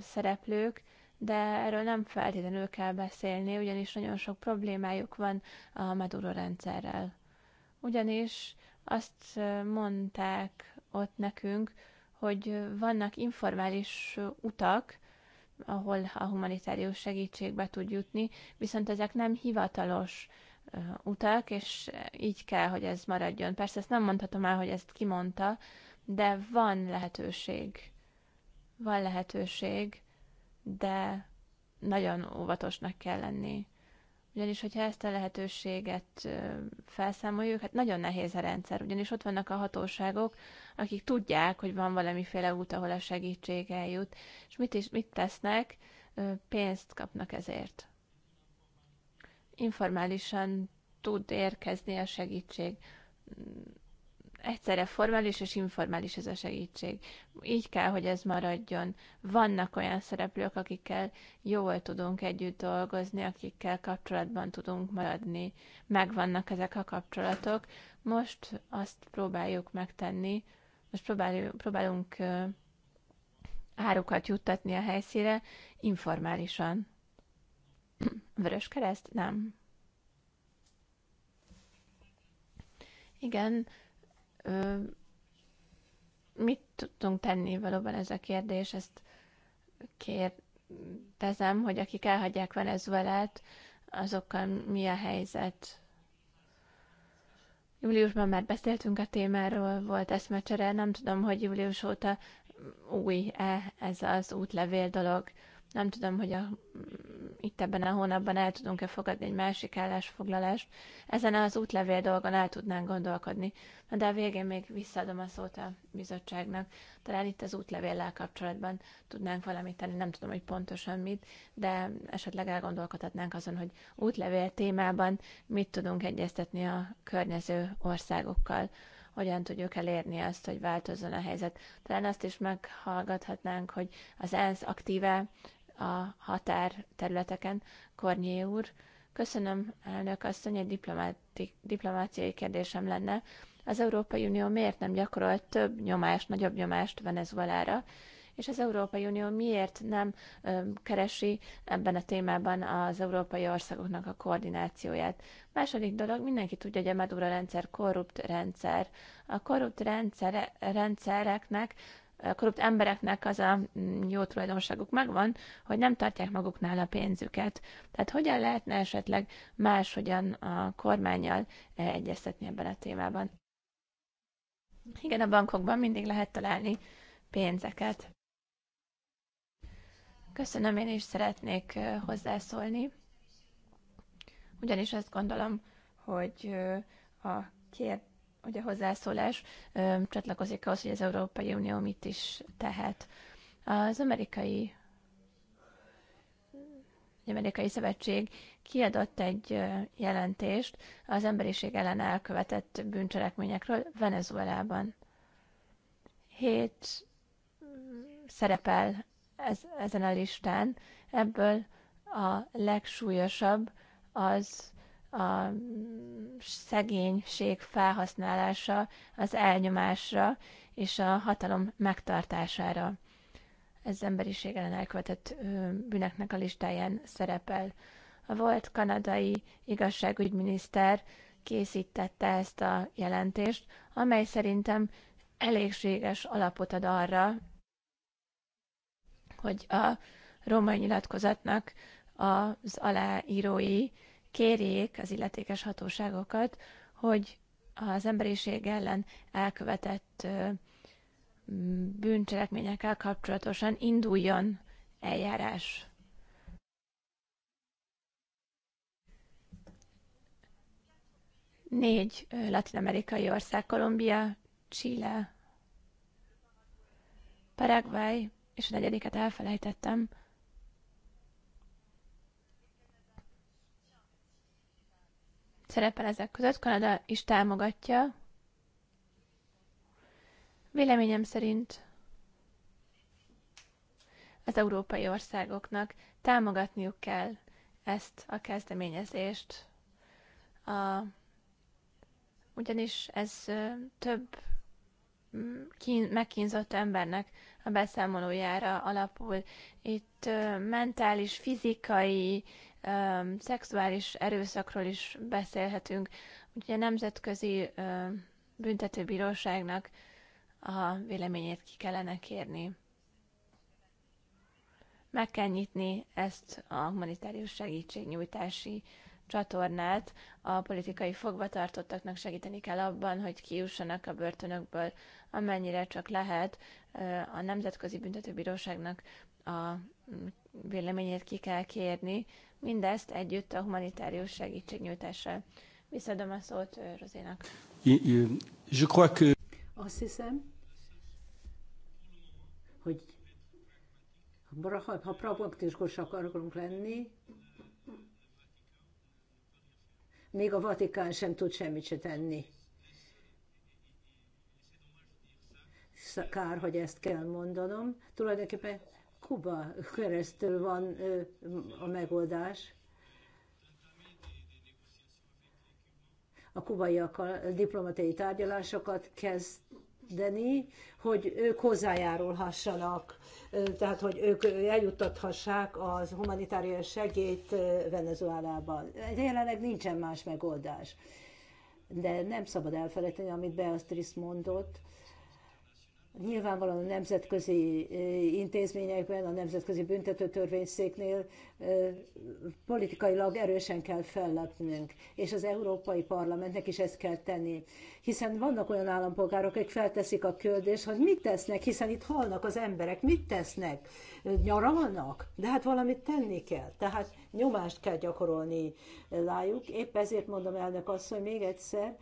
szereplők, de erről nem feltétlenül kell beszélni, ugyanis nagyon sok problémájuk van a Maduro rendszerrel. Ugyanis azt mondták ott nekünk, hogy vannak informális utak, ahol a humanitárius segítségbe tud jutni, viszont ezek nem hivatalos utak, és így kell, hogy ez maradjon. Persze ezt nem mondhatom el, hogy ezt kimondta, de van lehetőség. Van lehetőség, de nagyon óvatosnak kell lenni. Ugyanis, hogyha ezt a lehetőséget felszámoljuk, hát nagyon nehéz a rendszer, ugyanis ott vannak a hatóságok, akik tudják, hogy van valamiféle út, ahol a segítség eljut, és mit is mit tesznek, pénzt kapnak ezért. Informálisan tud érkezni a segítség egyszerre formális és informális ez a segítség. Így kell, hogy ez maradjon. Vannak olyan szereplők, akikkel jól tudunk együtt dolgozni, akikkel kapcsolatban tudunk maradni. Megvannak ezek a kapcsolatok. Most azt próbáljuk megtenni, most próbáljuk, próbálunk árukat juttatni a helyszíre informálisan. Vörös kereszt? Nem. Igen, Mit tudtunk tenni valóban ez a kérdés? Ezt kérdezem, hogy akik elhagyják Venezuelát, azokkal mi a helyzet? Júliusban már beszéltünk a témáról, volt eszmecsere, nem tudom, hogy július óta új-e ez az útlevél dolog. Nem tudom, hogy a, mm, itt ebben a hónapban el tudunk-e fogadni egy másik állásfoglalást. Ezen az útlevél dolgon el tudnánk gondolkodni. Na de a végén még visszaadom a szót a bizottságnak. Talán itt az útlevéllel kapcsolatban tudnánk valamit tenni, nem tudom, hogy pontosan mit, de esetleg elgondolkodhatnánk azon, hogy útlevél témában mit tudunk egyeztetni a környező országokkal hogyan tudjuk elérni azt, hogy változzon a helyzet. Talán azt is meghallgathatnánk, hogy az ENSZ aktíve a területeken. Kornyé úr. Köszönöm, elnök asszony, egy diplomáciai kérdésem lenne. Az Európai Unió miért nem gyakorol több nyomást, nagyobb nyomást Venezuelára, és az Európai Unió miért nem ö, keresi ebben a témában az európai országoknak a koordinációját. Második dolog, mindenki tudja, hogy a Maduro rendszer korrupt rendszer. A korrupt rendszere, rendszereknek korrupt embereknek az a mm, jó tulajdonságuk megvan, hogy nem tartják maguknál a pénzüket. Tehát hogyan lehetne esetleg máshogyan a kormányjal egyeztetni ebben a témában? Igen, a bankokban mindig lehet találni pénzeket. Köszönöm, én is szeretnék hozzászólni, ugyanis azt gondolom, hogy a kérdés hogy a hozzászólás ö, csatlakozik ahhoz, hogy az Európai Unió mit is tehet. Az amerikai az Amerikai Szövetség kiadott egy jelentést az emberiség ellen elkövetett bűncselekményekről Venezuelában. Hét szerepel ez, ezen a listán, ebből a legsúlyosabb az a szegénység felhasználása az elnyomásra és a hatalom megtartására. Ez emberiség ellen elkövetett bűneknek a listáján szerepel. A volt kanadai igazságügyminiszter készítette ezt a jelentést, amely szerintem elégséges alapot ad arra, hogy a római nyilatkozatnak az aláírói kérjék az illetékes hatóságokat, hogy az emberiség ellen elkövetett bűncselekményekkel kapcsolatosan induljon eljárás. Négy latin-amerikai ország, Kolumbia, Chile, Paraguay, és a negyediket elfelejtettem, szerepel ezek között, Kanada is támogatja. Véleményem szerint az európai országoknak támogatniuk kell ezt a kezdeményezést. A, ugyanis ez több mm, kín, megkínzott embernek a beszámolójára alapul. Itt mentális, fizikai ö, szexuális erőszakról is beszélhetünk, úgyhogy a Nemzetközi ö, Büntetőbíróságnak a véleményét ki kellene kérni. Meg kell nyitni ezt a humanitárius segítségnyújtási csatornát, a politikai fogvatartottaknak segíteni kell abban, hogy kiussanak a börtönökből, amennyire csak lehet. A Nemzetközi Büntetőbíróságnak a mm, véleményét ki kell kérni, Mindezt együtt a humanitárius segítségnyújtással. Visszadom a szót Rozénak. Je crois que... Azt hiszem, hogy ha praktikusak akarunk lenni, még a Vatikán sem tud semmit se tenni. Kár, hogy ezt kell mondanom. Tulajdonképpen Kuba keresztül van a megoldás. A kubaiakkal diplomatiai tárgyalásokat kezdeni, hogy ők hozzájárulhassanak, tehát hogy ők eljuttathassák az humanitárius segélyt Venezuelában. Jelenleg nincsen más megoldás. De nem szabad elfelejteni, amit Beatrice mondott, Nyilvánvalóan a nemzetközi intézményekben, a nemzetközi büntetőtörvényszéknél politikailag erősen kell fellepnünk, és az Európai Parlamentnek is ezt kell tenni. Hiszen vannak olyan állampolgárok, akik felteszik a kérdést, hogy mit tesznek, hiszen itt halnak az emberek, mit tesznek, nyaralnak, de hát valamit tenni kell. Tehát nyomást kell gyakorolni rájuk. Épp ezért mondom elnök azt, hogy még egyszer,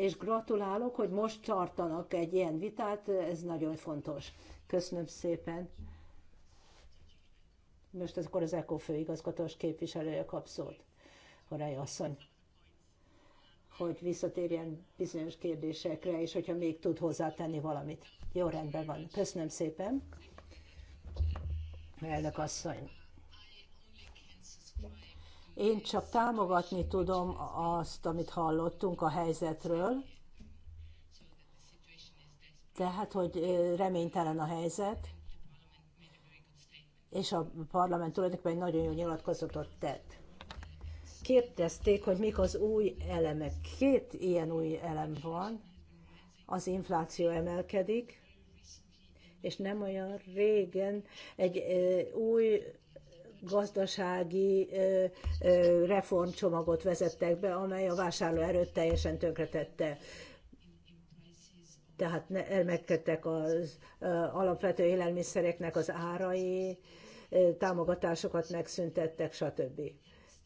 és gratulálok, hogy most tartanak egy ilyen vitát, ez nagyon fontos. Köszönöm szépen. Most akkor az ECO főigazgatós képviselője kap szót, Horály asszony, hogy visszatérjen bizonyos kérdésekre, és hogyha még tud hozzátenni valamit. Jó, rendben van. Köszönöm szépen. Elnök asszony. Én csak támogatni tudom azt, amit hallottunk a helyzetről, tehát, hogy reménytelen a helyzet, és a parlament tulajdonképpen egy nagyon jó nyilatkozatot tett. Kérdezték, hogy mik az új elemek. Két ilyen új elem van. Az infláció emelkedik, és nem olyan régen egy új gazdasági reformcsomagot vezettek be, amely a vásárló erőt teljesen tönkretette. Tehát megköttek az alapvető élelmiszereknek az árai, támogatásokat megszüntettek, stb.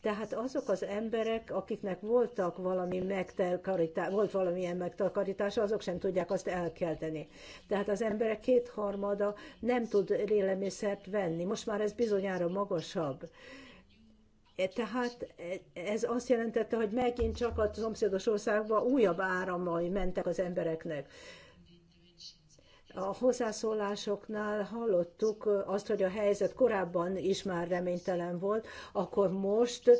Tehát azok az emberek, akiknek voltak valami megtakarítás, volt valamilyen megtakarítása, azok sem tudják azt elkelteni. Tehát az emberek kétharmada nem tud élelmiszert venni. Most már ez bizonyára magasabb. E, tehát e, ez azt jelentette, hogy megint csak a szomszédos országban újabb áramai mentek az embereknek. A hozzászólásoknál hallottuk azt, hogy a helyzet korábban is már reménytelen volt, akkor most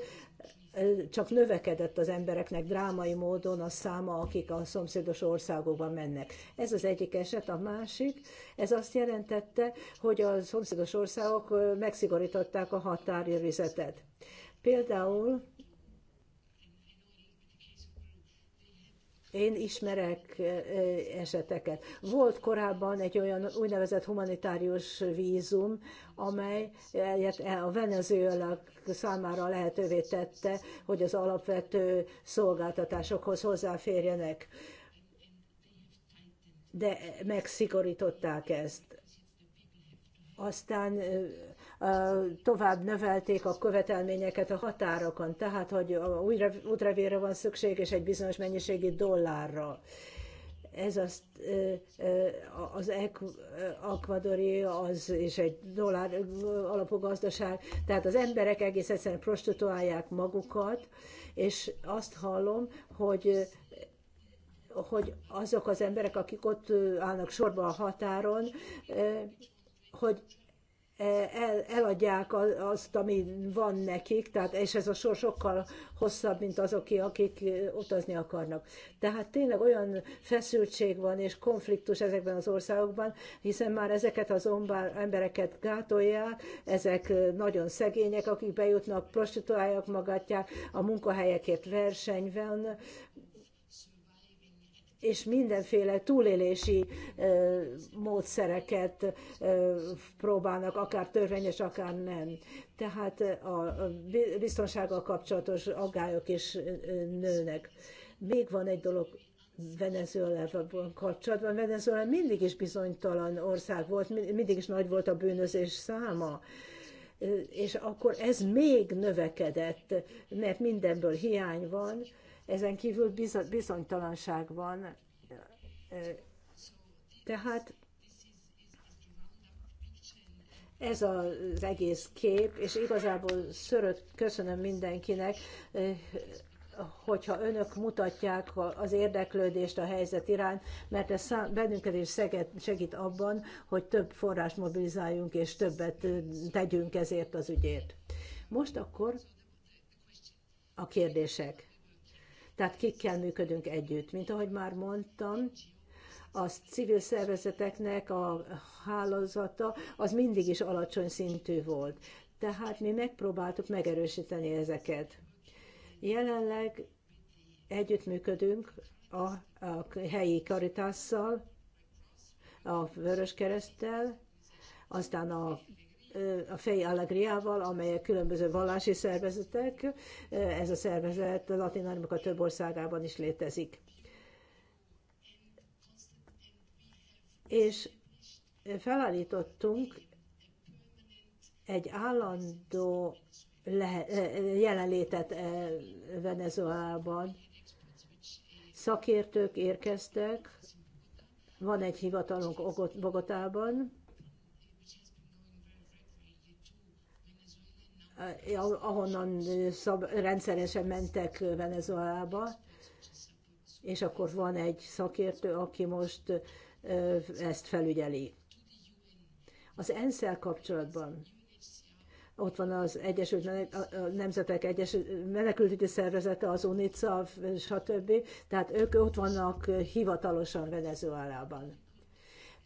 csak növekedett az embereknek drámai módon a száma, akik a szomszédos országokban mennek. Ez az egyik eset, a másik, ez azt jelentette, hogy a szomszédos országok megszigorították a határjövizetet. Például Én ismerek eseteket. Volt korábban egy olyan úgynevezett humanitárius vízum, amely e, a venezuela számára lehetővé tette, hogy az alapvető szolgáltatásokhoz hozzáférjenek. De megszigorították ezt. Aztán tovább növelték a követelményeket a határokon, tehát hogy újra, útrevére van szükség, és egy bizonyos mennyiségi dollárra ez azt, az Ecuadori az és egy dollár alapú gazdaság, tehát az emberek egész egyszerűen prostituálják magukat, és azt hallom, hogy hogy azok az emberek, akik ott állnak sorba a határon, hogy E, el, eladják azt, ami van nekik, tehát, és ez a sor sokkal hosszabb, mint azok, akik utazni akarnak. Tehát tényleg olyan feszültség van és konfliktus ezekben az országokban, hiszen már ezeket az embereket gátolják, ezek nagyon szegények, akik bejutnak, prostituálják magatják, a munkahelyekért verseny van, és mindenféle túlélési módszereket próbálnak, akár törvényes, akár nem. Tehát a biztonsággal kapcsolatos aggályok is nőnek. Még van egy dolog Venezuelában kapcsolatban. Venezuela mindig is bizonytalan ország volt, mindig is nagy volt a bűnözés száma és akkor ez még növekedett, mert mindenből hiány van, ezen kívül bizonytalanság van. Tehát ez az egész kép, és igazából szöröt köszönöm mindenkinek, hogyha önök mutatják az érdeklődést a helyzet iránt, mert ez szám, bennünket is segít abban, hogy több forrást mobilizáljunk, és többet tegyünk ezért az ügyért. Most akkor a kérdések. Tehát kikkel működünk együtt. Mint ahogy már mondtam, a civil szervezeteknek a hálózata az mindig is alacsony szintű volt. Tehát mi megpróbáltuk megerősíteni ezeket. Jelenleg együttműködünk a, a helyi karitásszal, a Vöröskereszttel, aztán a a Fej Alegriával, amelyek különböző vallási szervezetek. Ez a szervezet Latin Amerika több országában is létezik. És felállítottunk egy állandó jelenlétet Venezuelában. Szakértők érkeztek, van egy hivatalunk Bogotában, ahonnan szab, rendszeresen mentek Venezuelába, és akkor van egy szakértő, aki most ezt felügyeli. Az ensz kapcsolatban ott van az Egyesült Nemzetek Egyes Menekültügyi Szervezete, az UNICEF, stb. Tehát ők ott vannak hivatalosan Venezuelában.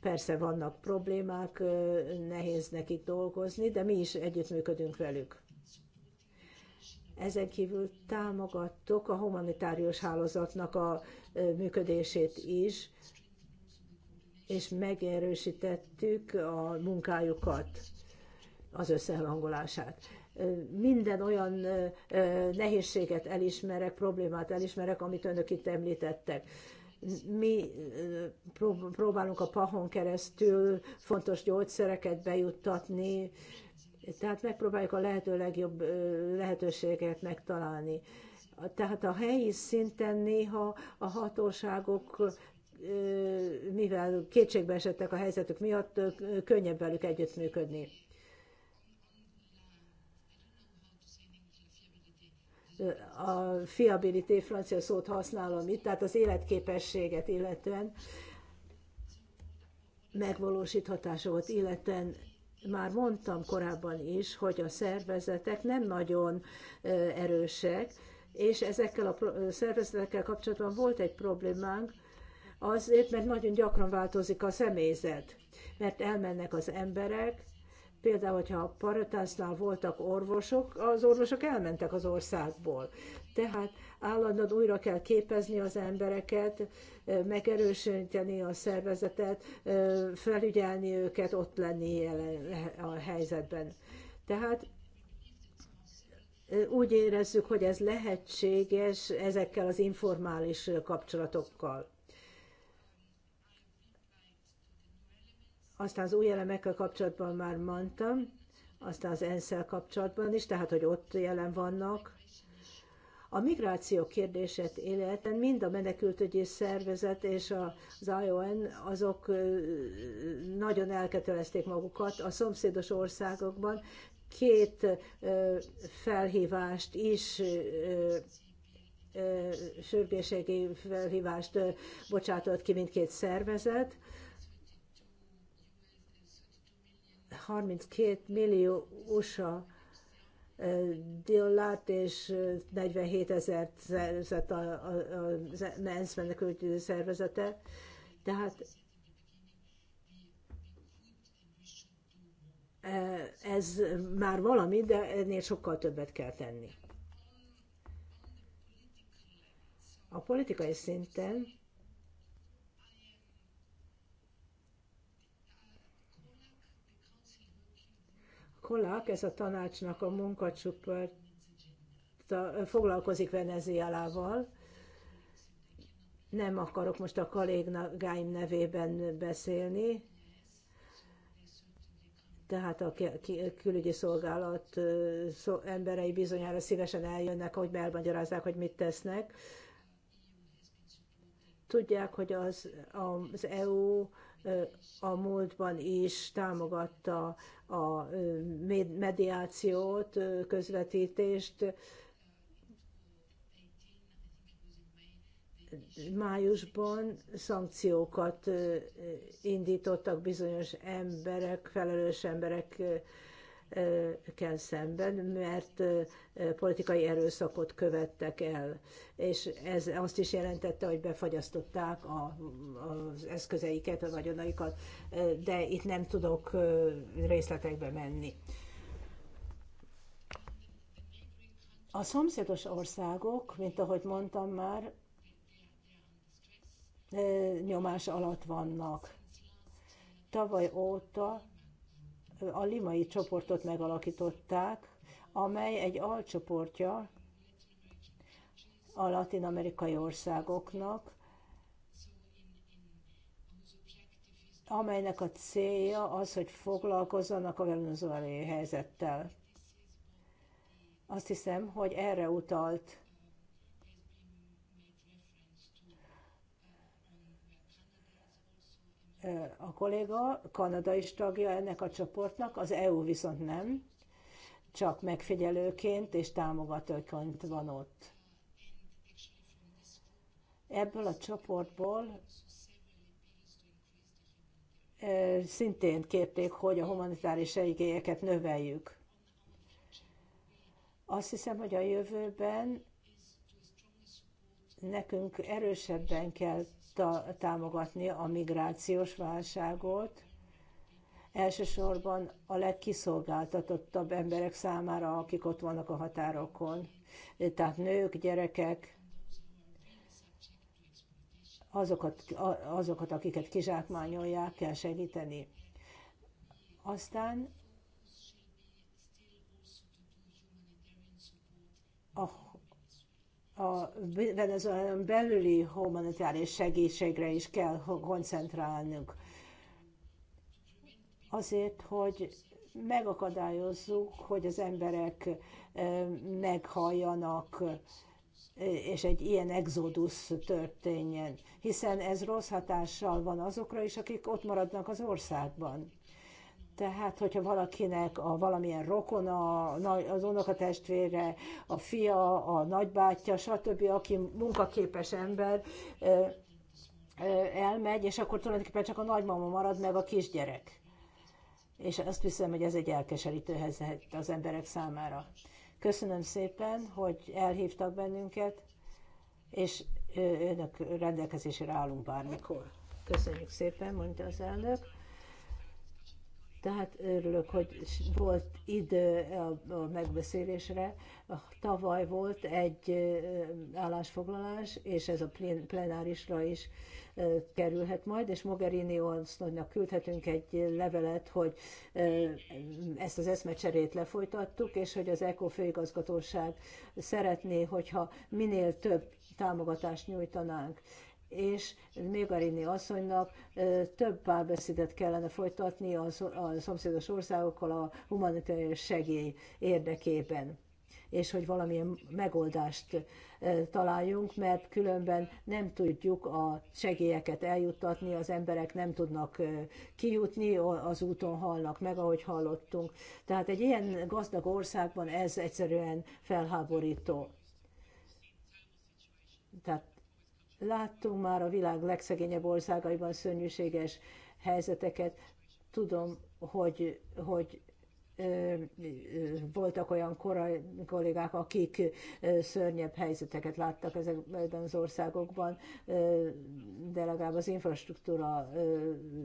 Persze vannak problémák, nehéz nekik dolgozni, de mi is együttműködünk velük. Ezen kívül támogattuk a humanitárius hálózatnak a működését is, és megerősítettük a munkájukat, az összehangolását. Minden olyan nehézséget elismerek, problémát elismerek, amit önök itt említettek mi próbálunk a pahon keresztül fontos gyógyszereket bejuttatni, tehát megpróbáljuk a lehető legjobb lehetőséget megtalálni. Tehát a helyi szinten néha a hatóságok mivel kétségbe esettek a helyzetük miatt, könnyebb velük együttműködni. a fiabilité francia szót használom itt, tehát az életképességet illetően megvalósíthatása volt, illetően már mondtam korábban is, hogy a szervezetek nem nagyon erősek, és ezekkel a szervezetekkel kapcsolatban volt egy problémánk, azért, mert nagyon gyakran változik a személyzet, mert elmennek az emberek, például, hogyha Paratásznál voltak orvosok, az orvosok elmentek az országból. Tehát állandóan újra kell képezni az embereket, megerősíteni a szervezetet, felügyelni őket, ott lenni eh, a helyzetben. Tehát úgy érezzük, hogy ez lehetséges ezekkel az informális kapcsolatokkal. Aztán az új elemekkel kapcsolatban már mondtam, aztán az ensz kapcsolatban is, tehát hogy ott jelen vannak. A migráció kérdését életen mind a menekültügyi szervezet és az ION azok nagyon elkötelezték magukat a szomszédos országokban, két felhívást is sürgőségi felhívást bocsátott ki mindkét szervezet, 32 millió USA dollárt és 47 ezer szervezet a, a, a, az ENSZ szervezete. Tehát ez már valami, de ennél sokkal többet kell tenni. A politikai szinten Kolák, ez a tanácsnak a munkacsoport foglalkozik Venezialával. Nem akarok most a kollégáim nevében beszélni, tehát a külügyi szolgálat emberei bizonyára szívesen eljönnek, hogy elmagyarázzák, hogy mit tesznek. Tudják, hogy az, az EU a múltban is támogatta a mediációt, közvetítést. Májusban szankciókat indítottak bizonyos emberek, felelős emberek kell szemben, mert politikai erőszakot követtek el, és ez azt is jelentette, hogy befagyasztották a, az eszközeiket, a vagyonaikat, de itt nem tudok részletekbe menni. A szomszédos országok, mint ahogy mondtam már, nyomás alatt vannak. Tavaly óta a limai csoportot megalakították, amely egy alcsoportja a latin-amerikai országoknak, amelynek a célja az, hogy foglalkozzanak a venezuelai helyzettel. Azt hiszem, hogy erre utalt a kolléga, Kanada is tagja ennek a csoportnak, az EU viszont nem, csak megfigyelőként és támogatóként van ott. Ebből a csoportból szintén kérték, hogy a humanitáris segélyeket növeljük. Azt hiszem, hogy a jövőben nekünk erősebben kell támogatni a migrációs válságot, elsősorban a legkiszolgáltatottabb emberek számára, akik ott vannak a határokon, tehát nők, gyerekek, azokat, azokat akiket kizsákmányolják, kell segíteni. Aztán a Venezuelán belüli humanitárius segítségre is kell koncentrálnunk. Azért, hogy megakadályozzuk, hogy az emberek meghalljanak, és egy ilyen exodus történjen, hiszen ez rossz hatással van azokra is, akik ott maradnak az országban. Tehát, hogyha valakinek a valamilyen rokona, az unokatestvére, a fia, a nagybátyja, stb., aki munkaképes ember, elmegy, és akkor tulajdonképpen csak a nagymama marad meg a kisgyerek. És azt hiszem, hogy ez egy elkeserítő helyzet az emberek számára. Köszönöm szépen, hogy elhívtak bennünket, és önök rendelkezésre állunk bármikor. Köszönjük szépen, mondta az elnök. Tehát örülök, hogy volt idő a megbeszélésre. Tavaly volt egy állásfoglalás, és ez a plenárisra is kerülhet majd, és Mogherini Olsznodnak küldhetünk egy levelet, hogy ezt az eszmecserét lefolytattuk, és hogy az ECO főigazgatóság szeretné, hogyha minél több támogatást nyújtanánk és Mégarini asszonynak több párbeszédet kellene folytatni a, a szomszédos országokkal a humanitárius segély érdekében és hogy valamilyen megoldást találjunk, mert különben nem tudjuk a segélyeket eljuttatni, az emberek nem tudnak kijutni, az úton halnak meg, ahogy hallottunk. Tehát egy ilyen gazdag országban ez egyszerűen felháborító. Tehát Láttunk már a világ legszegényebb országaiban szörnyűséges helyzeteket. Tudom, hogy, hogy voltak olyan korai kollégák, akik szörnyebb helyzeteket láttak ezekben az országokban, de legalább az infrastruktúra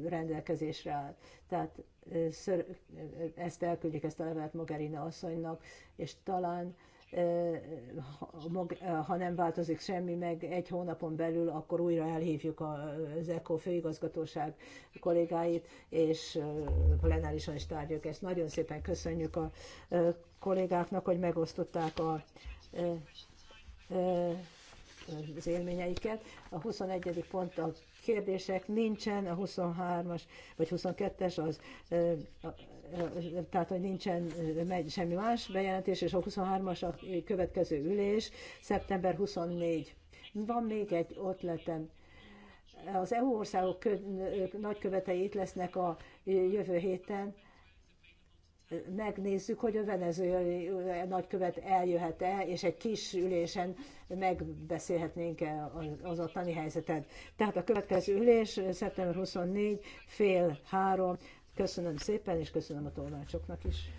rendelkezésre áll. Tehát ezt elküldjük, ezt a levelet Mogherini asszonynak, és talán ha nem változik semmi, meg egy hónapon belül, akkor újra elhívjuk az ECO főigazgatóság kollégáit, és plenárisan is tárgyuk ezt. Nagyon szépen köszönjük a kollégáknak, hogy megosztották a az élményeiket. A 21. pont a kérdések nincsen, a 23-as vagy 22-es az tehát hogy nincsen semmi más bejelentés, és a 23-as a következő ülés, szeptember 24. Van még egy ötletem. Az EU országok nagykövetei itt lesznek a jövő héten, megnézzük, hogy a venezuelai nagykövet eljöhet-e, és egy kis ülésen megbeszélhetnénk-e az ottani helyzetet. Tehát a következő ülés szeptember 24, fél három, Köszönöm szépen, és köszönöm a tolmácsoknak is.